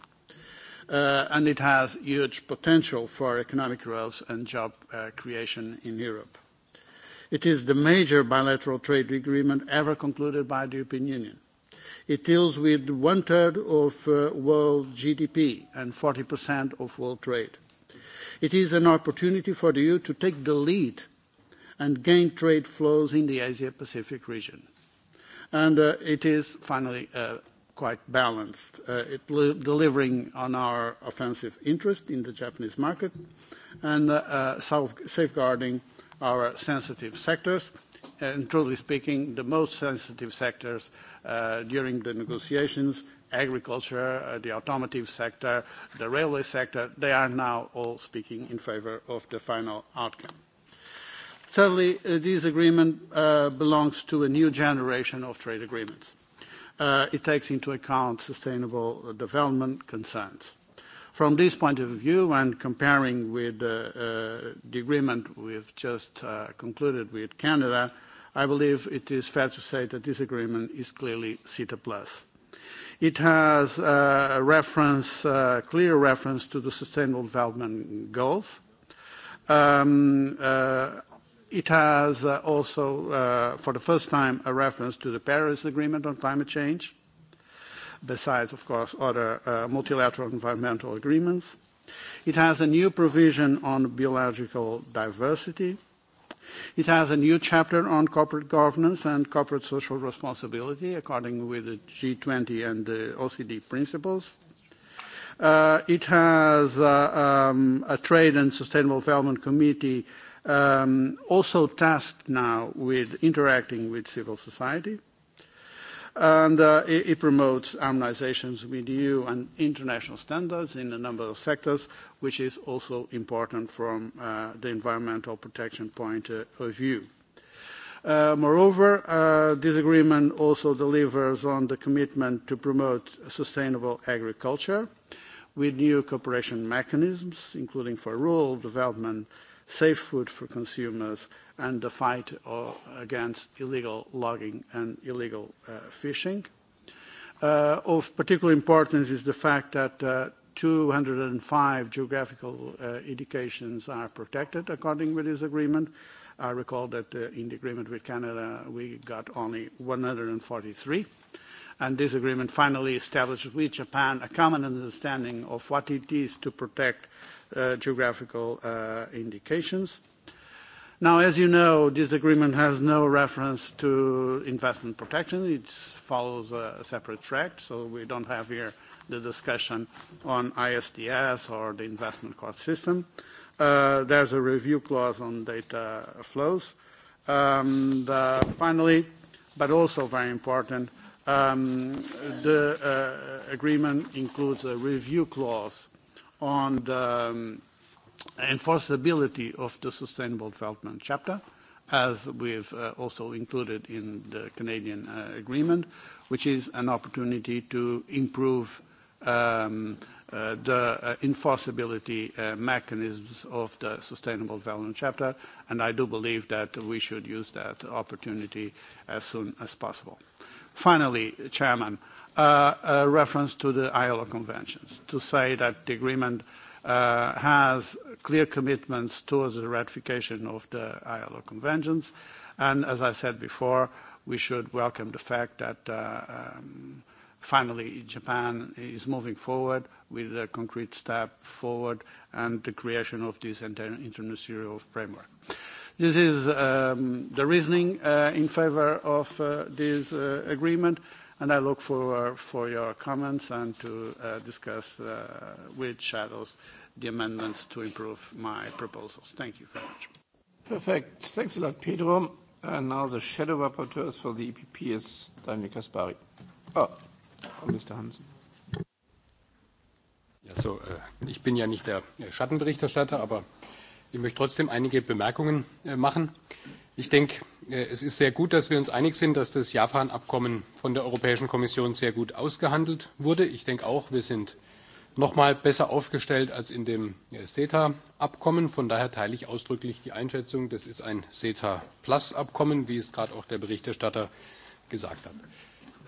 uh, and it has huge potential for economic growth and job uh, creation in Europe. It is the major bilateral trade agreement ever concluded by the European Union It deals with one-third of uh, world GDP and 40% of world trade. It is an opportunity for the EU to take the lead and gain trade flows in the Asia-Pacific region. And uh, it is finally uh, quite balanced, uh, it delivering on our offensive interest in the Japanese market and uh, uh, safeguarding our sensitive sectors, and truly speaking, the most sensitive sectors uh, during the negotiations, agriculture, uh, the automotive sector, the railway sector, they are now all speaking in favor of the final outcome. Thirdly, uh, this agreement uh, belongs to a new generation of trade agreements. Uh, it takes into account sustainable development concerns. From this point of view, when comparing with uh, uh, the agreement we've just uh, concluded with Canada, uh, I believe it is fair to say that this agreement is clearly CETA+. Plus. It has uh, a reference, a uh, clear reference to the Sustainable Development Goals. Um, uh, it has uh, also, uh, for the first time, a reference to the Paris Agreement on climate change, besides, of course, other uh, multilateral environmental agreements. It has a new provision on biological diversity, It has a new chapter on corporate governance and corporate social responsibility, according with the G20 and the OECD principles. Uh, it has uh, um, a Trade and Sustainable Development Committee um, also tasked now with interacting with civil society. Uh, and uh, it, it promotes harmonizations with EU and international standards in a number of sectors, which is also important from uh, the environmental protection point uh, of view. Uh, moreover, uh, this agreement also delivers on the commitment to promote sustainable agriculture with new cooperation mechanisms, including for rural development uh, safe food for consumers, and the fight or, uh, against illegal logging and illegal uh, fishing. Uh, of particular importance is the fact that uh, 205 geographical uh, indications are protected according with this agreement. I recall that uh, in the agreement with Canada, we got only 143. And this agreement finally establishes with Japan a common understanding of what it is to protect uh, uh, geographical uh, indications. Now, as you know, this agreement has no reference to investment protection. It follows a separate track, so we don't have here the discussion on ISDS or the investment court system. Uh, there's a review clause on data flows. Um, the, finally, but also very important, um, the uh, agreement includes a review clause on the um, enforceability of the Sustainable Development Chapter, as we've uh, also included in the Canadian uh, agreement, which is an opportunity to improve um, uh, the uh, enforceability uh, mechanisms of the Sustainable Development Chapter, and I do believe that we should use that opportunity as soon as possible. Finally, Chairman, uh, a reference to the ILO conventions to say that the agreement uh, has clear commitments towards the ratification of the ILO conventions. And as I said before, we should welcome the fact that uh, um, finally Japan is moving forward with a concrete step forward and the creation of this inter international framework. This is um, the reasoning uh, in favor of uh, this uh, agreement. Uh, and I look forward for your comments and to uh, discuss uh, with shadows the amendments to improve my proposals. Thank you very much. Perfect. Thanks a lot, Pedro. And now the shadow rapporteurs for the EPP is Daniel Caspari. Oh, Mr. Hansen. Ja, so, äh, ich bin ja nicht der Schattenberichterstatter, aber ich möchte trotzdem einige Bemerkungen äh, machen. Ich denke, Äh, es ist sehr gut, dass wir uns einig sind, dass das Japan-Abkommen von der Europäischen Kommission sehr gut ausgehandelt wurde. Ich denke auch, wir sind noch mal besser aufgestellt als in dem CETA-Abkommen. Äh, von daher teile ich ausdrücklich die Einschätzung, das ist ein CETA-Plus-Abkommen, wie es gerade auch der Berichterstatter gesagt hat.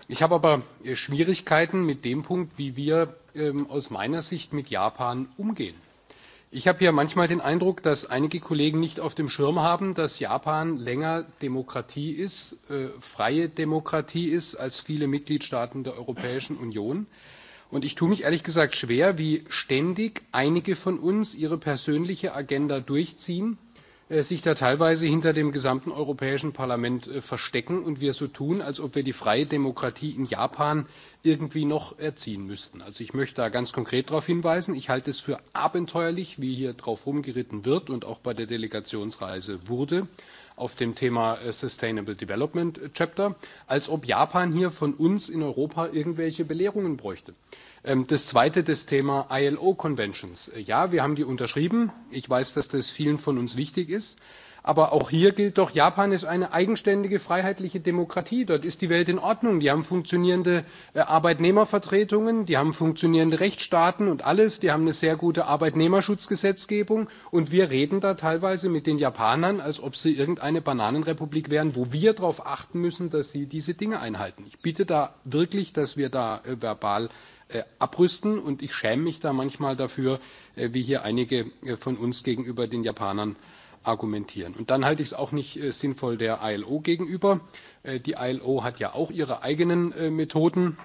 Ich habe aber äh, Schwierigkeiten mit dem Punkt, wie wir ähm, aus meiner Sicht mit Japan umgehen. Ich habe hier manchmal den Eindruck, dass einige Kollegen nicht auf dem Schirm haben, dass Japan länger Demokratie ist, äh, freie Demokratie ist als viele Mitgliedstaaten der Europäischen Union. Und ich tue mich ehrlich gesagt schwer, wie ständig einige von uns ihre persönliche Agenda durchziehen Äh, sich da teilweise hinter dem gesamten Europäischen Parlament äh, verstecken und wir so tun, als ob wir die freie Demokratie in Japan irgendwie noch erziehen müssten. Also ich möchte da ganz konkret darauf hinweisen, ich halte es für abenteuerlich, wie hier drauf rumgeritten wird und auch bei der Delegationsreise wurde auf dem Thema äh, Sustainable Development Chapter, als ob Japan hier von uns in Europa irgendwelche Belehrungen bräuchte. Ähm, das zweite, das Thema ILO-Conventions. Äh, ja, wir haben die unterschrieben. Ich weiß, dass das vielen von uns wichtig ist. Aber auch hier gilt doch, Japan ist eine eigenständige freiheitliche Demokratie. Dort ist die Welt in Ordnung. Die haben funktionierende äh, Arbeitnehmervertretungen, die haben funktionierende Rechtsstaaten und alles. Die haben eine sehr gute Arbeitnehmerschutzgesetzgebung. Und wir reden da teilweise mit den Japanern, als ob sie irgendeine Bananenrepublik wären, wo wir darauf achten müssen, dass sie diese Dinge einhalten. Ich bitte da wirklich, dass wir da äh, verbal Äh, abrüsten. Und ich schäme mich da manchmal dafür, äh, wie hier einige äh, von uns gegenüber den Japanern argumentieren. Und dann halte ich es auch nicht sinnvoll der ILO gegenüber. Die ILO hat ja auch ihre eigenen Methoden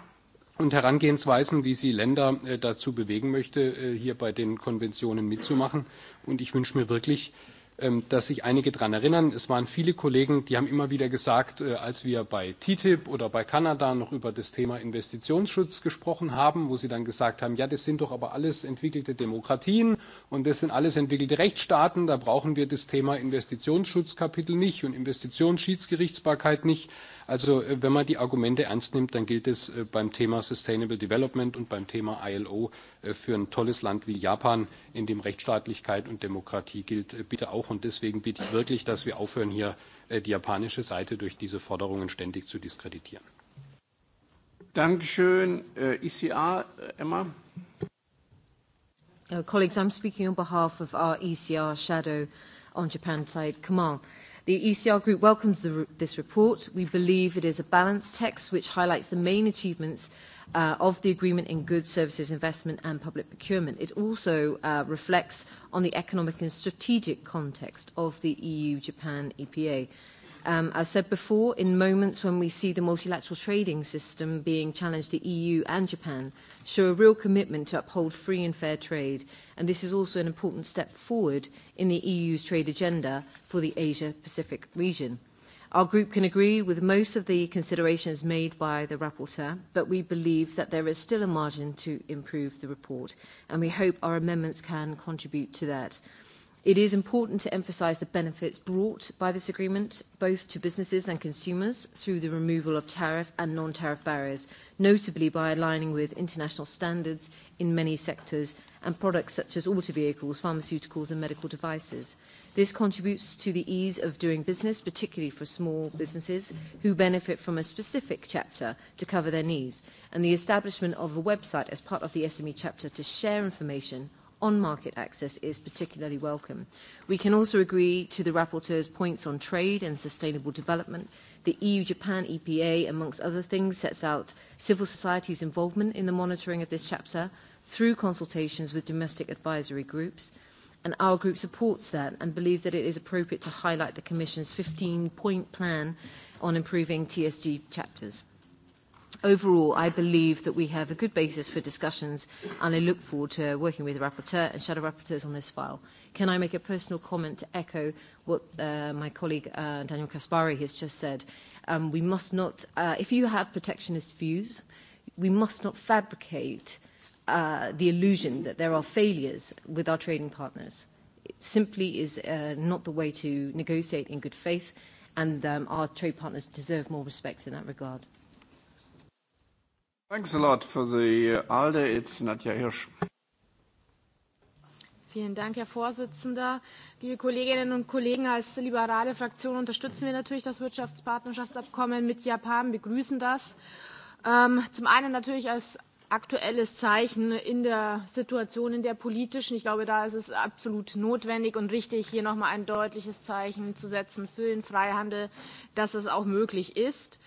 und Herangehensweisen, wie sie Länder dazu bewegen möchte, hier bei den Konventionen mitzumachen. Und ich wünsche mir wirklich, Ähm, dass sich einige daran erinnern. Es waren viele Kollegen, die haben immer wieder gesagt, äh, als wir bei TTIP oder bei Kanada noch über das Thema Investitionsschutz gesprochen haben, wo sie dann gesagt haben, ja, das sind doch aber alles entwickelte Demokratien und das sind alles entwickelte Rechtsstaaten, da brauchen wir das Thema Investitionsschutzkapitel nicht und Investitionsschiedsgerichtsbarkeit nicht. Also äh, wenn man die Argumente ernst nimmt, dann gilt es äh, beim Thema Sustainable Development und beim Thema ILO äh, für ein tolles Land wie Japan, in dem Rechtsstaatlichkeit und Demokratie gilt, bitte auch. Und deswegen bitte ich wirklich, dass wir aufhören, hier die japanische Seite durch diese Forderungen ständig zu diskreditieren. Dankeschön. ECR, Emma. Uh, colleagues, I'm speaking on behalf of our ECR shadow on Japan side, Kamal. Uh, The ECR Group welcomes the, this report. We believe it is a balanced text which highlights the main achievements uh, of the agreement in goods, services, investment and public procurement. It also uh, reflects on the economic and strategic context of the EU-Japan EPA Um, as said before, in moments when we see the multilateral trading system being challenged, the EU and Japan show a real commitment to uphold free and fair trade, and this is also an important step forward in the EU's trade agenda for the Asia-Pacific region. Our group can agree with most of the considerations made by the rapporteur, but we believe that there is still a margin to improve the report, and we hope our amendments can contribute to that. It is important to emphasize the benefits brought by this agreement, both to businesses and consumers, through the removal of tariff and non-tariff barriers, notably by aligning with international standards in many sectors and products such as auto vehicles, pharmaceuticals, and medical devices. This contributes to the ease of doing business, particularly for small businesses who benefit from a specific chapter to cover their needs, and the establishment of a website as part of the SME chapter to share information on market access is particularly welcome. We can also agree to the rapporteur's points on trade and sustainable development. The EU-Japan EPA, amongst other things, sets out civil society's involvement in the monitoring of this chapter through consultations with domestic advisory groups and our group supports that and believes that it is appropriate to highlight the Commission's 15-point plan on improving TSG chapters. Overall, I believe that we have a good basis for discussions, and I look forward to working with the rapporteur and shadow rapporteurs on this file. Can I make a personal comment to echo what uh, my colleague uh, Daniel Kaspari has just said? Um, we must not, uh, if you have protectionist views, we must not fabricate uh, the illusion that there are failures with our trading partners. It simply is uh, not the way to negotiate in good faith, and um, our trade partners deserve more respect in that regard. Thanks a lot for the uh, ALDE. It's Nadja Hirsch. Vielen Dank, Herr Vorsitzender. Liebe Kolleginnen und Kollegen, als liberale Fraktion unterstützen wir natürlich das Wirtschaftspartnerschaftsabkommen mit Japan, begrüßen das. Ähm, zum einen natürlich als aktuelles Zeichen in der Situation, in der politischen. Ich glaube, da ist es absolut notwendig und richtig, hier nochmal ein deutliches Zeichen zu setzen für den Freihandel, dass es auch möglich ist.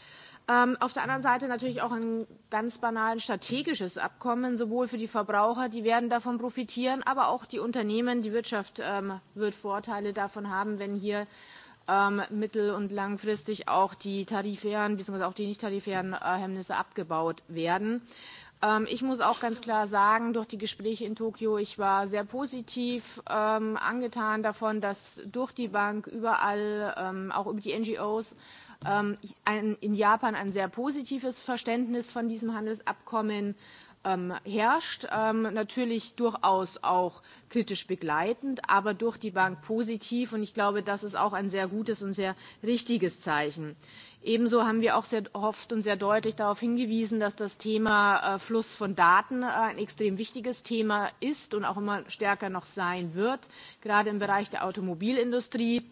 Ähm, auf der anderen Seite natürlich auch ein ganz banalen strategisches Abkommen, sowohl für die Verbraucher, die werden davon profitieren, aber auch die Unternehmen, die Wirtschaft ähm, wird Vorteile davon haben, wenn hier ähm, mittel- und langfristig auch die tarifären bzw. auch die nicht tarifären äh, Hemmnisse abgebaut werden. Ähm, ich muss auch ganz klar sagen, durch die Gespräche in Tokio, ich war sehr positiv ähm, angetan davon, dass durch die Bank überall, ähm, auch über die NGOs, ähm, ein, in Japan ein sehr positives Verständnis von diesem Handelsabkommen ähm, herrscht. Ähm, natürlich durchaus auch kritisch begleitend, aber durch die Bank positiv. Und ich glaube, das ist auch ein sehr gutes und sehr richtiges Zeichen. Ebenso haben wir auch sehr oft und sehr deutlich darauf hingewiesen, dass das Thema äh, Fluss von Daten äh, ein extrem wichtiges Thema ist und auch immer stärker noch sein wird, gerade im Bereich der Automobilindustrie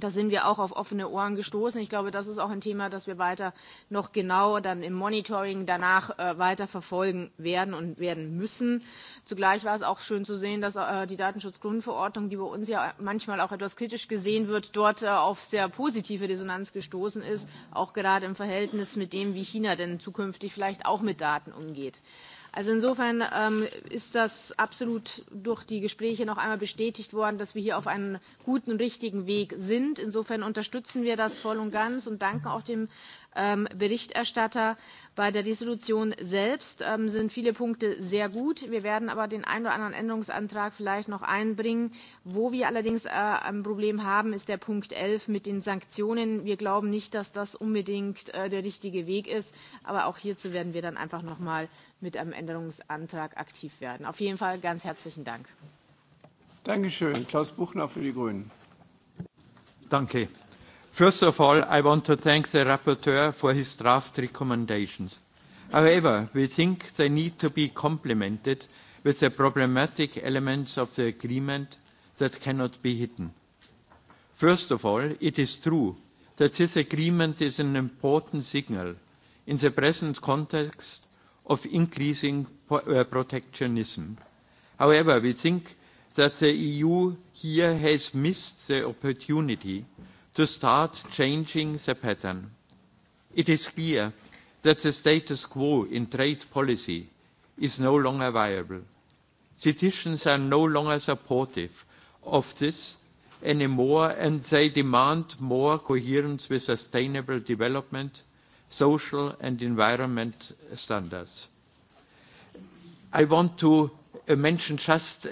Da sind wir auch auf offene Ohren gestoßen. Ich glaube, das ist auch ein Thema, das wir weiter noch genau dann im Monitoring danach äh, weiter verfolgen werden und werden müssen. Zugleich war es auch schön zu sehen, dass äh, die Datenschutzgrundverordnung, die bei uns ja manchmal auch etwas kritisch gesehen wird, dort äh, auf sehr positive Resonanz gestoßen ist, auch gerade im Verhältnis mit dem, wie China denn zukünftig vielleicht auch mit Daten umgeht. Äh, Also insofern ähm, ist das absolut durch die Gespräche noch einmal bestätigt worden, dass wir hier auf einem guten und richtigen Weg sind. Insofern unterstützen wir das voll und ganz und danken auch dem ähm, Berichterstatter. Bei der Resolution selbst ähm, sind viele Punkte sehr gut. Wir werden aber den einen oder anderen Änderungsantrag vielleicht noch einbringen. Wo wir allerdings äh, ein Problem haben, ist der Punkt 11 mit den Sanktionen. Wir glauben nicht, dass das unbedingt äh, der richtige Weg ist. Aber auch hierzu werden wir dann einfach noch mal mit einem Änderungsantrag aktiv werden. Auf jeden Fall ganz herzlichen Dank. Dankeschön. Klaus Buchner für die Grünen. Danke. First of all, I want to thank the rapporteur for his draft recommendations. However, we think they need to be complemented with the problematic elements of the agreement that cannot be hidden. First of all, it is true that this agreement is an important signal in the present context of increasing uh, protectionism. However, we think that the EU here has missed the opportunity to start changing the pattern. It is clear that the status quo in trade policy is no longer viable. Citizens are no longer supportive of this anymore, and they demand more coherence with sustainable development social and environment standards. I want to uh, mention just uh,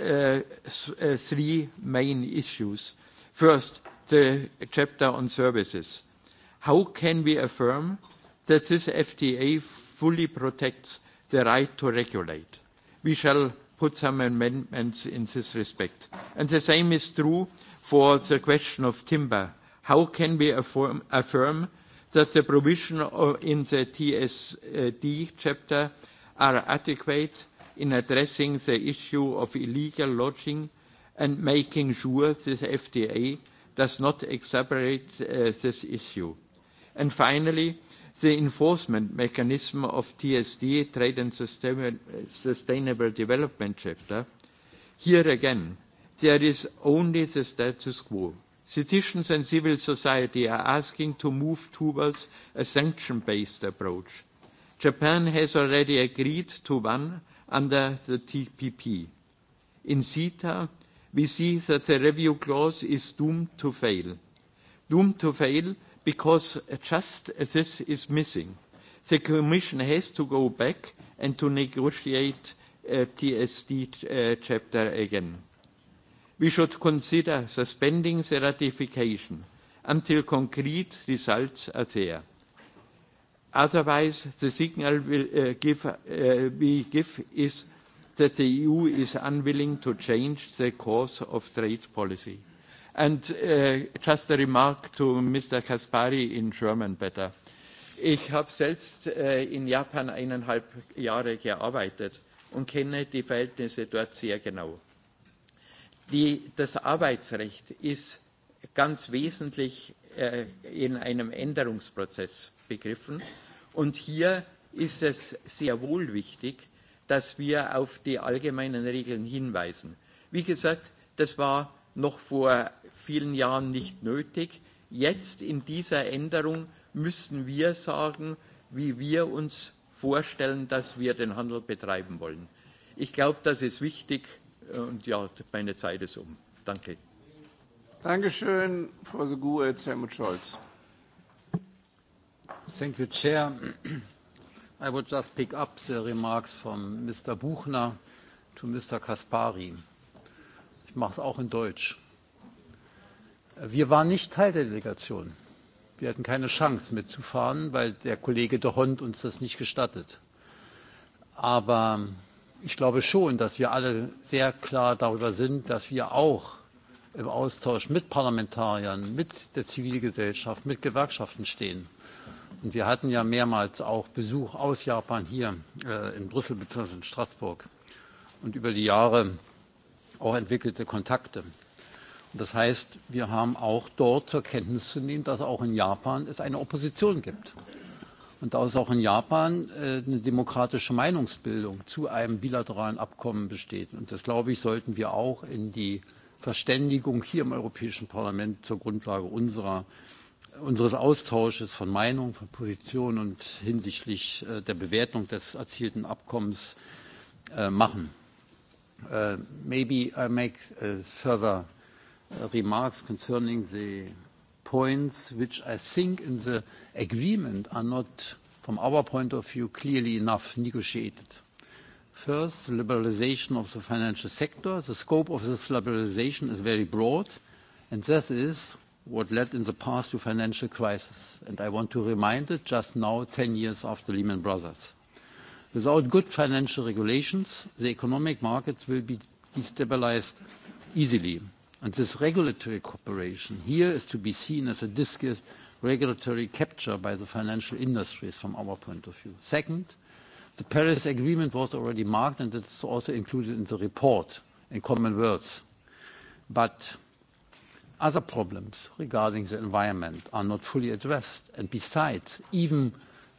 uh, three main issues. First, the chapter on services. How can we affirm that this FTA fully protects the right to regulate? We shall put some amendments in this respect. And the same is true for the question of timber. How can we affirm, affirm that the provision of, in the TSD chapter are adequate in addressing the issue of illegal lodging and making sure this FDA does not exacerbate uh, this issue. And finally, the enforcement mechanism of TSD Trade and Sustain Sustainable Development Chapter. Here again, there is only the status quo. Citizens and civil society are asking to move towards a sanction-based approach. Japan has already agreed to one under the TPP. In CETA, we see that the review clause is doomed to fail. Doomed to fail because just this is missing. The Commission has to go back and to negotiate uh, TSD uh, chapter again we should consider suspending the ratification until concrete results are there. Otherwise, the signal will, uh, give, uh, we give is that the EU is unwilling to change the course of trade policy. And uh, just a remark to Mr. Kaspari in German better. Ich habe selbst äh, in Japan eineinhalb Jahre gearbeitet und kenne die Verhältnisse dort sehr genau. Die, das Arbeitsrecht ist ganz wesentlich äh, in einem Änderungsprozess begriffen. Und hier ist es sehr wohl wichtig, dass wir auf die allgemeinen Regeln hinweisen. Wie gesagt, das war noch vor vielen Jahren nicht nötig. Jetzt in dieser Änderung müssen wir sagen, wie wir uns vorstellen, dass wir den Handel betreiben wollen. Ich glaube, das ist wichtig Und ja, meine Zeit ist um. Danke. Dankeschön, Frau Segur, jetzt Helmut Scholz. Thank you, Chair. I would just pick up the remarks from Mr. Buchner to Mr. Kaspari. Ich mache es auch in Deutsch. Wir waren nicht Teil der Delegation. Wir hatten keine Chance mitzufahren, weil der Kollege de Hond uns das nicht gestattet. Aber ich glaube schon, dass wir alle sehr klar darüber sind, dass wir auch im Austausch mit Parlamentariern, mit der Zivilgesellschaft, mit Gewerkschaften stehen. Und wir hatten ja mehrmals auch Besuch aus Japan hier äh, in Brüssel bzw. in Straßburg und über die Jahre auch entwickelte Kontakte. Und das heißt, wir haben auch dort zur Kenntnis zu nehmen, dass auch in Japan es eine Opposition gibt. Und da ist auch in Japan äh, eine demokratische Meinungsbildung zu einem bilateralen Abkommen besteht. Und das, glaube ich, sollten wir auch in die Verständigung hier im Europäischen Parlament zur Grundlage unserer, unseres Austausches von Meinungen, von Positionen und hinsichtlich äh, der Bewertung des erzielten Abkommens äh, machen. Uh, maybe I make uh, further uh, remarks concerning the points which I think in the agreement are not, from our point of view, clearly enough negotiated. First, liberalization of the financial sector. The scope of this liberalization is very broad, and this is what led in the past to financial crisis. And I want to remind it just now, 10 years after Lehman Brothers. Without good financial regulations, the economic markets will be destabilized easily. And this regulatory cooperation here is to be seen as a discus regulatory capture by the financial industries from our point of view. Second, the Paris Agreement was already marked, and it's also included in the report in common words. But other problems regarding the environment are not fully addressed. And besides, even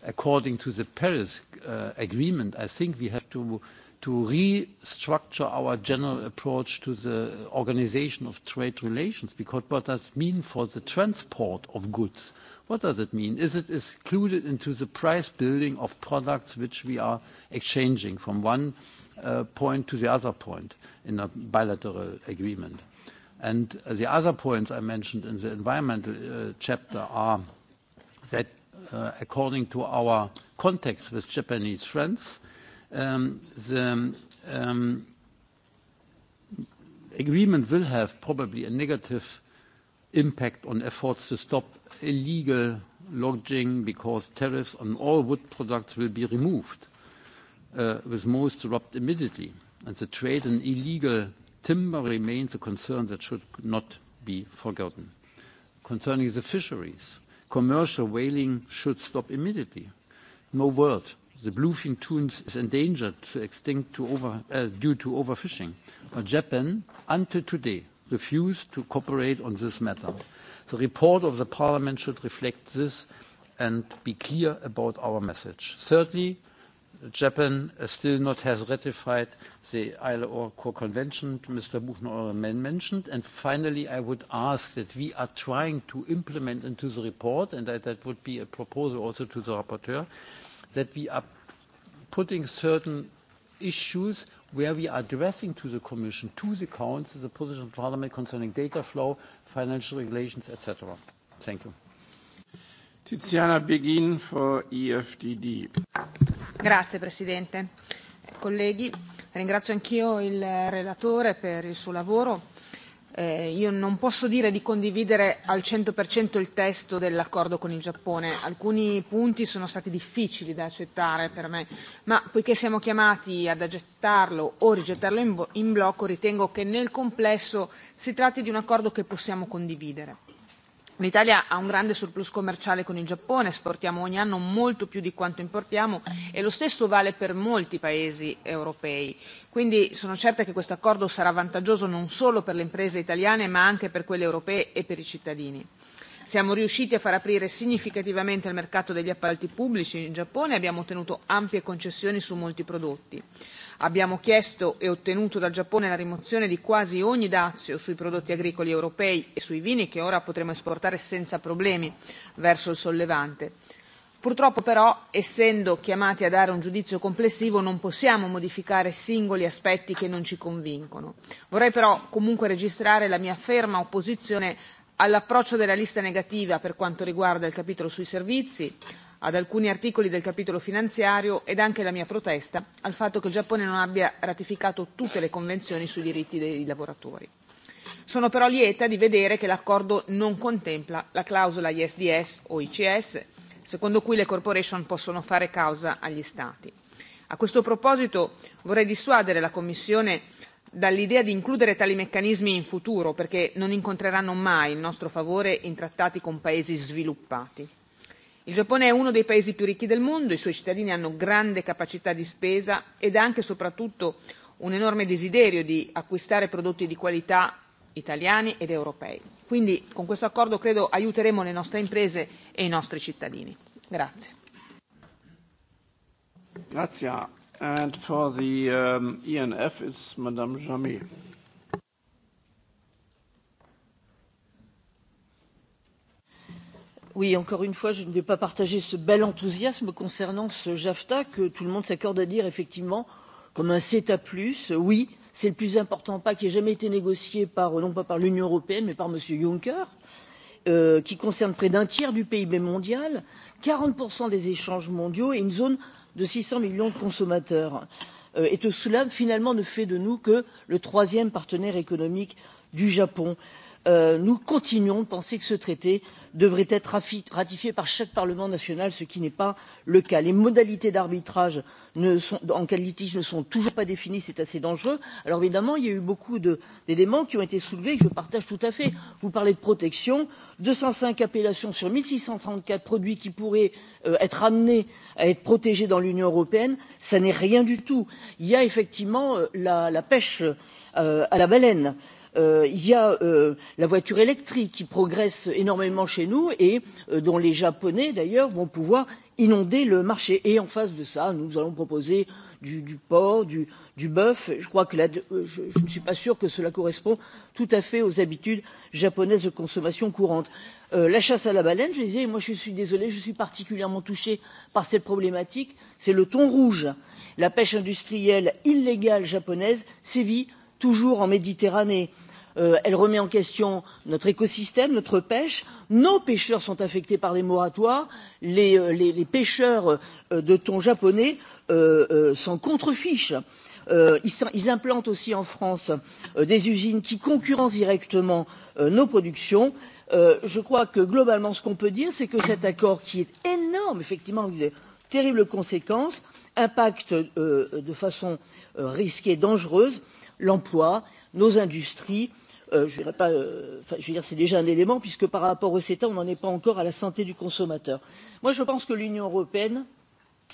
according to the Paris uh, Agreement, I think we have to uh, to restructure our general approach to the organization of trade relations, because what does it mean for the transport of goods? What does it mean? Is it included into the price building of products which we are exchanging from one uh, point to the other point in a bilateral agreement? And the other points I mentioned in the environmental uh, chapter are that, uh, according to our contacts with Japanese friends, um, the um, agreement will have probably a negative impact on efforts to stop illegal logging because tariffs on all wood products will be removed, uh, with most dropped immediately. And the trade in illegal timber remains a concern that should not be forgotten. Concerning the fisheries, commercial whaling should stop immediately. No word The bluefin tuna is endangered to extinct to over, uh, due to overfishing. But Japan, until today, refused to cooperate on this matter. The report of the parliament should reflect this and be clear about our message. Thirdly, Japan still not has ratified the ILO Core Convention Mr. Buchner already mentioned. And finally, I would ask that we are trying to implement into the report, and that, that would be a proposal also to the rapporteur, that we are putting certain issues where we are addressing to the Commission, to the Council, the position of Parliament concerning data flow, financial regulations, etc. Thank you. Tiziana Beghin for EFTD. Grazie Presidente. Colleghi, ringrazio anch'io il relatore per il suo lavoro Eh, io non posso dire di condividere al 100% il testo dell'accordo con il Giappone, alcuni punti sono stati difficili da accettare per me, ma poiché siamo chiamati ad accettarlo o rigettarlo in, in blocco, ritengo che nel complesso si tratti di un accordo che possiamo condividere. L'Italia ha un grande surplus commerciale con il Giappone, esportiamo ogni anno molto più di quanto importiamo e lo stesso vale per molti paesi europei. Quindi sono certa che questo accordo sarà vantaggioso non solo per le imprese italiane ma anche per quelle europee e per i cittadini. Siamo riusciti a far aprire significativamente il mercato degli appalti pubblici in Giappone e abbiamo ottenuto ampie concessioni su molti prodotti. Abbiamo chiesto e ottenuto dal Giappone la rimozione di quasi ogni dazio sui prodotti agricoli europei e sui vini che ora potremo esportare senza problemi verso il sollevante. Purtroppo però, essendo chiamati a dare un giudizio complessivo, non possiamo modificare singoli aspetti che non ci convincono. Vorrei però comunque registrare la mia ferma opposizione all'approccio della lista negativa per quanto riguarda il capitolo sui servizi, ad alcuni articoli del capitolo finanziario ed anche la mia protesta al fatto che il Giappone non abbia ratificato tutte le convenzioni sui diritti dei lavoratori. Sono però lieta di vedere che l'accordo non contempla la clausola ISDS o ICS, secondo cui le corporation possono fare causa agli Stati. A questo proposito vorrei dissuadere la Commissione dall'idea di includere tali meccanismi in futuro, perché non incontreranno mai il nostro favore in trattati con paesi sviluppati il giappone è uno dei paesi più ricchi del mondo i suoi cittadini hanno grande capacità di spesa ed anche e soprattutto un enorme desiderio di acquistare prodotti di qualità italiani ed europei quindi con questo accordo credo aiuteremo le nostre imprese e i nostri cittadini. grazie. grazie. And for the um, ENF, it's Madame Jamet. Oui, encore une fois, je ne vais pas partager ce bel enthousiasme concernant ce JAFTA que tout le monde s'accorde à dire effectivement comme un CETA+. Oui, c'est le plus important pas qui ait jamais été négocié par, non pas par l'Union européenne, mais par M. Juncker, euh, qui concerne près d'un tiers du PIB mondial, 40% des échanges mondiaux et une zone de 600 millions de consommateurs. Euh, et tout cela, finalement, ne fait de nous que le troisième partenaire économique du Japon. Euh, euh, nous continuons de penser que ce traité devrait être ratifié par chaque parlement national ce qui n'est pas le cas. les modalités d'arbitrage en cas de litige ne sont toujours pas définies c'est assez dangereux. alors évidemment il y a eu beaucoup d'éléments qui ont été soulevés et que je partage tout à fait. vous parlez de protection deux cent cinq appellations sur un six cent trente quatre produits qui pourraient euh, être amenés à être protégés dans l'union européenne ce n'est rien du tout. il y a effectivement euh, la, la pêche euh, à la baleine euh, y a euh, la voiture électrique qui progresse énormément chez nous et euh, dont les Japonais d'ailleurs vont pouvoir inonder le marché. Et en face de ça, nous allons proposer du, du porc, du, du bœuf. Je crois que là, euh, je, je ne suis pas sûr que cela correspond tout à fait aux habitudes japonaises de consommation courante. Euh, la chasse à la baleine, je disais, moi je suis désolé, je suis particulièrement touché par cette problématique, c'est le thon rouge. La pêche industrielle illégale japonaise sévit toujours en Méditerranée. Euh, euh, elle remet en question notre écosystème, notre pêche. Nos pêcheurs sont affectés par des moratoires. Les, euh, les, les pêcheurs euh, de thon japonais euh, euh, s'en contrefichent. Euh, ils, ils implantent aussi en France euh, des usines qui concurrencent directement euh, nos productions. Euh, je crois que globalement, ce qu'on peut dire, c'est que cet accord, qui est énorme, effectivement, avec des terribles conséquences, impacte euh, de façon euh, risquée, dangereuse, l'emploi, nos industries, euh, je dirais pas, euh, enfin, je veux dire, c'est déjà un élément puisque par rapport au CETA, on n'en est pas encore à la santé du consommateur. Moi, je pense que l'Union européenne,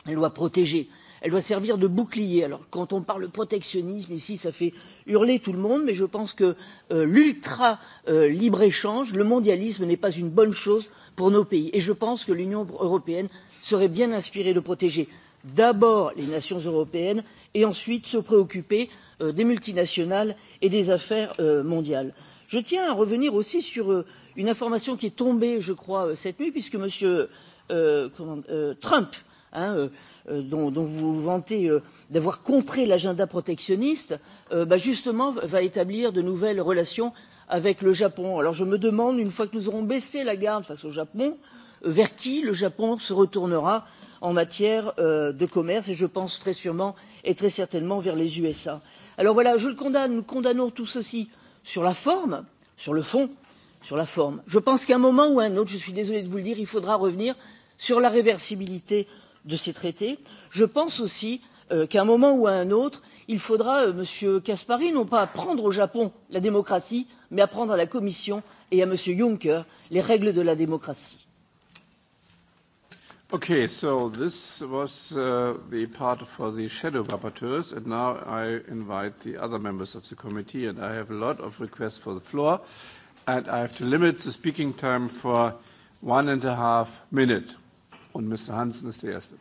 elle doit protéger. Elle doit servir de bouclier. Alors, quand on parle protectionnisme ici, ça fait hurler tout le monde, mais je pense que euh, l'ultra euh, libre échange, le mondialisme n'est pas une bonne chose pour nos pays. Et je pense que l'Union européenne serait bien inspirée de protéger d'abord les nations européennes et ensuite se préoccuper euh, euh, des multinationales et des affaires euh, mondiales. Je tiens à revenir aussi sur euh, une information qui est tombée, je crois, euh, cette nuit, puisque M. Euh, comment, euh, Trump, hein, euh, euh dont, dont vous vantez euh, d'avoir contré l'agenda protectionniste, euh, bah justement va établir de nouvelles relations avec le Japon. Alors je me demande, une fois que nous aurons baissé la garde face au Japon, euh, vers qui le Japon se retournera en matière euh, de commerce, et je pense très sûrement et très certainement vers les USA. Euh, Alors voilà, je le condamne, nous condamnons tout ceci sur la forme, sur le fond, sur la forme. Je pense qu'à un moment ou à un autre, je suis désolé de vous le dire, il faudra revenir sur la réversibilité de ces traités. Je pense aussi euh, qu'à un moment ou à un autre, il faudra, euh, Monsieur Caspary, non pas apprendre au Japon la démocratie, mais apprendre à la Commission et à Monsieur Juncker les règles de la démocratie. Okay, so this was uh, the part for the shadow rapporteurs, and now I invite the other members of the committee, and I have a lot of requests for the floor, and I have to limit the speaking time for one and a half minute. Und Mr. Hansen ist der Erste.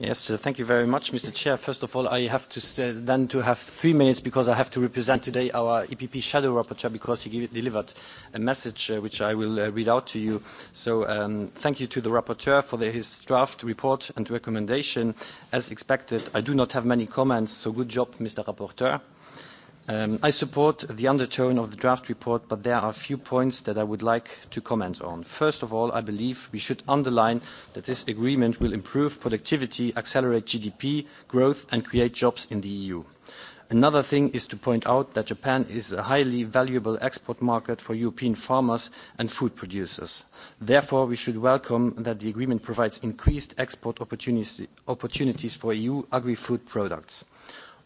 Yes, uh, thank you very much, Mr. Chair. First of all, I have to uh, then to have three minutes because I have to represent today our EPP shadow rapporteur because he give, delivered a message uh, which I will uh, read out to you. So um, thank you to the rapporteur for the, his draft report and recommendation. As expected, I do not have many comments, so good job, Mr. Rapporteur. Um, I support the undertone of the draft report, but there are a few points that I would like to comment on. First of all, I believe we should underline that this agreement will improve productivity, accelerate GDP growth, and create jobs in the EU. Another thing is to point out that Japan is a highly valuable export market for European farmers and food producers. Therefore, we should welcome that the agreement provides increased export opportunities for EU agri-food products.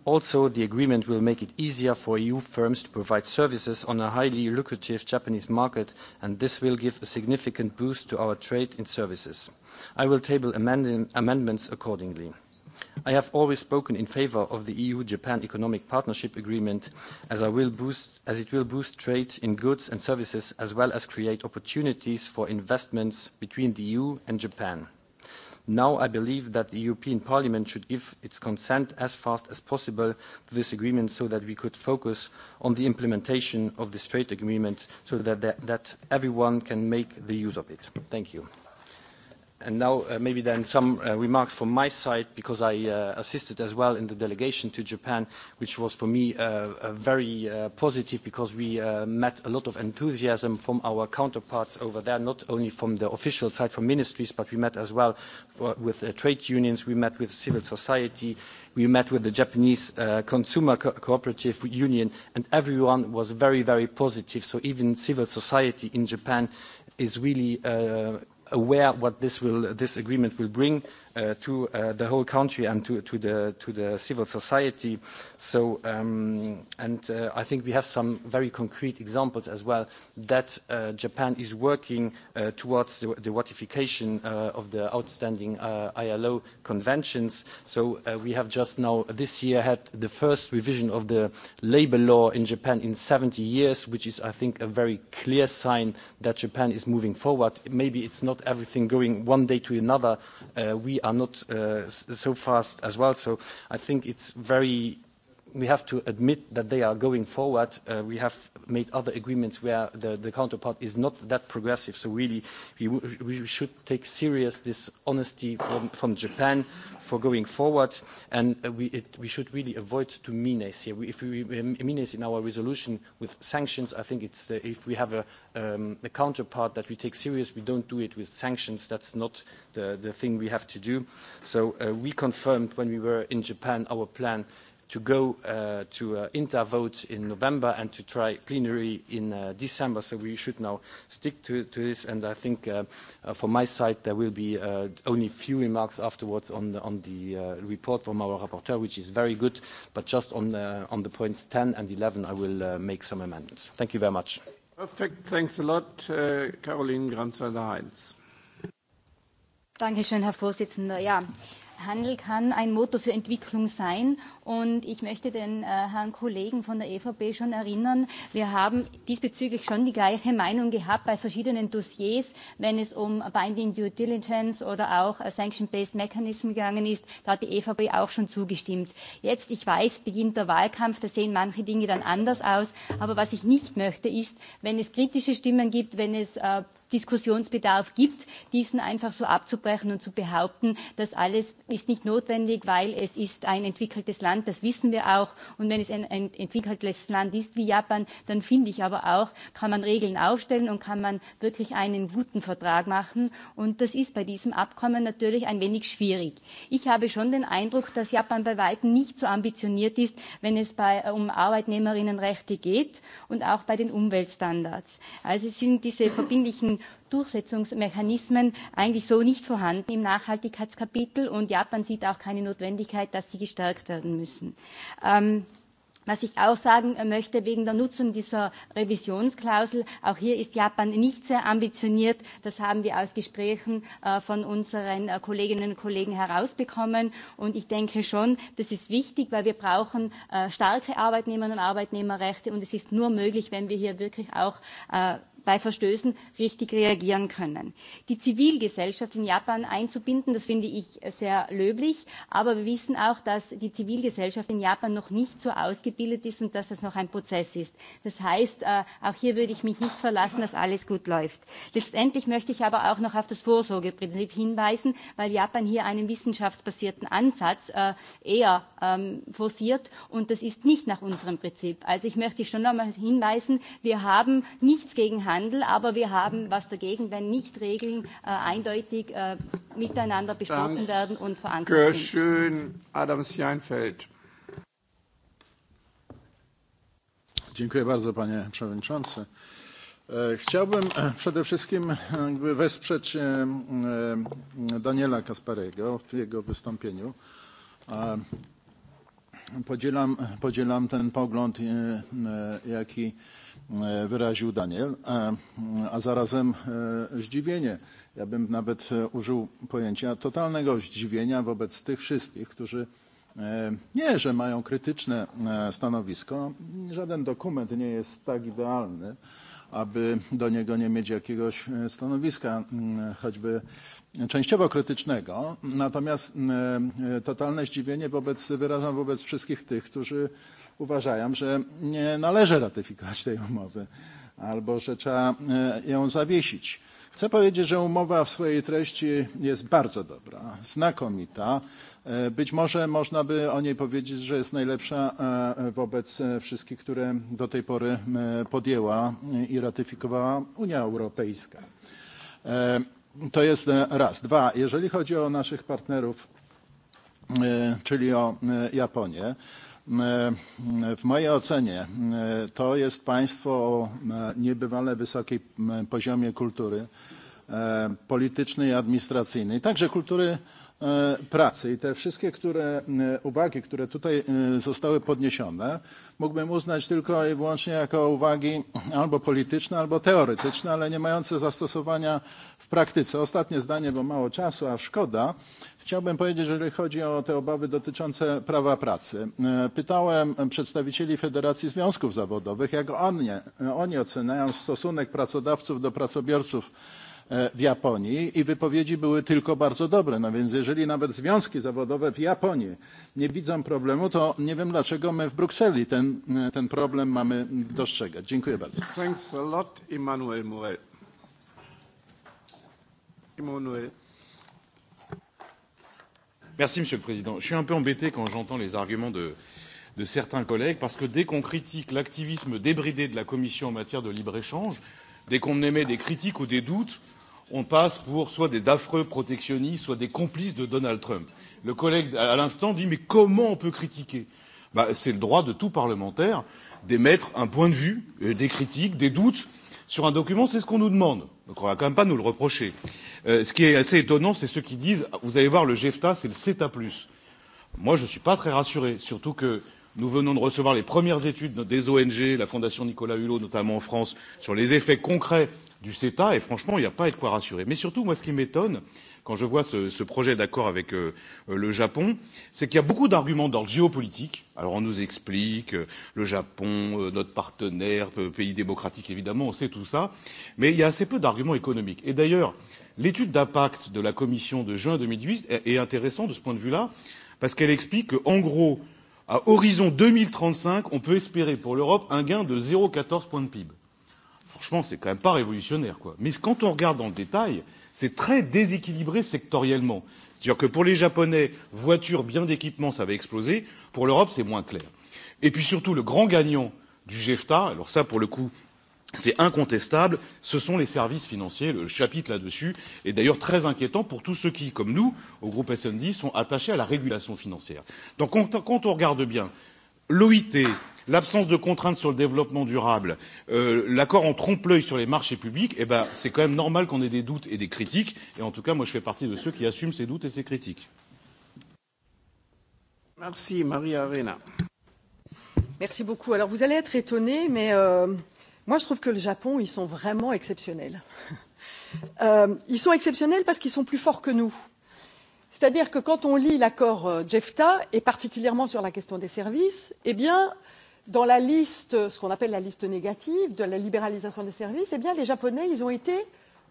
Also, the agreement will make it easier for EU firms to provide services on a highly lucrative Japanese market, and this will give a significant boost to our trade in services. I will table amend amendments accordingly. I have always spoken in favor of the EU-Japan Economic Partnership Agreement as, I will boost, as it will boost trade in goods and services as well as create opportunities for investments between the EU and Japan. Now I believe that the European Parliament should give its consent as fast as possible to this agreement so that we could focus on the implementation of this trade agreement so that, that, that everyone can make the use of it. Thank you. And now uh, maybe then some uh, remarks from my side because I uh, assisted as well in the delegation to Japan, which was for me uh, uh, very uh, positive because we uh, met a lot of enthusiasm from our counterparts over there, not only from the official side, from ministries, but we met as well for, with uh, trade unions, we met with civil society, we met with the Japanese uh, Consumer Co Cooperative Union, and everyone was very, very positive. So even civil society in Japan is really uh, aware what this, will, this agreement will bring uh, to uh, the whole country and to, to, the, to the civil society. So, um, and uh, I think we have some very concrete examples as well that uh, Japan is working uh, towards the, the ratification uh, of the outstanding uh, ILO conventions. So uh, we have just now this year had the first revision of the labor law in Japan in 70 years, which is, I think, a very clear sign that Japan is moving forward. Maybe it's not everything going one day to another. Uh, we are not uh, so fast as well. So I think it's very we have to admit that they are going forward. Uh, we have made other agreements where the, the counterpart is not that progressive. So really, we, we should take serious this honesty from, from Japan for going forward, and uh, we, it, we should really avoid to menace here. We, if we menace in our resolution with sanctions, I think it's uh, if we have a, um, a counterpart that we take serious, we don't do it with sanctions. That's not the, the thing we have to do. So uh, we confirmed when we were in Japan our plan uh, to go uh, to uh, INTA votes in November and to try plenary in uh, December. So we should now stick to, to this. And I think uh, uh, from my side, there will be uh, only few remarks afterwards on the, on the uh, report from our rapporteur, which is very good. But just on, uh, on the points 10 and 11, I will uh, make some amendments. Thank you very much. Perfect. Thanks a lot, uh, Caroline Granzweiler-Heinz. Dankeschön, Herr Vorsitzender. Ja, Handel kann ein Motor für Entwicklung sein Und ich möchte den äh, Herrn Kollegen von der EVP schon erinnern, wir haben diesbezüglich schon die gleiche Meinung gehabt bei verschiedenen Dossiers, wenn es um Binding Due Diligence oder auch äh, Sanction-Based Mechanism gegangen ist. Da hat die EVP auch schon zugestimmt. Jetzt, ich weiß, beginnt der Wahlkampf, da sehen manche Dinge dann anders aus. Aber was ich nicht möchte, ist, wenn es kritische Stimmen gibt, wenn es äh, Diskussionsbedarf gibt, diesen einfach so abzubrechen und zu behaupten, das alles ist nicht notwendig, weil es ist ein entwickeltes Land Land, das wissen wir auch. Und wenn es ein, ein entwickeltes Land ist wie Japan, dann finde ich aber auch, kann man Regeln aufstellen und kann man wirklich einen guten Vertrag machen. Und das ist bei diesem Abkommen natürlich ein wenig schwierig. Ich habe schon den Eindruck, dass Japan bei weitem nicht so ambitioniert ist, wenn es bei, um Arbeitnehmerinnenrechte geht und auch bei den Umweltstandards. Also es sind diese verbindlichen Durchsetzungsmechanismen eigentlich so nicht vorhanden im Nachhaltigkeitskapitel und Japan sieht auch keine Notwendigkeit, dass sie gestärkt werden müssen. Ähm, Was ich auch sagen möchte wegen der Nutzung dieser Revisionsklausel, auch hier ist Japan nicht sehr ambitioniert. Das haben wir aus Gesprächen äh, von unseren äh, Kolleginnen und Kollegen herausbekommen. Und ich denke schon, das ist wichtig, weil wir brauchen äh, starke Arbeitnehmerinnen und Arbeitnehmerrechte. Und es ist nur möglich, wenn wir hier wirklich auch äh, bei Verstößen richtig reagieren können. Die Zivilgesellschaft in Japan einzubinden, das finde ich sehr löblich. Aber wir wissen auch, dass die Zivilgesellschaft in Japan noch nicht so ausgebildet ist und dass das noch ein Prozess ist. Das heißt, äh, auch hier würde ich mich nicht verlassen, dass alles gut läuft. Letztendlich möchte ich aber auch noch auf das Vorsorgeprinzip hinweisen, weil Japan hier einen wissenschaftsbasierten Ansatz äh, eher ähm, forciert und das ist nicht nach unserem Prinzip. Also ich möchte schon nochmal hinweisen, wir haben nichts gegen Handel, Handel. Aber wir haben was dagegen, wenn Nichtregeln äh, eindeutig äh, miteinander besprochen Danke werden und verankert sind. schön, Adam Seinfeld. Dziękuję bardzo, panie przewodniczący. E, chciałbym e, przede wszystkim e, wesprzeć Daniela Kasparego w jego wystąpieniu. Podzielam, podzielam ten pogląd, jaki E, wyraził Daniel, a, e, a zarazem e, zdziwienie. Ja bym nawet użył pojęcia totalnego zdziwienia wobec tych wszystkich, którzy nie, że mają krytyczne stanowisko. Żaden dokument nie jest tak idealny, aby do niego nie mieć jakiegoś stanowiska, choćby częściowo krytycznego. Natomiast totalne zdziwienie wobec, wyrażam wobec wszystkich tych, którzy uważają, że nie należy ratyfikować tej umowy albo że trzeba e, ją zawiesić. Chcę powiedzieć, że umowa w swojej treści jest bardzo dobra, znakomita. E, być może można by o niej powiedzieć, że jest najlepsza e, wobec wszystkich, które do tej pory podjęła i ratyfikowała Unia Europejska. To jest raz. Dwa, jeżeli chodzi o naszych partnerów, czyli o Japonię, E, w mojej ocenie e, to jest państwo o e, niebywale wysokim poziomie kultury politycznej i administracyjnej, także kultury E, pracy i te wszystkie które, e, uwagi, które tutaj e, zostały podniesione, mógłbym uznać tylko i wyłącznie jako uwagi albo polityczne, albo teoretyczne, ale nie mające zastosowania w praktyce. Ostatnie zdanie, bo mało czasu, a szkoda. Chciałbym powiedzieć, jeżeli chodzi o te obawy dotyczące prawa pracy. Pytałem przedstawicieli Federacji Związków Zawodowych, jak oni, oni oceniają stosunek pracodawców do pracobiorców E, w Japonii i wypowiedzi były tylko bardzo dobre. No więc jeżeli nawet związki zawodowe w Japonii nie widzą problemu, to nie wiem dlaczego my w Brukseli ten, e, ten problem mamy dostrzegać. Dziękuję bardzo. Thanks a lot, Emmanuel Morel. Emmanuel. Merci, Monsieur le Président. Je suis un peu embêté quand j'entends les arguments de, de certains collègues, parce que dès qu'on critique l'activisme débridé de la Commission en matière de libre-échange, dès qu'on émet des critiques ou des doutes, euh, on passe pour soit des affreux protectionnistes, soit des complices de Donald Trump. Le collègue à l'instant dit mais comment on peut critiquer bah, C'est le droit de tout parlementaire d'émettre un point de vue, euh, des critiques, des doutes sur un document, c'est ce qu'on nous demande. Donc on ne va quand même pas nous le reprocher. Euh, ce qui est assez étonnant, c'est ceux qui disent, ah, vous allez voir, le GEFTA, c'est le CETA+. Moi, je ne suis pas très rassuré, surtout que nous venons de recevoir les premières études des ONG, la Fondation Nicolas Hulot notamment en France, sur les effets concrets du CETA et franchement, il n'y a pas de quoi rassurer. Mais surtout, moi, ce qui m'étonne quand je vois ce, ce projet d'accord avec euh, euh, le Japon, c'est qu'il y a beaucoup d'arguments d'ordre géopolitique. Alors on nous explique euh, le Japon, euh, notre partenaire, euh, pays démocratique, évidemment, on sait tout ça, mais il y a assez peu d'arguments économiques. Et d'ailleurs, l'étude d'impact de la Commission de juin 2018 est, est intéressante de ce point de vue-là, parce qu'elle explique qu'en gros, à horizon 2035, on peut espérer pour l'Europe un gain de 0,14 points de PIB franchement, c'est quand même pas révolutionnaire, quoi. Mais quand on regarde dans le détail, c'est très déséquilibré sectoriellement. C'est-à-dire que pour les Japonais, voitures, biens d'équipement, ça va exploser. Pour l'Europe, c'est moins clair. Et puis surtout, le grand gagnant du GEFTA, alors ça, pour le coup, c'est incontestable, ce sont les services financiers, le chapitre là-dessus est d'ailleurs très inquiétant pour tous ceux qui, comme nous, au groupe S&D, sont attachés à la régulation financière. Donc quand on regarde bien, l'OIT, l'absence de contraintes sur le développement durable, euh, l'accord en trompe-l'œil sur les marchés publics, eh ben, c'est quand même normal qu'on ait des doutes et des critiques. Et en tout cas, moi, je fais partie de ceux qui assument ces doutes et ces critiques. Merci, Maria Arena. Merci beaucoup. Alors, vous allez être étonné, mais euh, moi, je trouve que le Japon, ils sont vraiment exceptionnels. Euh, ils sont exceptionnels parce qu'ils sont plus forts que nous. Euh, c'est à dire que quand on lit l'accord euh, jefta et particulièrement sur la question des services eh bien dans la liste ce qu'on appelle la liste négative de la libéralisation des services eh bien les japonais ils ont été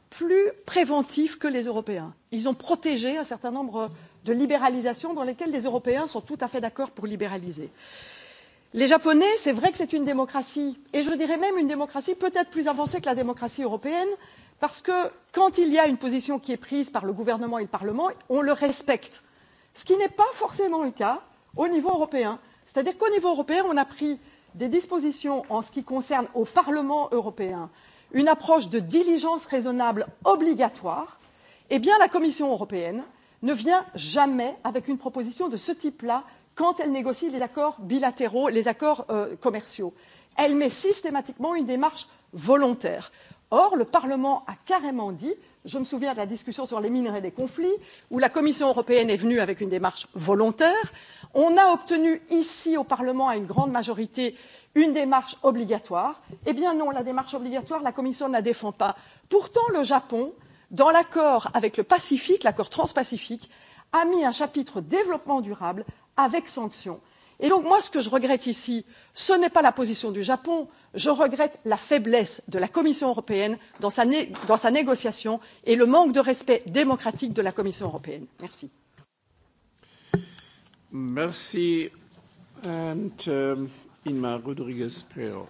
plus préventifs que les européens ils ont protégé un certain nombre de libéralisations dans lesquelles les européens sont tout à fait d'accord pour libéraliser. les japonais c'est vrai que c'est une démocratie et je dirais même une démocratie peut être plus avancée que la démocratie européenne parce que quand il y a une position qui est prise par le gouvernement et le parlement on la respecte ce qui n'est pas forcément le cas au niveau européen. c'est à dire qu'au niveau européen on a pris des dispositions en ce qui concerne au parlement européen une approche de diligence raisonnable obligatoire eh bien la commission européenne ne vient jamais avec une proposition de ce type là quand elle négocie les accords bilatéraux les accords euh, commerciaux. elle met systématiquement une démarche volontaire. Or, le Parlement a carrément dit je me souviens de la discussion sur les minerais des conflits où la Commission européenne est venue avec une démarche volontaire on a obtenu ici au Parlement à une grande majorité une démarche obligatoire. Eh bien non, la démarche obligatoire, la Commission ne la défend pas. Pourtant, le Japon, dans l'accord avec le Pacifique, l'accord transpacifique, a mis un chapitre développement durable avec sanctions et donc moi ce que je regrette ici ce n'est pas la position du japon je regrette la faiblesse de la commission européenne dans sa, né dans sa négociation et le manque de respect démocratique de la commission européenne. merci. merci. And, um, Inma Rodriguez Pereira.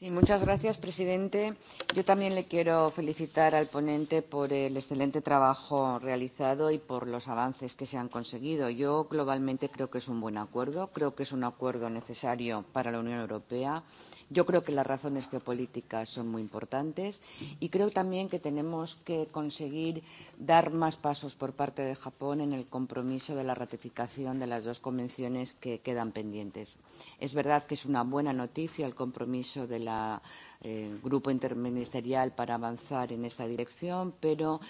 Sí, muchas gracias, presidente. Yo también le quiero felicitar al ponente por el excelente trabajo realizado y por los avances que se han conseguido. Yo globalmente creo que es un buen acuerdo, creo que es un acuerdo necesario para la Unión Europea. Eh, Yo creo que las razones geopolíticas son muy importantes y creo también que tenemos que conseguir dar más pasos por parte de Japón en el compromiso de la ratificación de las dos convenciones que quedan pendientes. Es verdad que es una buena noticia el compromiso del eh, Grupo Interministerial para avanzar en esta dirección, pero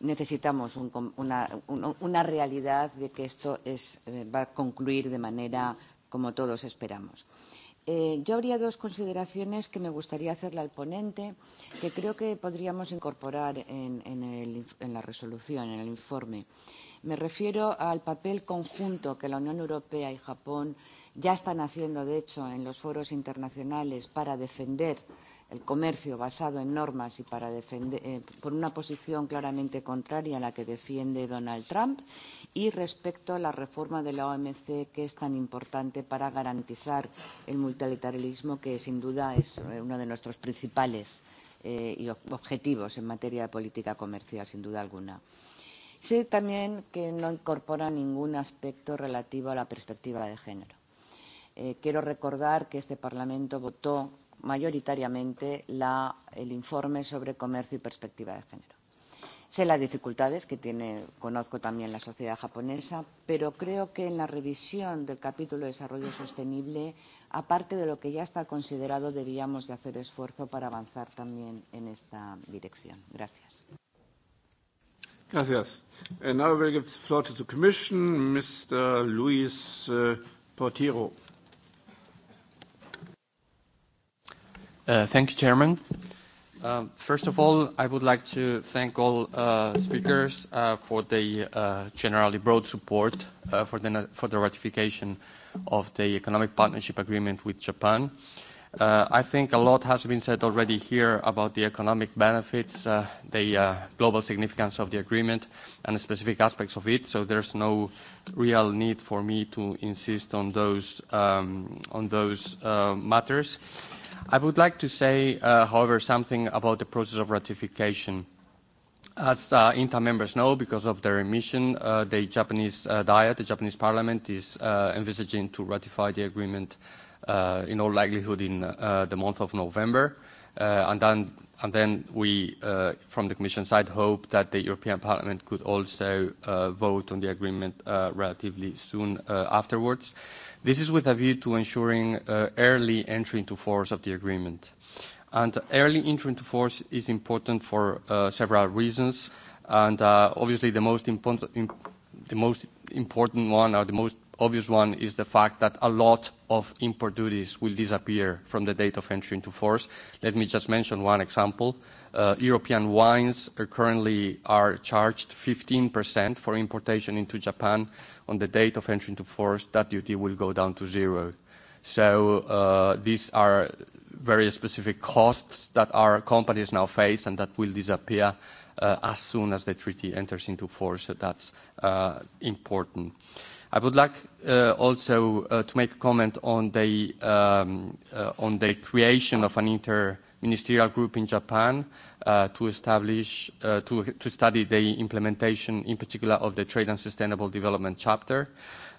necesitamos un, una, una realidad de que esto es, eh, va a concluir de manera como todos esperamos. Eh, Eh, yo habría dos consideraciones que me gustaría hacerle al ponente, que creo que podríamos incorporar en, en, el, en la resolución, en el informe. Me refiero al papel conjunto que la Unión Europea y Japón ya están haciendo, de hecho, en los foros internacionales para defender eh, el comercio basado en normas y para defender, eh, por una posición claramente contraria a la que defiende Donald Trump y respecto a la reforma de la OMC que es tan importante para garantizar el multilateralismo que sin duda es eh, uno de nuestros principales eh, y objetivos en materia de política comercial, sin duda alguna. Sé también que no incorpora ningún aspecto relativo a la perspectiva de género. Eh, quiero recordar que este Parlamento votó mayoritariamente la, el informe sobre comercio y perspectiva de género. Sé las dificultades que tiene, conozco también la sociedad japonesa, pero creo que en la revisión del capítulo de desarrollo sostenible, aparte de lo que ya está considerado, debíamos de hacer esfuerzo para avanzar también en esta dirección. Gracias. Gracias. And now we'll give the floor to the Commission, Mr. Luis uh, eh, Portiro. Uh, thank you, Chairman. Um, first of all, I would like to thank all uh, speakers uh, for the uh, generally broad support uh, for, the, for the ratification of the Economic Partnership Agreement with Japan. Uh, Uh, I think a lot has been said already here about the economic benefits, uh, the uh, global significance of the agreement, and the specific aspects of it, so there's no real need for me to insist on those, um, on those uh, matters. I would like to say, uh, however, something about the process of ratification. As uh, INTA members know, because of their mission, uh, the Japanese uh, Diet, the Japanese parliament, is uh, envisaging to ratify the agreement Uh, in all likelihood in uh, the month of November. Uh, and then, and then we, from the Commission side, hope that the European Parliament could also vote on the agreement relatively soon afterwards. This is with a view to ensuring early entry into force of the agreement. And early entry into force is important for several reasons, and obviously, the most important one or the most obvious one is the fact that a lot of import duties will disappear from the date of entry into force. Let me just mention one example. Uh, European wines are currently are charged 15% for importation into Japan. On the date of entry into force, that duty will go down to zero. So uh, these are very specific costs that our companies now face and that will disappear uh, as soon as the treaty enters into force. So that's uh, important. Uh, I would like uh, also uh, to make a comment on the, um, uh, on the creation of an inter-ministerial group in Japan uh, to establish, uh, to, to study the implementation in particular of the Trade and Sustainable Development chapter.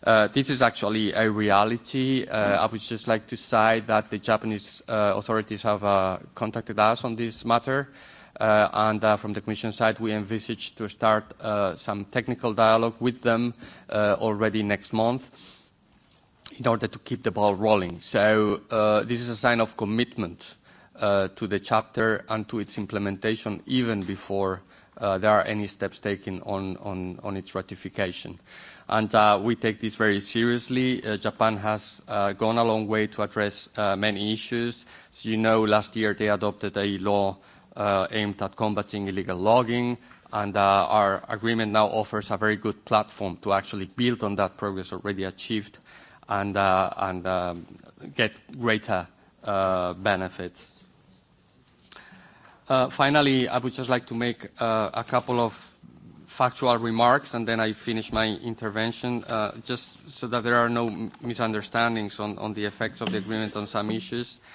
Uh, this is actually a reality. Uh, I would just like to say that the Japanese uh, authorities have uh, contacted us on this matter. Uh, Uh, and uh, from the Commission side, we envisage to start uh, some technical dialogue with them already next month in order to keep the ball rolling. So uh, this is a sign of commitment uh, to the chapter and to its implementation even before uh, there are any steps taken on, on, on its ratification. And uh, we take this very seriously. Uh, Japan has uh, gone a long way to address uh, many issues. As you know, last year they adopted a law uh, aimed at combating illegal logging. And uh, our agreement now offers a very good platform to actually build on that progress already achieved and, uh, and um, get greater uh, benefits. Uh, finally, I would just like to make uh, a couple of factual remarks, and then I finish my intervention, uh, just so that there are no misunderstandings on, on the effects of the agreement on some issues. Uh,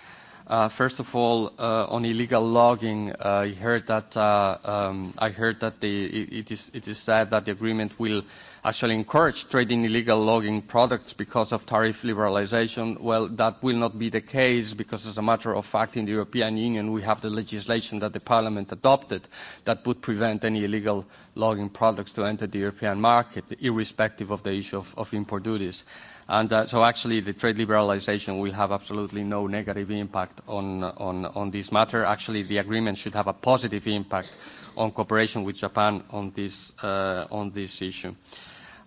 Uh, first of all, uh, on illegal logging, uh, I heard that, uh, um, I heard that the, it, is, it is said that the agreement will actually encourage trading illegal logging products because of tariff liberalization. Well, that will not be the case because as a matter of fact, in the European Union, we have the legislation that the parliament adopted that would prevent any illegal logging products to enter the European market, irrespective of the issue of, of import duties. Uh, And uh, so actually, the trade liberalization will have absolutely no negative impact on, on, on this matter. Actually, the agreement should have a positive impact on cooperation with Japan on this, uh, on this issue.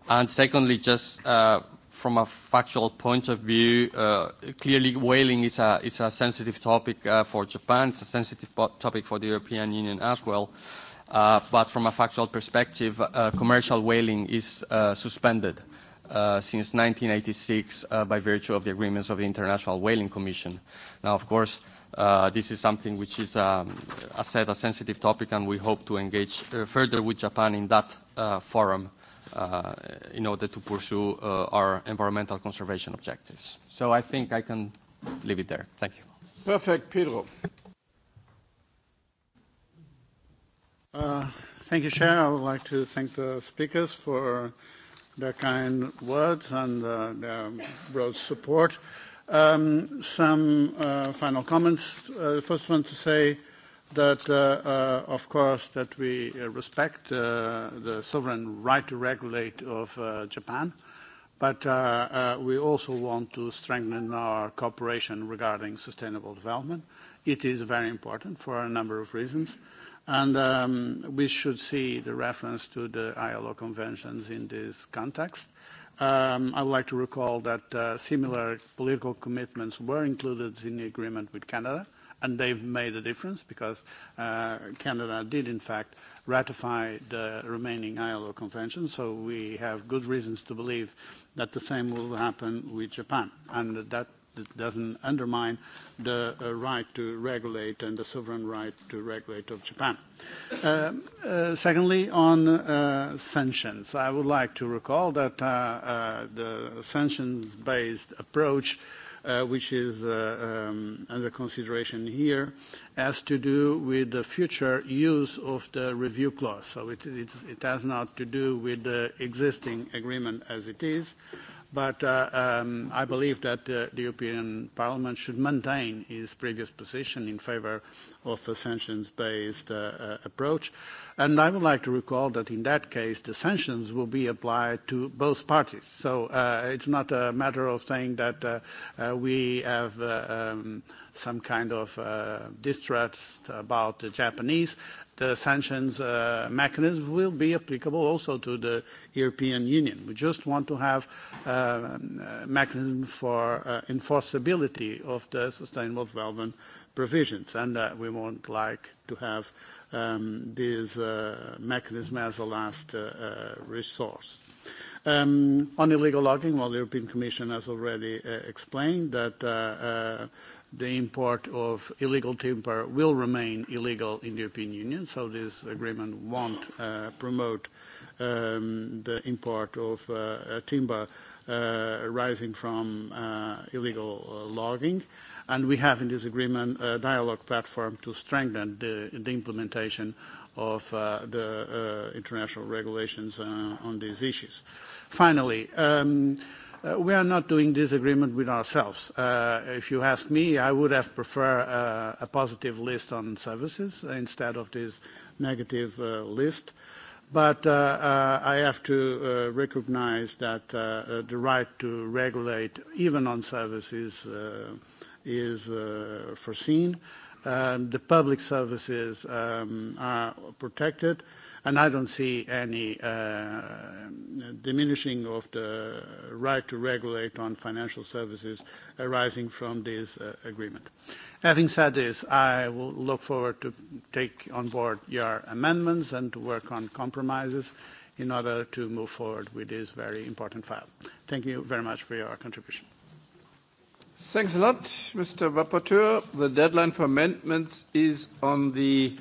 And secondly, just uh, from a factual point of view, uh, clearly whaling is a, is a sensitive topic uh, for Japan. It's a sensitive topic for the European Union as well. Uh, but from a factual perspective, uh, commercial whaling is uh, suspended. Uh, uh, since 1986 uh, by virtue of the agreements of the International Whaling Commission. Now, of course, uh, this is something which is, um, as said, a sensitive topic, and we hope to engage uh, further with Japan in that uh, forum uh, in order to pursue uh, our environmental conservation objectives. So I think I can leave it there. Thank you. Perfect, Pedro. Uh, thank you, Chair. I would like to thank the speakers for uh, their kind words and uh, their broad support. Um, some uh, final comments. Uh, the first one to say that, uh, uh, of course, that we uh, respect uh, the sovereign right to regulate of uh, Japan, but uh, uh, we also want to strengthen our cooperation regarding sustainable development. It is very important for a number of reasons. Uh, And um, we should see the reference to the ILO conventions in this context. Um, I would like to recall that uh, similar political commitments were included in the agreement with Canada, and they've made a difference because uh, Canada did, in fact, ratify the remaining ILO convention. So we have good reasons to believe that the same will happen with Japan, and that that doesn't undermine the uh, right to regulate and the sovereign right to regulate of Japan. Uh, uh, secondly, on uh, sanctions, I would like to recall that uh, uh, the sanctions-based approach Uh, which is uh, um, under consideration here, has to do with the future use of the review clause. So it, it has not to do with the existing agreement as it is, But uh, um, I believe that uh, the European Parliament should maintain its previous position in favor of a sanctions-based uh, uh, approach. And I would like to recall that in that case, the sanctions will be applied to both parties. So uh, it's not a matter of saying that uh, uh, we have uh, um, some kind of uh, distrust about the Japanese the sanctions uh, mechanism will be applicable also to the European Union. We just want to have uh, a mechanism for uh, enforceability of the sustainable development provisions, and uh, we won't like to have um, this uh, mechanism as a last uh, uh, resource. Um, on illegal logging, well, the European Commission has already uh, explained that uh, uh, the import of illegal timber will remain illegal in the European Union, so this agreement won't uh, promote um, the import of uh, uh, timber uh, arising from uh, illegal uh, logging. And we have in this agreement a dialogue platform to strengthen the, the implementation of uh, the uh, international regulations uh, on these issues. Finally, um, uh, Uh, we are not doing this agreement with ourselves. Uh, if you ask me, I would have preferred uh, a positive list on services instead of this negative uh, list. But uh, uh, I have to recognize that the right to regulate, even on services, is foreseen. Um, the public services um, are protected, and I don't see any uh, diminishing of the right to regulate on financial services arising from this uh, agreement. Having said this, I will look forward to take on board your amendments and to work on compromises in order to move forward with this very important file. Thank you very much for your contribution. Thanks a lot, Mr. Rapporteur. The deadline for amendments is on the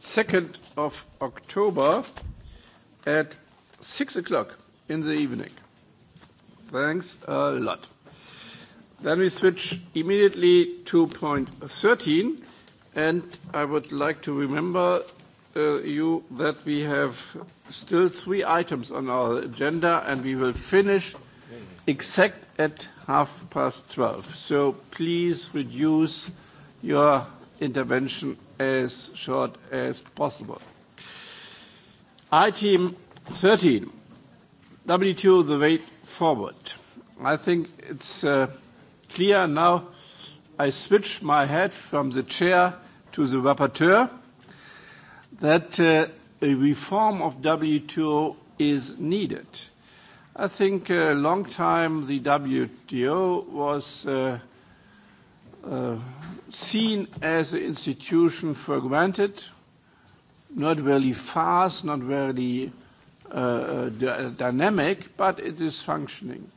2nd of October at 6 o'clock in the evening. Thanks a lot. Then we switch immediately to point 13, and I would like to remember uh, you that we have still three items on our agenda, and we will finish exact at half past 12. So please reduce your intervention as short as possible. Item 13, WTO, the way forward. I think it's uh, clear now. I switch my head from the chair to the rapporteur that uh, a reform of WTO is needed. I think a uh, long time the WTO was uh, uh, seen as an institution for granted, not really fast, not really uh, uh dynamic, but it is functioning.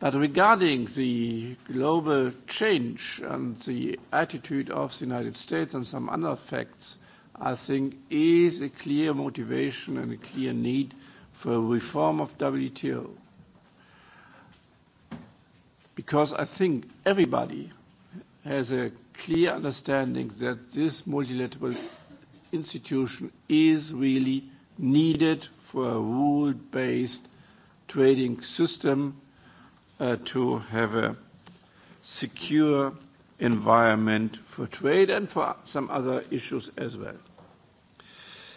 But regarding the global change and the attitude of the United States and some other facts, I think is a clear motivation and a clear need for uh, reform of WTO. Because I think everybody has a clear understanding that this multilateral institution is really needed for a rule-based trading system uh, to have a secure environment for trade and for some other issues as well.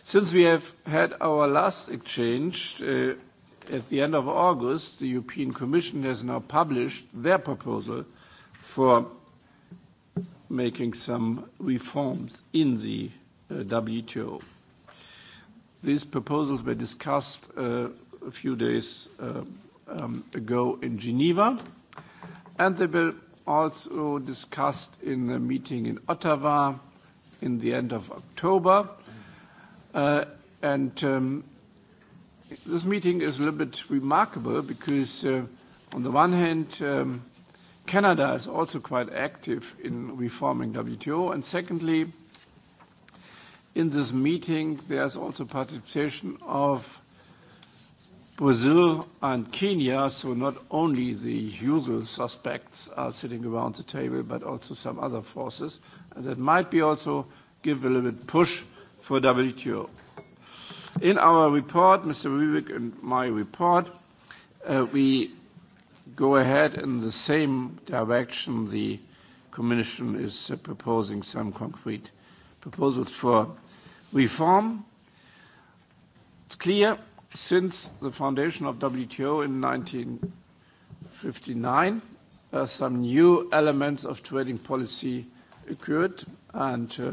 Since we have had our last exchange uh, at the end of August, the European Commission has now published their proposal for making some reforms in the uh, WTO. These proposals were discussed uh, a few days uh, um, ago in Geneva, and they were also discussed in a meeting in Ottawa in the end of October, Uh, and um, this meeting is a little bit remarkable because, uh, on the one hand, um, Canada is also quite active in reforming WTO, and secondly, in this meeting, there's also participation of Brazil and Kenya, so not only the usual suspects are sitting around the table, but also some other forces. And that might be also give a little bit push for WTO. In our report, Mr. Rubik and my report, uh, we go ahead in the same direction the Commission is uh, proposing some concrete proposals for reform. It's clear since the foundation of WTO in 1959, uh, some new elements of trading policy occurred, and uh,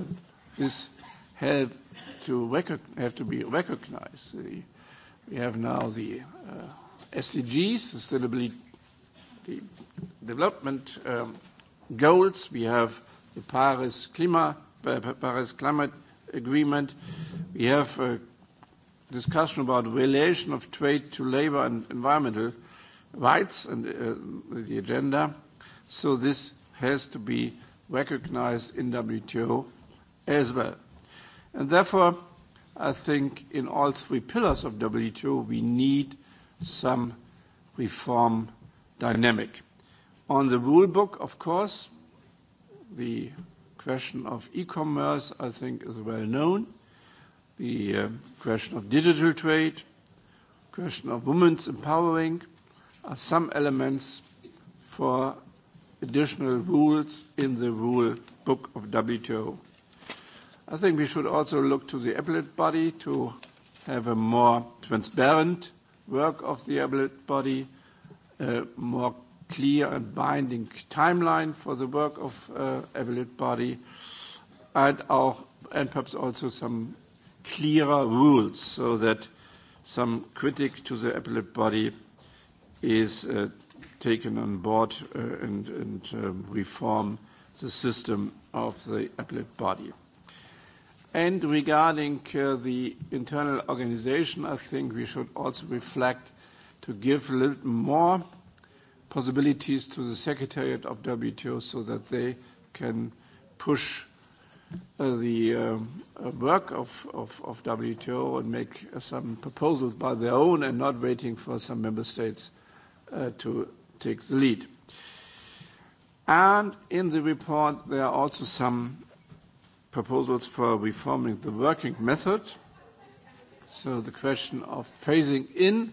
this helped to, recog- have to be recognized. The, we have now the uh, SDGs, sustainability development um, goals. We have the Paris, Klima, uh, Paris Climate Agreement. We have a discussion about relation of trade to labor and environmental rights and uh, the agenda. So this has to be recognized in WTO as well. And therefore, I think in all three pillars of WTO, we need some reform dynamic. On the rule book, of course, the question of e-commerce, I think, is well known. The uh, question of digital trade, question of women's empowering are some elements for additional rules in the rule book of WTO. I think we should also look to the appellate body to have a more transparent work of the appellate body, a more clear and binding timeline for the work of uh, appellate body, and, auch, and perhaps also some clearer rules so that some critic to the appellate body is uh, taken on board uh, and, and um, reform the system of the appellate body. And regarding uh, the internal organization, I think we should also reflect to give a little more possibilities to the Secretariat of WTO so that they can push uh, the uh, work of, of, of WTO and make uh, some proposals by their own and not waiting for some member states uh, to take the lead. And in the report, there are also some proposals for reforming the working method. So the question of phasing in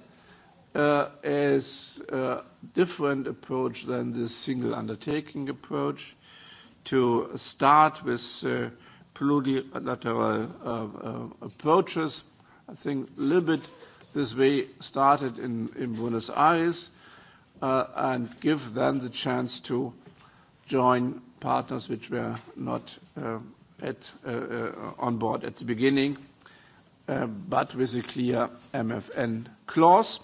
uh, is a uh, different approach than the single undertaking approach. To start with uh, plurilateral uh, uh, approaches, I think a little bit this way started in, in Buenos Aires, uh, and give them the chance to join partners which were not um, at, uh, uh, on board at the beginning, uh, but with a clear MFN clause.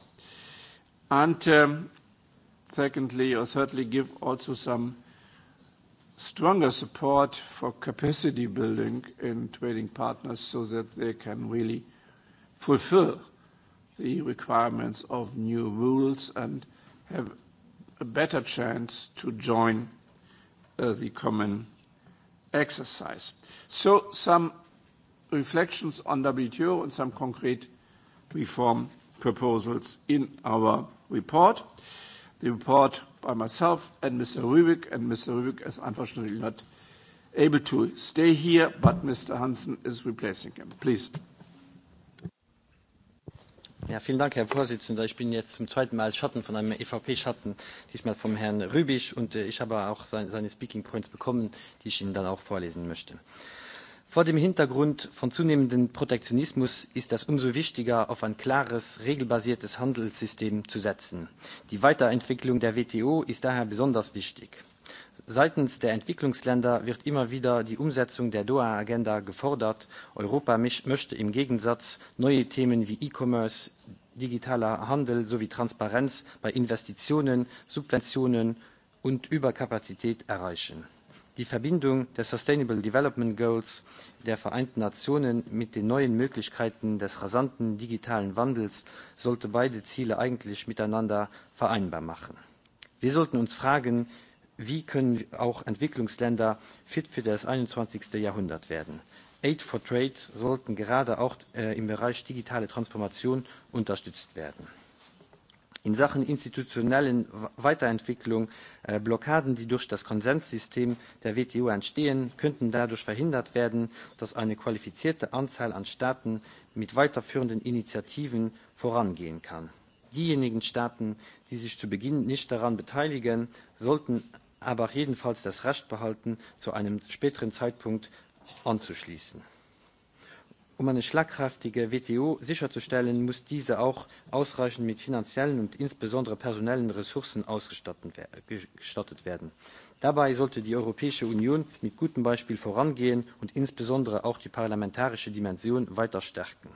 And um, secondly or thirdly, give also some stronger support for capacity building in trading partners so that they can really fulfill the requirements of new rules and have a better chance to join uh, the common exercise. So some reflections on WTO and some concrete reform proposals in our report. The report by myself and Mr. Rübig, and Mr. Rübig is unfortunately not able to stay here, but Mr. Hansen is replacing him. Please. Ja, vielen Dank, Herr Vorsitzender. Ich bin jetzt zum zweiten Mal Schatten von einem EVP-Schatten, diesmal vom Herrn Rübig. Und äh, ich habe auch sein, seine Speaking Points bekommen, die ich Ihnen dann auch vorlesen möchte. Vor dem Hintergrund von zunehmendem Protektionismus ist es umso wichtiger, auf ein klares, regelbasiertes Handelssystem zu setzen. Die Weiterentwicklung der WTO ist daher besonders wichtig. Seitens der Entwicklungsländer wird immer wieder die Umsetzung der Doha-Agenda gefordert. Europa möchte im Gegensatz neue Themen wie E-Commerce, digitaler Handel sowie Transparenz bei Investitionen, Subventionen und Überkapazität erreichen. Die Verbindung der Sustainable Development Goals der Vereinten Nationen mit den neuen Möglichkeiten des rasanten digitalen Wandels sollte beide Ziele eigentlich miteinander vereinbar machen. Wir sollten uns fragen, wie können auch Entwicklungsländer fit für das 21. Jahrhundert werden. Aid for Trade sollten gerade auch äh, im Bereich digitale Transformation unterstützt werden. In Sachen institutionellen Weiterentwicklung, äh, Blockaden, die durch das Konsenssystem der WTO entstehen, könnten dadurch verhindert werden, dass eine qualifizierte Anzahl an Staaten mit weiterführenden Initiativen vorangehen kann diejenigen Staaten, die sich zu Beginn nicht daran beteiligen, sollten aber jedenfalls das Recht behalten, zu einem späteren Zeitpunkt anzuschließen. Um eine schlagkräftige WTO sicherzustellen, muss diese auch ausreichend mit finanziellen und insbesondere personellen Ressourcen ausgestattet werden. Dabei sollte die Europäische Union mit gutem Beispiel vorangehen und insbesondere auch die parlamentarische Dimension weiter stärken.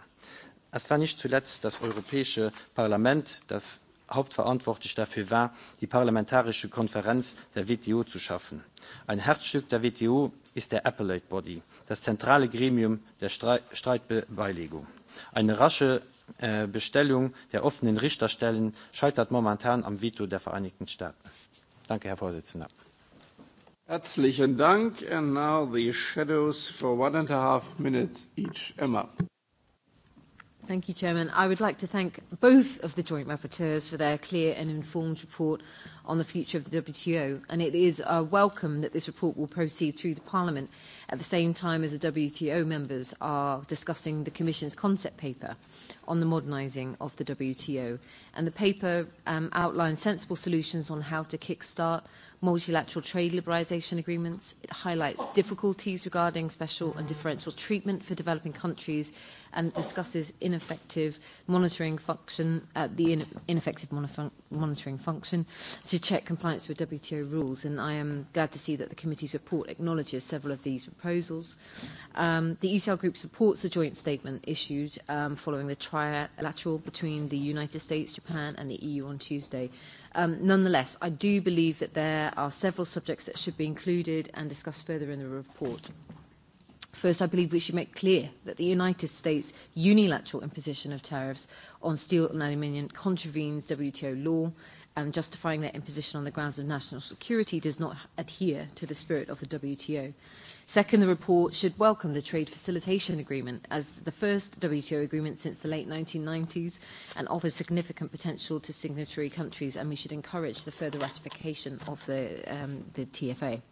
Es war nicht zuletzt das Europäische Parlament, das hauptverantwortlich dafür war, die Parlamentarische Konferenz der WTO zu schaffen. Ein Herzstück der WTO ist der Appellate Body, das zentrale Gremium der Streit Streitbeilegung. Eine rasche äh, Bestellung der offenen Richterstellen scheitert momentan am Veto der Vereinigten Staaten. Danke, Herr Vorsitzender. Herzlichen Dank. And now the shadows for one and a half minutes each. Emma. Thank you, Chairman. I would like to thank both of the joint rapporteurs for their clear and informed report on the future of the WTO, and it is uh, welcome that this report will proceed through the Parliament at the same time as the WTO members are discussing the Commission's concept paper on the modernising of the WTO. And the paper um, outlines sensible solutions on how to kickstart multilateral trade liberalisation agreements. It highlights difficulties regarding special and differential treatment for developing countries and discusses ineffective monitoring function, uh, the in, ineffective monofun- monitoring function to check compliance with WTO rules. And I am glad to see that the committee's report acknowledges several of these proposals. Um, the ECR group supports the joint statement issued um, following the trilateral between the United States, Japan, and the EU on Tuesday. Um, nonetheless, I do believe that there are several subjects that should be included and discussed further in the report. First, I believe we should make clear that the United States' unilateral imposition of tariffs on steel and aluminium contravenes WTO law, and justifying their imposition on the grounds of national security does not adhere to the spirit of the WTO. Second, the report should welcome the Trade Facilitation Agreement as the first WTO agreement since the late 1990s and offers significant potential to signatory countries, and we should encourage the further ratification of the, um, the TFA.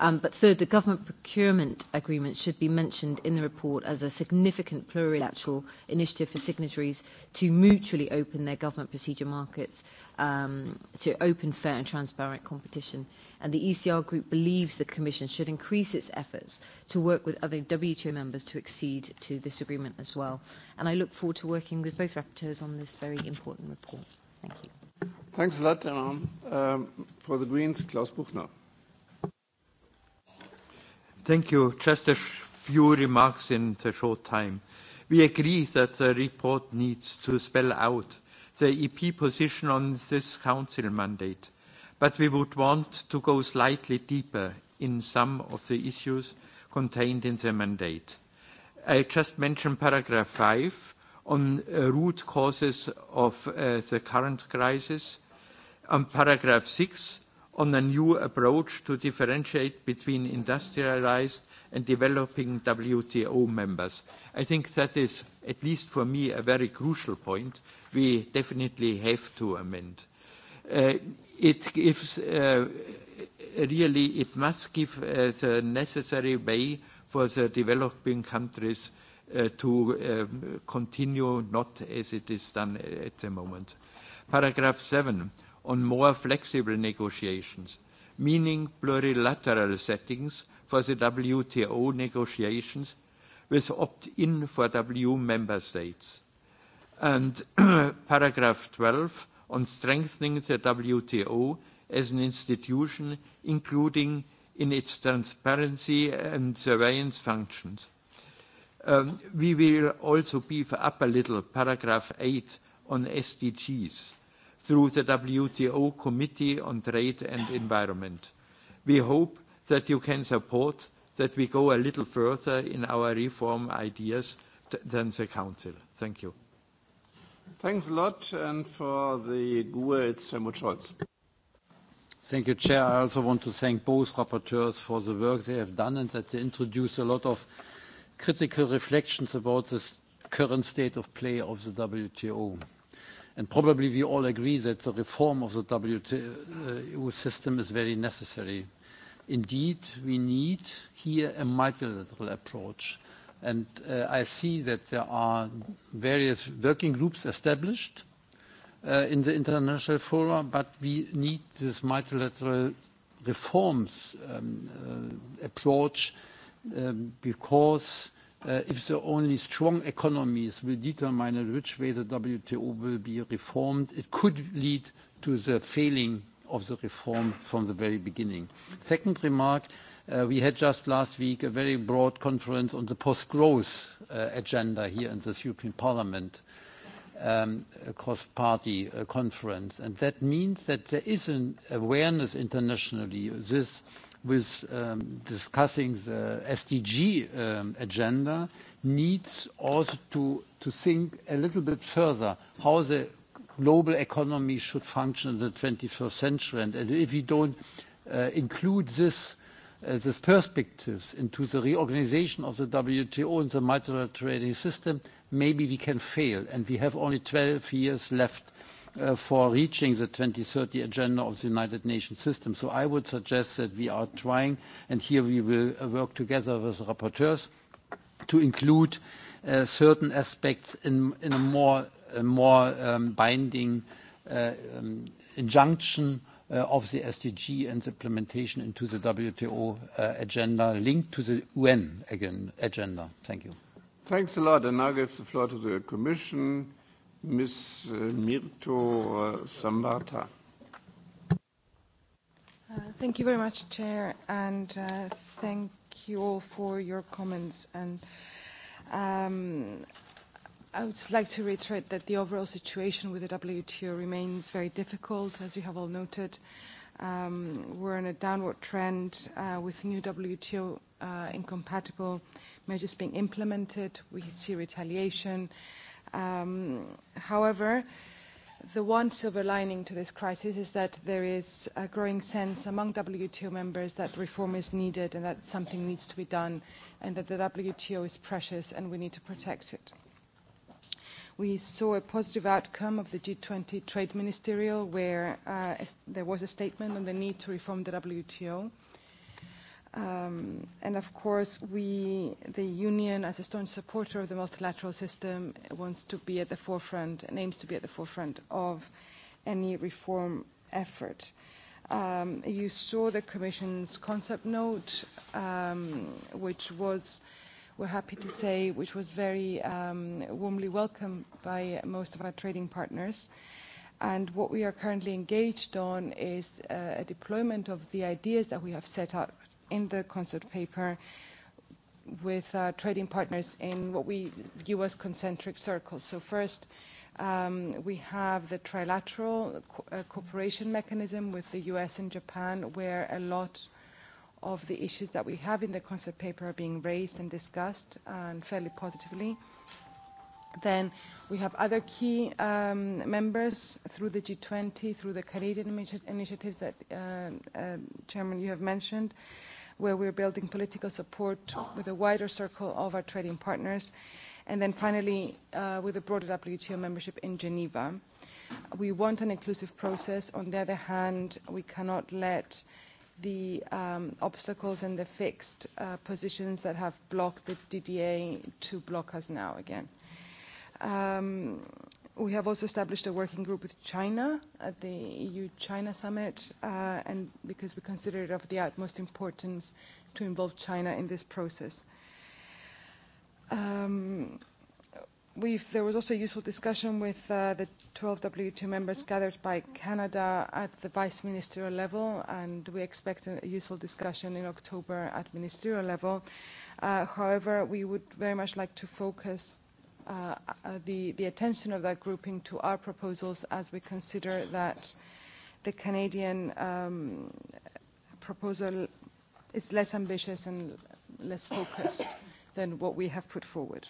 Um, but third, the government procurement agreement should be mentioned in the report as a significant plurilateral initiative for signatories to mutually open their government procedure markets um, to open, fair and transparent competition. And the ECR group believes the Commission should increase its efforts to work with other WTO members to accede to this agreement as well. And I look forward to working with both rapporteurs on this very important report. Thank you. Thanks a lot, Emma. Um, for the Greens, Klaus Buchner. Thank you. Just a few remarks in the short time. We agree that the report needs to spell out the EP position on this council mandate, but we would want to go slightly deeper in some of the issues contained in the mandate. I just mentioned paragraph 5 on uh, root causes of uh, the current crisis, on paragraph 6 on a new approach to differentiate between industrialized and developing WTO members. I think that is, at least for me, a very crucial point we definitely have to amend. Uh, it gives, uh, really, it must give uh, the necessary way for the developing countries uh, to um, continue not as it is done uh, at the moment. Paragraph 7 on more flexible negotiations, meaning plurilateral settings for the WTO negotiations with opt-in for WTO member states, and paragraph 12 on strengthening the WTO as an institution, including in its transparency and surveillance functions. Um, we will also beef up a little paragraph 8 on SDGs through the WTO Committee on Trade and Environment. We hope that you can support that we go a little further in our reform ideas than the council. Thank you. Thanks a lot. And for the GUE, it's Helmut Scholz. Thank you, Chair. I also want to thank both rapporteurs for the work they have done and that they introduce a lot of critical reflections about this current state of play of the WTO. And probably we all agree that the reform of the WTO system is very necessary. Indeed, we need here a multilateral approach. And, uh, I see that there are various working groups established uh, in the international fora, but we need this multilateral reforms um, uh, approach um, because Uh, if the only strong economies will determine in which way the WTO will be reformed, it could lead to the failing of the reform from the very beginning. Second remark, uh, we had just last week a very broad conference on the post-growth uh, agenda here in this European Parliament, um, cross-party uh, conference. And that means that there is an awareness internationally. This with um, discussing the SDG um, agenda needs also to, to think a little bit further how the global economy should function in the 21st century. And if we don't uh, include this, uh, these perspectives into the reorganization of the WTO and the multilateral trading system, maybe we can fail. And we have only 12 years left uh, for reaching the 2030 agenda of the United Nations system. So I would suggest that we are trying, and here we will uh, work together with rapporteurs, to include uh, certain aspects in, in a more Uh, more um, binding uh, um, injunction uh, of the SDG and implementation into the WTO uh, agenda linked to the UN again, agenda. Thank you. Thanks a lot. I now give the floor to the Commission, Ms. Uh, Mirto uh, Sambata. Thank you very much, Chair, and thank you all for your comments. And, um, I would just like to reiterate that the overall situation with the WTO remains very difficult, as you have all noted. Um, we're in a downward trend uh, with new WTO uh, incompatible measures being implemented. We see retaliation. Um, however, the one silver lining to this crisis is that there is a growing sense among WTO members that reform is needed and that something needs to be done and that the WTO is precious and we need to protect it. We saw a positive outcome of the G20 trade ministerial where uh, there was a statement on the need to reform the WTO. Um, and of course, we, the union, as a strong supporter of the multilateral system, wants to be at the forefront and aims to be at the forefront of any reform effort. Um, you saw the Commission's concept note, um, which was uh, we're happy to say, which was very um, warmly welcomed by most of our trading partners. And what we are currently engaged on is uh, a deployment of the ideas that we have set out in the concept paper with our trading partners in what we view as concentric circles. So first, um, we have the trilateral co- uh, cooperation mechanism with the US and Japan, where a lot of the issues that we have in the concept paper are being raised and discussed and um, fairly positively. Then we have other key um, members through the G20, through the Canadian initi initiatives that, uh, uh, Chairman, you have mentioned, where we're building political support with a wider circle of our trading partners. And then finally, uh, with a broader WTO membership in Geneva. We want an inclusive process. On the other hand, we cannot let uh, the um, obstacles and the fixed uh, positions that have blocked the DDA to block us now again. Um, we have also established a working group with China at the EU-China summit, uh, and because we consider it of the utmost importance to involve China in this process. Um, we've, there was also useful discussion with uh, the 12 W2 members gathered by Canada at the vice ministerial level, and we expect a useful discussion in October at ministerial level. Uh, however, we would very much like to focus uh, uh the, the attention of that grouping to our proposals as we consider that the Canadian um, proposal is less ambitious and less focused than what we have put forward.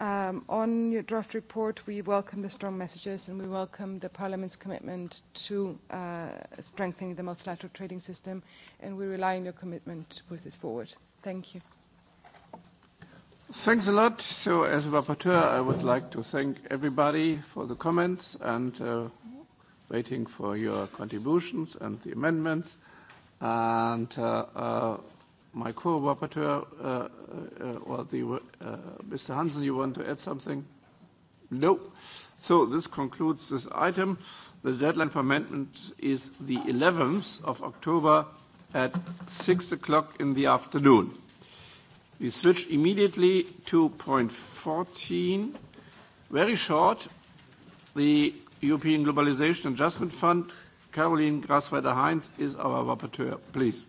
Um, on your draft report, we welcome the strong messages and we welcome the Parliament's commitment to uh, strengthening the multilateral trading system, and we rely on your commitment to push this forward. Thank you. Thanks a lot. So as a rapporteur, I would like to thank everybody for the comments and uh, waiting for your contributions and the amendments. And uh, uh, my co-rapporteur, uh, uh, uh, or the, uh, Mr. Hansen, you want to add something? No. So this concludes this item. The deadline for amendment is the 11th of October at 6 o'clock in the afternoon. We switch immediately to point 14. Very short, the European Globalization Adjustment Fund. Caroline Grasweider-Heinz is our rapporteur. Please.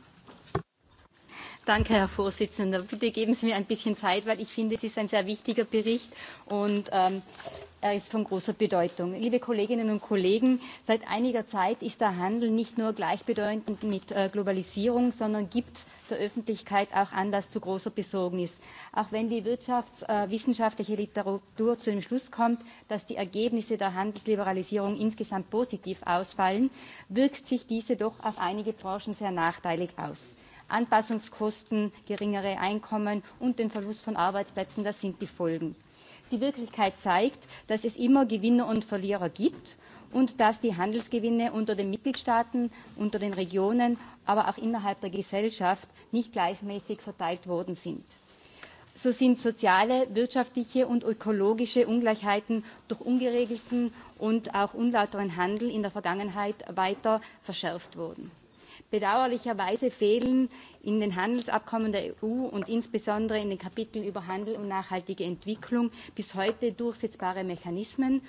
Danke, Herr Vorsitzender. Bitte geben Sie mir ein bisschen Zeit, weil ich finde, es ist ein sehr wichtiger Bericht und ähm, er ist von großer Bedeutung. Liebe Kolleginnen und Kollegen, seit einiger Zeit ist der Handel nicht nur gleichbedeutend mit äh, Globalisierung, sondern gibt der Öffentlichkeit auch Anlass zu großer Besorgnis. Auch wenn die wirtschaftswissenschaftliche äh, Literatur zu dem Schluss kommt, dass die Ergebnisse der Handelsliberalisierung insgesamt positiv ausfallen, wirkt sich diese doch auf einige Branchen sehr nachteilig aus. Anpassungskosten, geringere Einkommen und den Verlust von Arbeitsplätzen, das sind die Folgen. Die Wirklichkeit zeigt, dass es immer Gewinner und Verlierer gibt und dass die Handelsgewinne unter den Mitgliedstaaten, unter den Regionen, aber auch innerhalb der Gesellschaft nicht gleichmäßig verteilt worden sind. So sind soziale, wirtschaftliche und ökologische Ungleichheiten durch ungeregelten und auch unlauteren Handel in der Vergangenheit weiter verschärft worden. Bedauerlicherweise fehlen in den Handelsabkommen der EU und insbesondere in den Kapiteln über Handel und nachhaltige Entwicklung bis heute durchsetzbare Mechanismen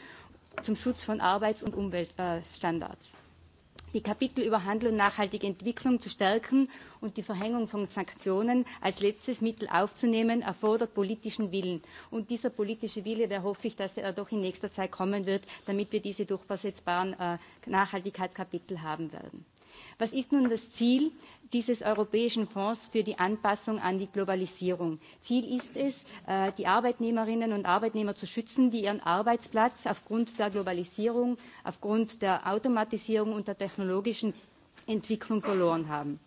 zum Schutz von Arbeits- und Umweltstandards. Äh, die Kapitel über Handel und nachhaltige Entwicklung zu stärken und die Verhängung von Sanktionen als letztes Mittel aufzunehmen, erfordert politischen Willen. Und dieser politische Wille, da hoffe ich, dass er doch in nächster Zeit kommen wird, damit wir diese durchsetzbaren äh, Nachhaltigkeitskapitel haben werden. Was ist nun das Ziel dieses Europäischen Fonds für die Anpassung an die Globalisierung? Ziel ist es, äh, die Arbeitnehmerinnen und Arbeitnehmer zu schützen, die ihren Arbeitsplatz aufgrund der Globalisierung, aufgrund der Automatisierung und der technologischen Entwicklung verloren haben.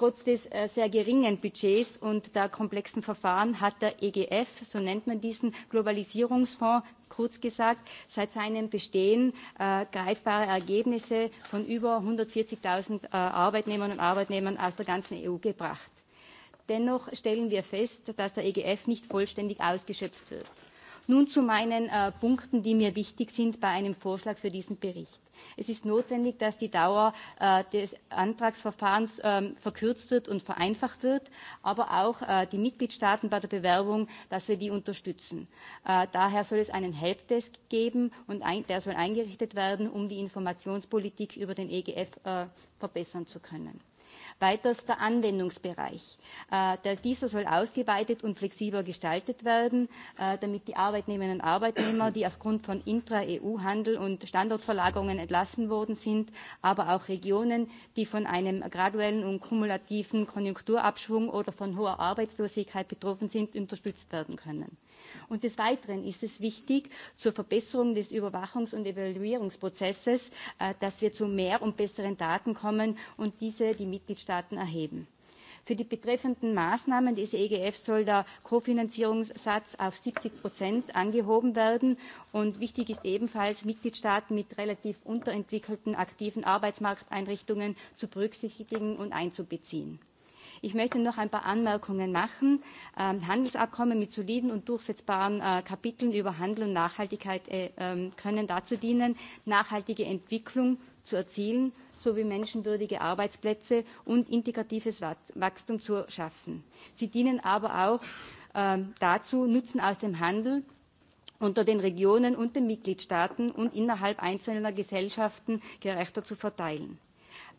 Trotz des äh, sehr geringen Budgets und der komplexen Verfahren hat der EGF, so nennt man diesen Globalisierungsfonds, kurz gesagt, seit seinem Bestehen äh, greifbare Ergebnisse von über 140.000 äh, Arbeitnehmern und Arbeitnehmern aus der ganzen EU gebracht. Dennoch stellen wir fest, dass der EGF nicht vollständig ausgeschöpft wird Nun zu meinen äh, Punkten, die mir wichtig sind bei einem Vorschlag für diesen Bericht. Es ist notwendig, dass die Dauer äh, des Antragsverfahrens ähm, verkürzt wird und vereinfacht wird, aber auch äh, die Mitgliedstaaten bei der Bewerbung, dass wir die unterstützen. Äh, daher soll es einen Helpdesk geben und ein, der soll eingerichtet werden, um die Informationspolitik über den EGF äh, verbessern zu können. Weiterster Anwendungsbereich. Äh, der, dieser soll ausgeweitet und flexibler gestaltet werden, äh, damit die Arbeitnehmerinnen und Arbeitnehmer, die aufgrund von Intra-EU-Handel und Standortverlagerungen entlassen worden sind, aber auch Regionen, die von einem graduellen und kumulativen Konjunkturabschwung oder von hoher Arbeitslosigkeit betroffen sind, unterstützt werden können. Und des Weiteren ist es wichtig, zur Verbesserung des Überwachungs- und Evaluierungsprozesses, äh, dass wir zu mehr und besseren Daten kommen und diese die Mitgliedstaaten erheben. Für die betreffenden Maßnahmen des EGF soll der Kofinanzierungssatz auf 70 Prozent angehoben werden. Und wichtig ist ebenfalls, Mitgliedstaaten mit relativ unterentwickelten aktiven Arbeitsmarkteinrichtungen zu berücksichtigen und einzubeziehen. Ich möchte noch ein paar Anmerkungen machen. Ähm, Handelsabkommen mit soliden und durchsetzbaren äh, Kapiteln über Handel und Nachhaltigkeit äh, äh, können dazu dienen, nachhaltige Entwicklung zu erzielen sowie menschenwürdige Arbeitsplätze und integratives Wachstum zu schaffen. Sie dienen aber auch ähm, dazu, Nutzen aus dem Handel unter den Regionen und den Mitgliedstaaten und innerhalb einzelner Gesellschaften gerechter zu verteilen.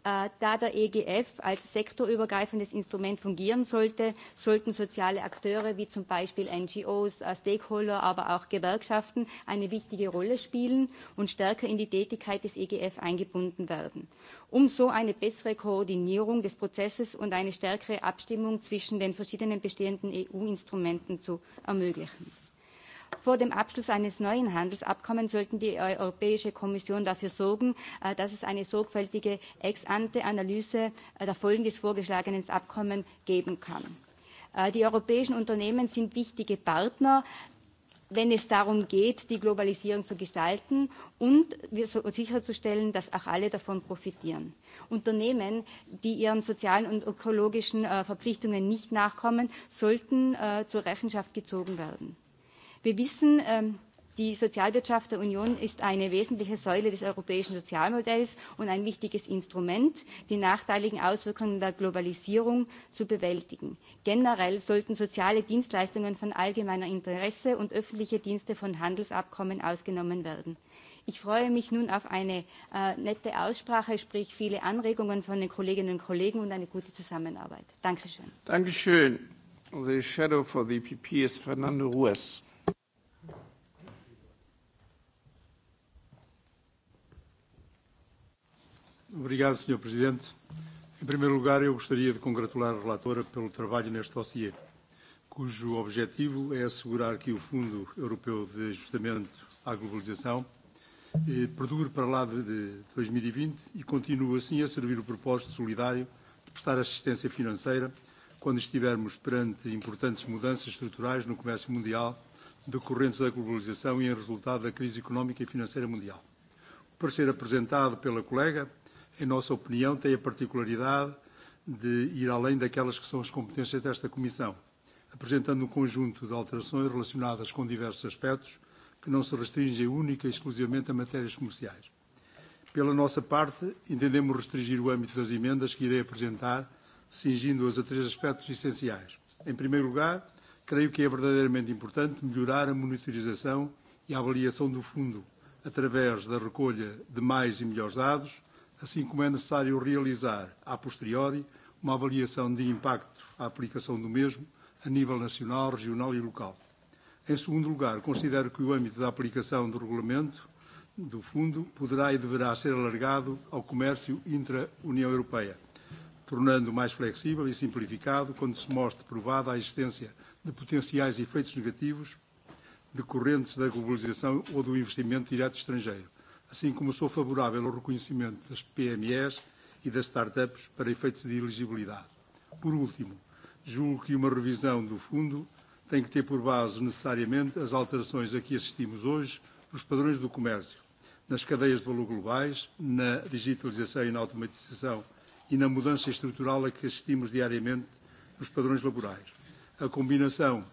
Äh, da der EGF als sektorübergreifendes Instrument fungieren sollte, sollten soziale Akteure wie zum Beispiel NGOs, äh, Stakeholder, aber auch Gewerkschaften eine wichtige Rolle spielen und stärker in die Tätigkeit des EGF eingebunden werden, um so eine bessere Koordinierung des Prozesses und eine stärkere Abstimmung zwischen den verschiedenen bestehenden EU-Instrumenten zu ermöglichen. Vor dem Abschluss eines neuen Handelsabkommens sollten die Europäische Kommission dafür sorgen, äh, dass es eine sorgfältige Ex-ante-Analyse äh, der Folgen des vorgeschlagenen Abkommens geben kann. Äh, die europäischen Unternehmen sind wichtige Partner wenn es darum geht, die Globalisierung zu gestalten und sicherzustellen, dass auch alle davon profitieren. Unternehmen, die ihren sozialen und ökologischen Verpflichtungen nicht nachkommen, sollten zur Rechenschaft gezogen werden. Wir wissen, ähm, Die Sozialwirtschaft der Union ist eine wesentliche Säule des europäischen Sozialmodells und ein wichtiges Instrument, die nachteiligen Auswirkungen der Globalisierung zu bewältigen. Generell sollten soziale Dienstleistungen von allgemeiner Interesse und öffentliche Dienste von Handelsabkommen ausgenommen werden. Ich freue mich nun auf eine äh, nette Aussprache, sprich viele Anregungen von den Kolleginnen und Kollegen und eine gute Zusammenarbeit. Dankeschön. Dankeschön. The shadow for the EPP is Fernando Ruiz. Obrigado, Sr. Presidente. Em primeiro lugar, eu gostaria de congratular a relatora pelo trabalho neste dossiê, cujo objetivo é assegurar que o Fundo Europeu de Ajustamento à Globalização eh, perdure para lá de, de 2020 e, e continue assim a servir o propósito solidário de prestar assistência financeira quando estivermos perante importantes mudanças estruturais no comércio mundial decorrentes da globalização e em resultado da crise económica e financeira mundial. O parecer apresentado pela colega em nossa opinião, tem a particularidade de ir além daquelas que são as competências desta Comissão, apresentando um conjunto de alterações relacionadas com diversos aspectos que não se restringem única e exclusivamente a matérias comerciais. Pela nossa parte, entendemos restringir o âmbito das emendas que irei apresentar, cingindo-as a três aspectos essenciais. Em primeiro lugar, creio que é verdadeiramente importante melhorar a monitorização e a avaliação do fundo através da recolha de mais e melhores dados, assim como é necessário realizar, a posteriori, uma avaliação de impacto à aplicação do mesmo a nível nacional, regional e local. Em segundo lugar, considero que o âmbito da aplicação do regulamento do fundo poderá e deverá ser alargado ao comércio intra-União Europeia, tornando mais flexível e simplificado quando se mostre provada a existência de potenciais efeitos negativos decorrentes da globalização ou do investimento direto estrangeiro, assim como sou favorável ao reconhecimento das PMEs e das startups para efeitos de elegibilidade. Por último, julgo que uma revisão do fundo tem que ter por base necessariamente as alterações a que assistimos hoje nos padrões do comércio, nas cadeias de valor globais, na digitalização e na automatização e na mudança estrutural a que assistimos diariamente nos padrões laborais. A combinação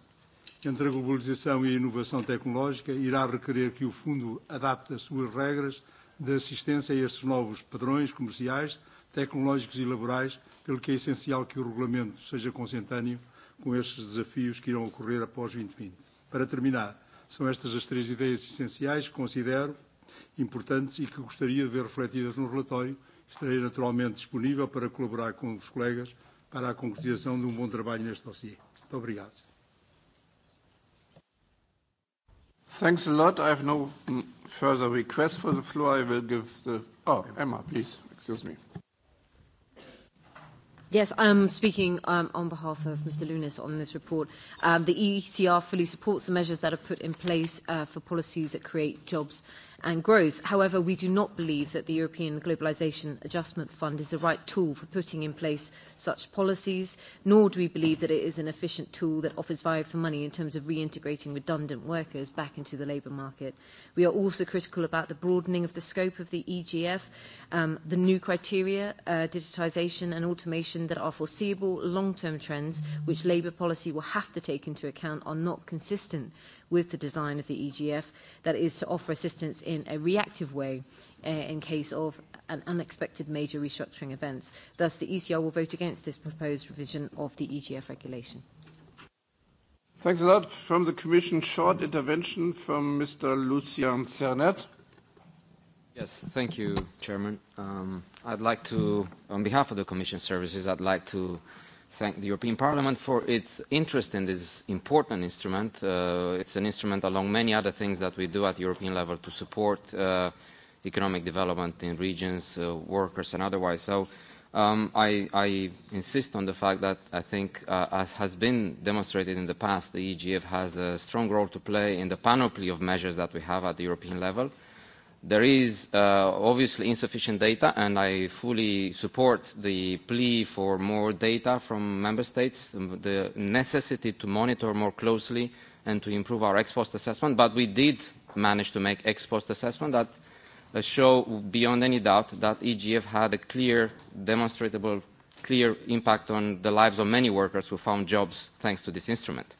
entre a globalização e a inovação tecnológica irá requerer que o Fundo adapte as suas regras de assistência a estes novos padrões comerciais, tecnológicos e laborais, pelo que é essencial que o regulamento seja consentâneo com estes desafios que irão ocorrer após 2020. E para terminar, são estas as três ideias essenciais que considero importantes e que gostaria de ver refletidas no relatório. Estarei naturalmente disponível para colaborar com os colegas para a concretização de um bom trabalho neste dossiê. Muito obrigado. Thanks a lot. I have no further requests for the floor. I will give the... Oh, Emma, please. Excuse me. Yes, I'm speaking um, on behalf of Mr. Lunis on this report. Um, the ECR e fully supports the measures that are put in place uh, for policies that create jobs uh, and growth. However, we do not believe that the European Globalisation Adjustment Fund is the right tool for putting in place such policies, nor do we believe that it is an efficient tool that offers value for money in terms of reintegrating redundant workers back into the labour market. We are also critical about the broadening of the scope of the EGF, um, the new criteria, uh, digitisation and automation that are foreseeable long-term trends which labour policy will have to take into account are not consistent with the design of the EGF, that is to offer assistance in a reactive way uh, in case of an unexpected major restructuring events. Thus, the ECR will vote against this proposed revision of the EGF regulation. Thanks a lot. From the Commission, short intervention from Mr. Lucien Cernet. Yes, thank you, Chairman. Um, I'd like to, on behalf of the Commission Services, I'd like to uh, thank the European Parliament for its interest in this important instrument. Uh, it's an instrument along many other things that we do at European level to support uh, economic development in regions, uh, workers and otherwise. So um, I, I insist on the fact that I think, uh, as has been demonstrated in the past, the EGF has a strong role to play in the panoply of measures that we have at the European level. Uh, There is uh, obviously insufficient data, and I fully support the plea for more data from member states, um, the necessity to monitor more closely and to improve our ex-post assessment. But we did manage to make ex-post assessment that uh, show beyond any doubt that EGF had a clear, demonstrable, clear impact on the lives of many workers who found jobs thanks to this instrument.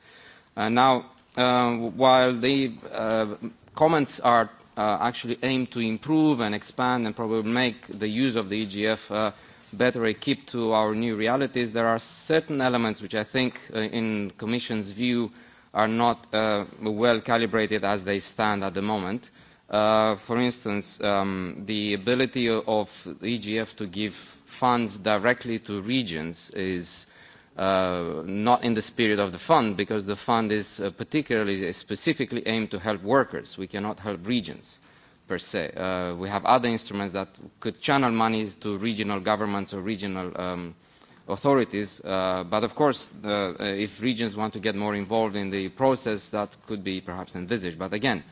Uh, now, uh, while the uh, comments are uh, actually aim to improve and expand and probably make the use of the EGF uh, better equipped to our new realities, there are certain elements which I think, uh, in Commission's view, are not uh, well calibrated as they stand at the moment. Uh, for instance, um, the ability of the EGF to give funds directly to regions is uh, uh, not in the spirit of the fund, because the fund is uh, particularly specifically aimed to help workers. We cannot help regions per se. Uh, we have other instruments that could channel money to regional governments or regional um, authorities. Uh, but of course, uh, uh, if regions want to get more involved in the process, that could be perhaps envisaged. But again,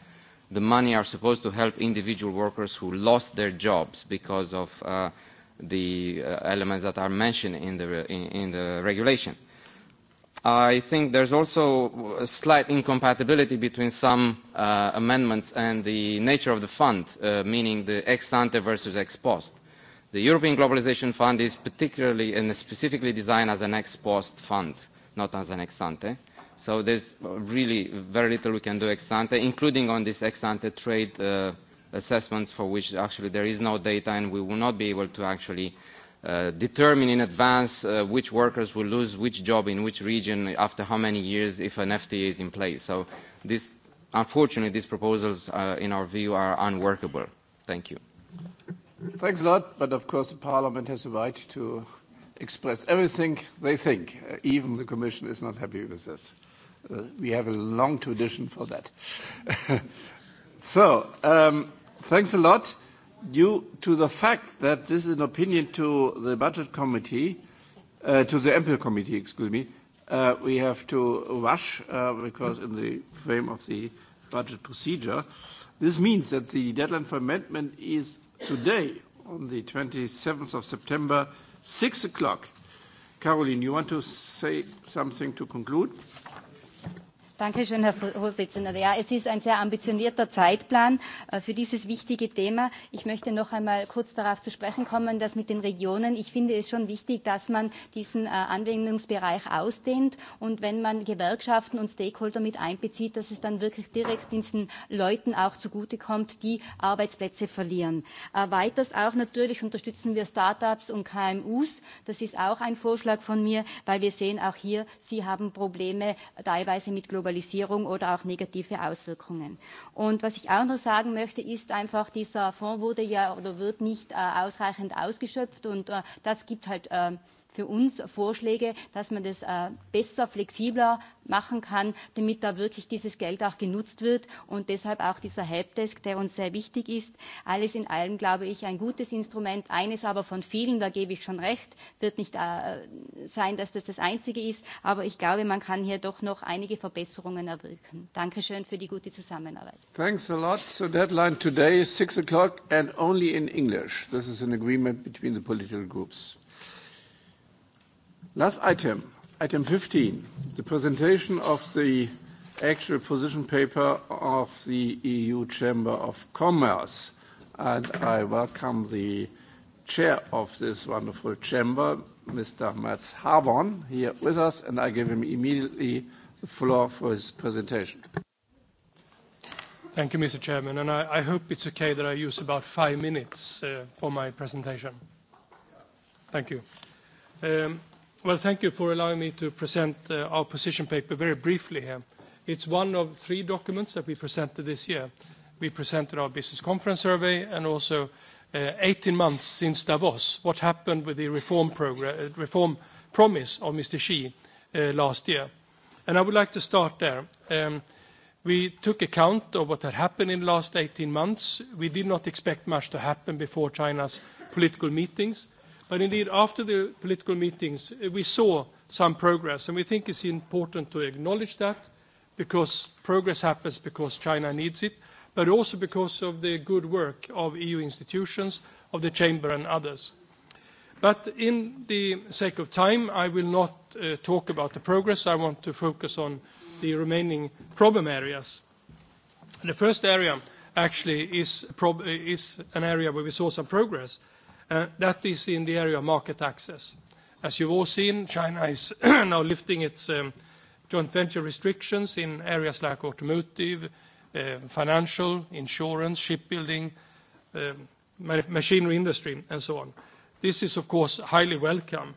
the money are supposed to help individual workers who lost their jobs because of uh, the uh, elements that are mentioned in the, in, in the regulation. I think there's also a slight incompatibility between some uh, amendments and the nature of the fund, uh, meaning the ex ante versus ex post. The European Globalization Fund is particularly and specifically designed as an ex post fund, not as an ex ante. So there's really very little we can do ex ante, including on this ex ante trade uh, assessments for which actually there is no data and we will not be able to actually uh, determine in advance uh, which workers will lose which job in which region after how many years if an FTA is in place. So this, unfortunately, these proposals, uh, in our view, are unworkable. Thank you. Thanks a lot, but of course the Parliament has a right to express everything they think. Uh, even the Commission is not happy with this. Uh, we have a long tradition for that. so, um, Thanks a lot. Due to the fact that this is an opinion to the Budget Committee, uh, to the ample Committee, excuse me, uh, we have to rush uh, because in the frame of the budget procedure, this means that the deadline for amendment is today on the 27th of September, 6 o'clock. Caroline, you want to say something to conclude? Dankeschön, Herr Vorsitzender. Ja, es ist ein sehr ambitionierter Zeitplan äh, für dieses wichtige Thema. Ich möchte noch einmal kurz darauf zu sprechen kommen, dass mit den Regionen, ich finde es schon wichtig, dass man diesen äh, Anwendungsbereich ausdehnt und wenn man Gewerkschaften und Stakeholder mit einbezieht, dass es dann wirklich direkt diesen Leuten auch zugutekommt, die Arbeitsplätze verlieren. Äh, weiters auch natürlich unterstützen wir Startups und KMUs. Das ist auch ein Vorschlag von mir, weil wir sehen auch hier, sie haben Probleme teilweise mit globalen Globalisierung oder auch negative Auswirkungen. Und was ich auch noch sagen möchte, ist einfach, dieser Fonds wurde ja oder wird nicht äh, ausreichend ausgeschöpft und äh, das gibt halt äh, für uns Vorschläge, dass man das äh, besser, flexibler machen kann, damit da wirklich dieses Geld auch genutzt wird und deshalb auch dieser Helpdesk, der uns sehr wichtig ist. Alles in allem, glaube ich, ein gutes Instrument, eines aber von vielen, da gebe ich schon recht, wird nicht äh, sein, dass das das einzige ist, aber ich glaube, man kann hier doch noch einige Verbesserungen erwirken. Dankeschön für die gute Zusammenarbeit. Thanks a lot. So deadline today is 6 o'clock and only in English. This is an agreement between the political groups. Last item, item 15, the presentation of the actual position paper of the EU Chamber of Commerce. And I welcome the chair of this wonderful chamber, Mr. Mats Harborn, here with us, and I give him immediately the floor for his presentation. Thank you, Mr. Chairman, and I, I hope it's okay that I use about five minutes uh, for my presentation. Thank you. Um, Well, thank you for allowing me to present uh, our position paper very briefly here. It's one of three documents that we presented this year. We presented our business conference survey and also uh, 18 months since Davos, what happened with the reform, uh, reform promise of Mr. Xi uh, last year. And I would like to start there. Um, we took account of what had happened in the last 18 months. We did not expect much to happen before China's political meetings. But indeed, after the political meetings, eh, we saw some progress, and we think it's important to acknowledge that because progress happens because China needs it, but also because of the good work of EU institutions, of the Chamber and others. But in the sake of time, I will not uh, talk about the progress. I want to focus on the remaining problem areas. The first area actually is, eh, is an area where we saw some progress, uh, Uh, that is in the area of market access. As you've all seen, China is now lifting its um, joint venture restrictions in areas like automotive, uh, financial, insurance, shipbuilding, um, machinery industry, and so on. This is, of course, highly welcome.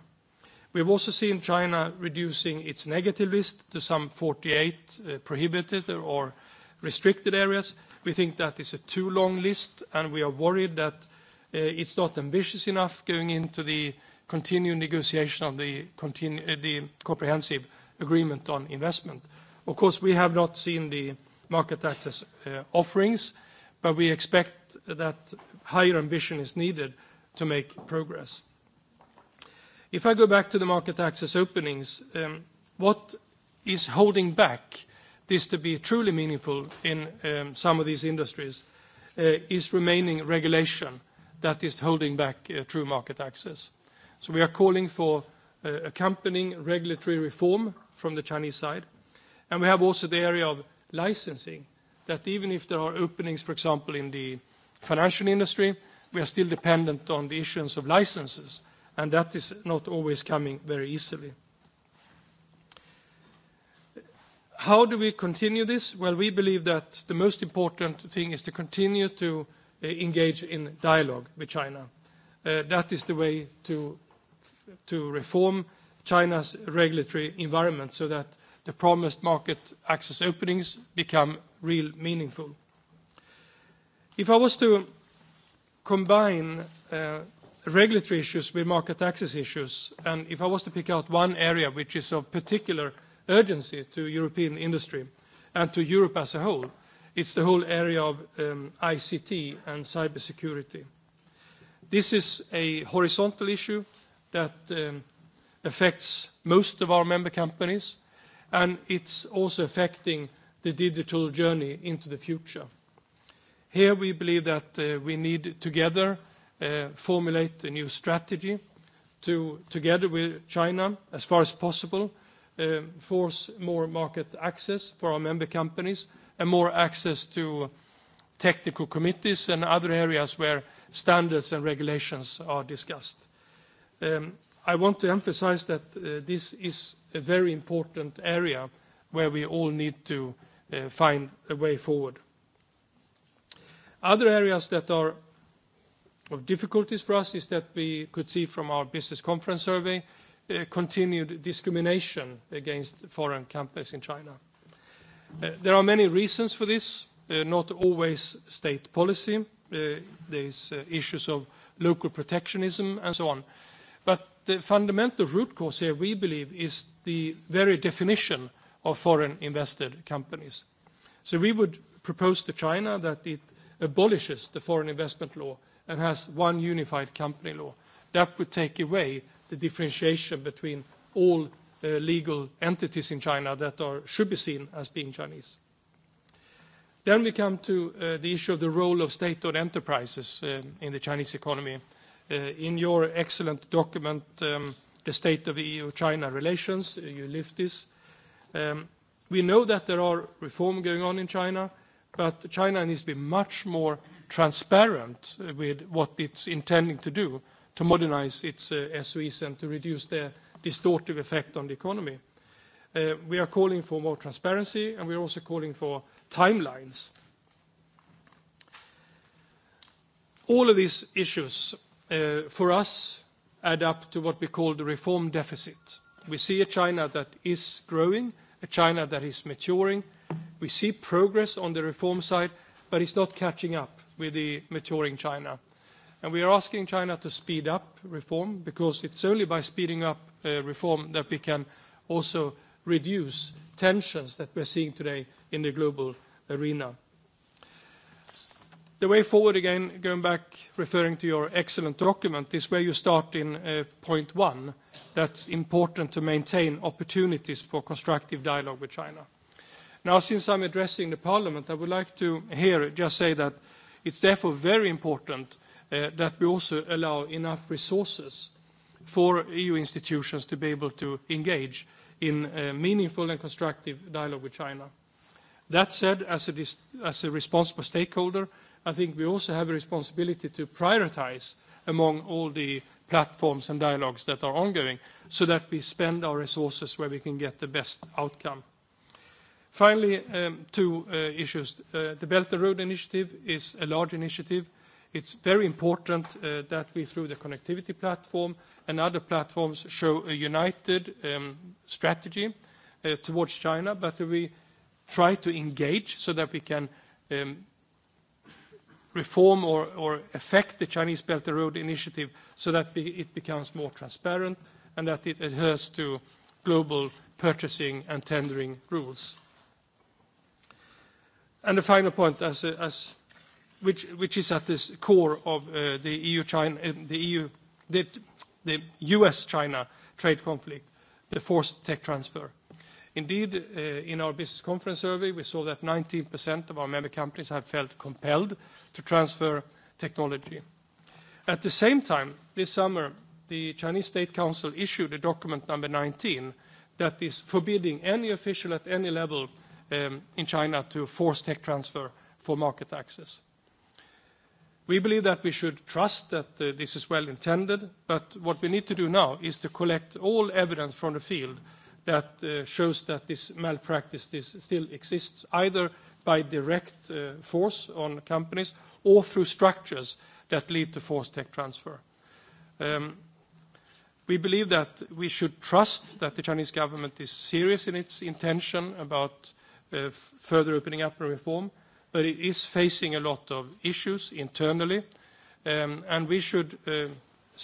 We've also seen China reducing its negative list to some 48 uh, prohibited or restricted areas. We think that is a too long list, and we are worried that Uh, it's not ambitious enough going into the continued negotiation on the, continue, uh, the comprehensive agreement on investment. Of course, we have not seen the market access uh, offerings, but we expect that higher ambition is needed to make progress. If I go back to the market access openings, um, what is holding back this to be truly meaningful in um, some of these industries uh, is remaining regulation that is holding back uh, true market access. So we are calling for uh, accompanying regulatory reform from the Chinese side. And we have also the area of licensing, that even if there are openings, for example, in the financial industry, we are still dependent on the issuance of licenses, and that is not always coming very easily. How do we continue this? Well, we believe that the most important thing is to continue to uh, Uh, engage in dialogue with China. Uh, that is the way to, to reform China's regulatory environment so that the promised market access openings become real meaningful. If I was to combine uh, regulatory issues with market access issues, and if I was to pick out one area which is of particular urgency to European industry and to Europe as a whole, It's the whole area of um, ICT and cybersecurity. This is a horizontal issue that um, affects most of our member companies, and it's also affecting the digital journey into the future. Here we believe that uh, we need together uh, formulate a new strategy to, together with China, as far as possible, uh, force more market access for our member companies and more access to technical committees and other areas where standards and regulations are discussed. Um, I want to emphasize that uh, this is a very important area where we all need to uh, find a way forward. Other areas that are of difficulties for us is that we could see from our business conference survey uh, continued discrimination against foreign companies in China. Uh, there are many reasons for this, uh, not always state policy. Uh, there is uh, issues of local protectionism and so on. But the fundamental root cause here, we believe, is the very definition of foreign invested companies. So we would propose to China that it abolishes the foreign investment law and has one unified company law. That would take away the differentiation between all uh, legal entities in China that are, should be seen as being Chinese. Then we come to uh, the issue of the role of state-owned enterprises um, in the Chinese economy. Uh, in your excellent document, um, The State of EU-China Relations, uh, you lift this. Um, we know that there are reform going on in China, but China needs to be much more transparent uh, with what it's intending to do to modernize its uh, SOEs and to reduce their distortive effect on the economy. Uh, we are calling for more transparency, and we are also calling for timelines. All of these issues, uh, for us, add up to what we call the reform deficit. We see a China that is growing, a China that is maturing. We see progress on the reform side, but it's not catching up with the maturing China. And we are asking China to speed up reform because it's only by speeding up uh, reform that we can also reduce tensions that we're seeing today in the global arena. The way forward, again, going back, referring to your excellent document, is where you start in uh, point one. That's important to maintain opportunities for constructive dialogue with China. Now, since I'm addressing the parliament, I would like to here just say that it's therefore very important uh, that we also allow enough resources for EU institutions to be able to engage in a uh, meaningful and constructive dialogue with China. That said, as a, dis- as a responsible stakeholder, I think we also have a responsibility to prioritize among all the platforms and dialogues that are ongoing so that we spend our resources where we can get the best outcome. Finally, um, two uh, issues. Uh, the Belt and Road Initiative is a large initiative. It's very important uh, that we, through the connectivity platform and other platforms, show a united um, strategy uh, towards China, but that we try to engage so that we can um, reform or, or affect the Chinese Belt and Road Initiative so that be, it becomes more transparent and that it adheres to global purchasing and tendering rules. And the final point, as, uh, as which, which is at the core of uh, the EU-China, uh, the EU, the, the U.S.-China trade conflict, the forced tech transfer. Indeed, uh, in our business conference survey, we saw that 19% of our member companies have felt compelled to transfer technology. At the same time, this summer, the Chinese State Council issued a document number 19 that is forbidding any official at any level um, in China to force tech transfer for market access. We believe that we should trust that uh, this is well intended, but what we need to do now is to collect all evidence from the field that uh, shows that this malpractice this still exists, either by direct uh, force on companies or through structures that lead to forced tech transfer. Um, we believe that we should trust that the Chinese government is serious in its intention about uh, further opening up and reform, but it is facing a lot of issues internally. Um, and we should uh,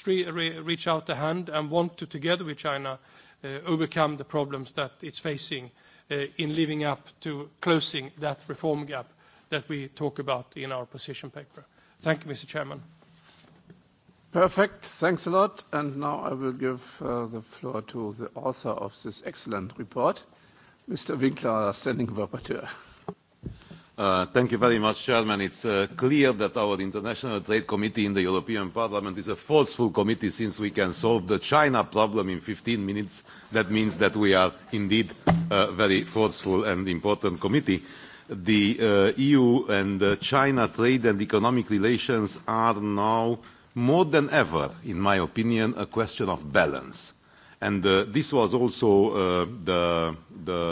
reach out a hand and want to, together with China, uh, overcome the problems that it's facing uh, in living up to closing that reform gap that we talk about in our position paper. Thank you, Mr. Chairman. Perfect. Thanks a lot. And now I will give uh, the floor to the author of this excellent report, Mr. Winkler, standing rapporteur. Uh, thank you very much, Chairman. It's uh, clear that our International Trade Committee in the European Parliament is a forceful committee since we can solve the China problem in 15 minutes. That means that we are indeed a uh, very forceful and important committee. The uh, EU and uh, China trade and economic relations are now more than ever, in my opinion, a question of balance And uh, this was also uh, the, the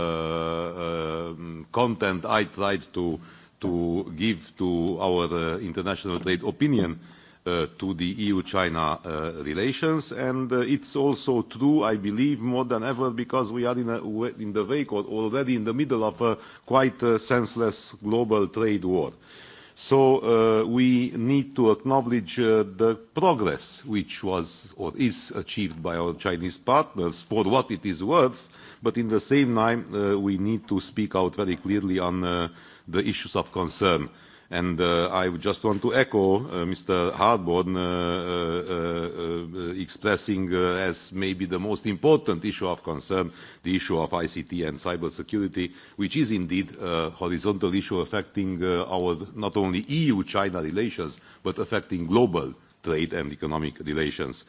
uh, content I tried to, to give to our uh, international trade opinion uh, to the EU-China uh, relations. And uh, it's also true, I believe, more than ever, because we are in, a, in the wake or already in the middle of a quite uh, senseless global trade war. Uh, So uh, we need to acknowledge uh, the progress which was or is achieved by our Chinese partners for what it is worth, but in the same time uh, we need to speak out very clearly on uh, the issues of concern. Uh, And uh, I just want to echo uh, Mr. Hardborn uh, uh, uh, uh, expressing uh, as maybe the most important issue of concern the issue of ICT and cybersecurity, which is indeed a uh, horizontal issue affecting uh, our not only EU-China relations, but affecting global trade and economic relations. Uh,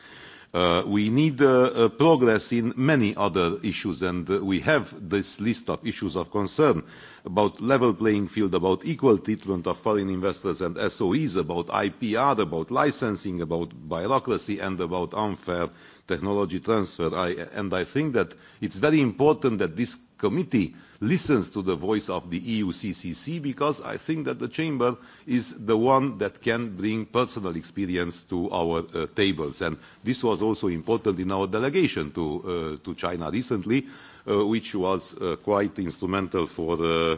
Uh, we need uh, uh, progress in many other issues, and uh, we have this list of issues of concern about level playing field, about equal treatment of foreign investors and SOEs, about IPR, about licensing, about bureaucracy, and about unfair technology transfer. I, and I think that it's very important that this committee listens to the voice of the EUCCC because I think that the chamber is the one that can bring personal experience to our uh, tables. And this was also important in our delegation to, uh, to China recently, uh, which was uh, quite instrumental for uh,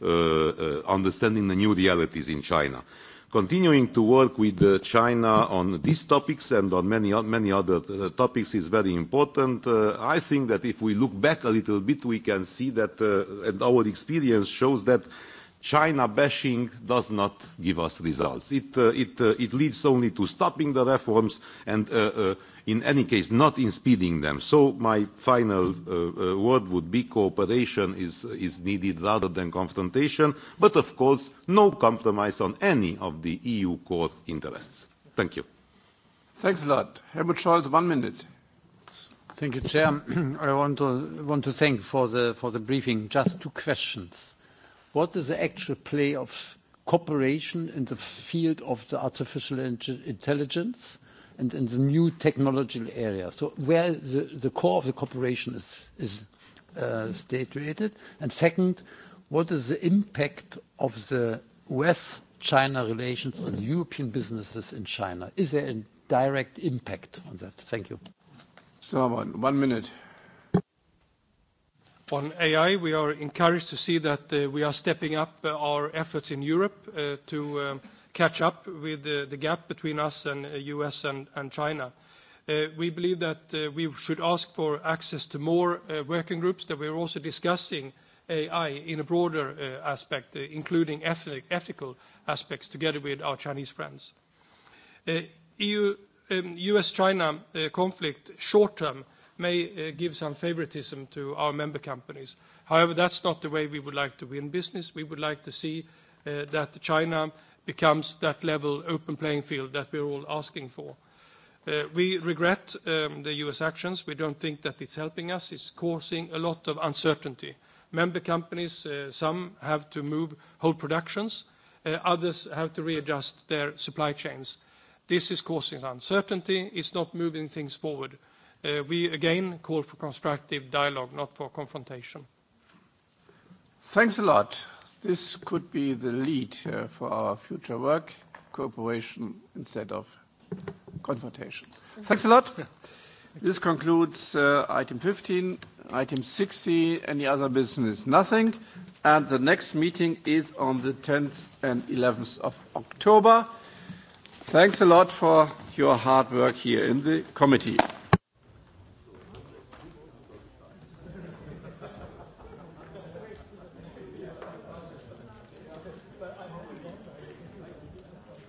uh, uh, understanding the new realities in China. Uh, Continuing to work with uh, China on these topics and on many, many other uh, topics is very important. Uh, I think that if we look back a little bit, we can see that, uh, and our experience shows that China bashing does not give us results. It, uh, it, uh, it leads only to stopping the reforms and, uh, uh, in any case, not in speeding them. So my final uh, uh, word would be cooperation is, is needed rather than confrontation, but of course, no compromise on any of the EU core interests. Thank you. Thanks a lot. Helmut Scholz, one minute. Thank you, Chair. I want to, want to thank for the, for the briefing. Just two questions what is the actual play of cooperation in the field of the artificial intelligence and in the new technological area. So where the, the core of the cooperation is, is uh, situated. And second, what is the impact of the U.S.-China relations on European businesses in China? Is there a direct impact on that? Thank you. Someone, one minute. On AI, we are encouraged to see that uh, we are stepping up uh, our efforts in Europe uh, to um, catch up with the gap between us and U.S. and China. We believe that we should ask for access to more working groups that we're also discussing AI in a broader aspect, including ethical aspects together with our Chinese friends. EU-U.S.-China um, conflict short term may uh, give some favoritism to our member companies. However, that's not the way we would like to win business. We would like to see uh, that China becomes that level open playing field that we're all asking for. Uh, we regret um, the U.S. actions. We don't think that it's helping us. It's causing a lot of uncertainty. Member companies, uh, some have to move whole productions, uh, others have to readjust their supply chains. This is causing uncertainty. It's not moving things forward. Uh, we again call for constructive dialogue, not for confrontation. Thanks a lot. This could be the lead uh, for our future work, cooperation instead of confrontation. Thanks a lot. This concludes uh, item 15. Item 60, any other business? Nothing. And the next meeting is on the 10th and 11th of October. Thanks a lot for your hard work here in the committee.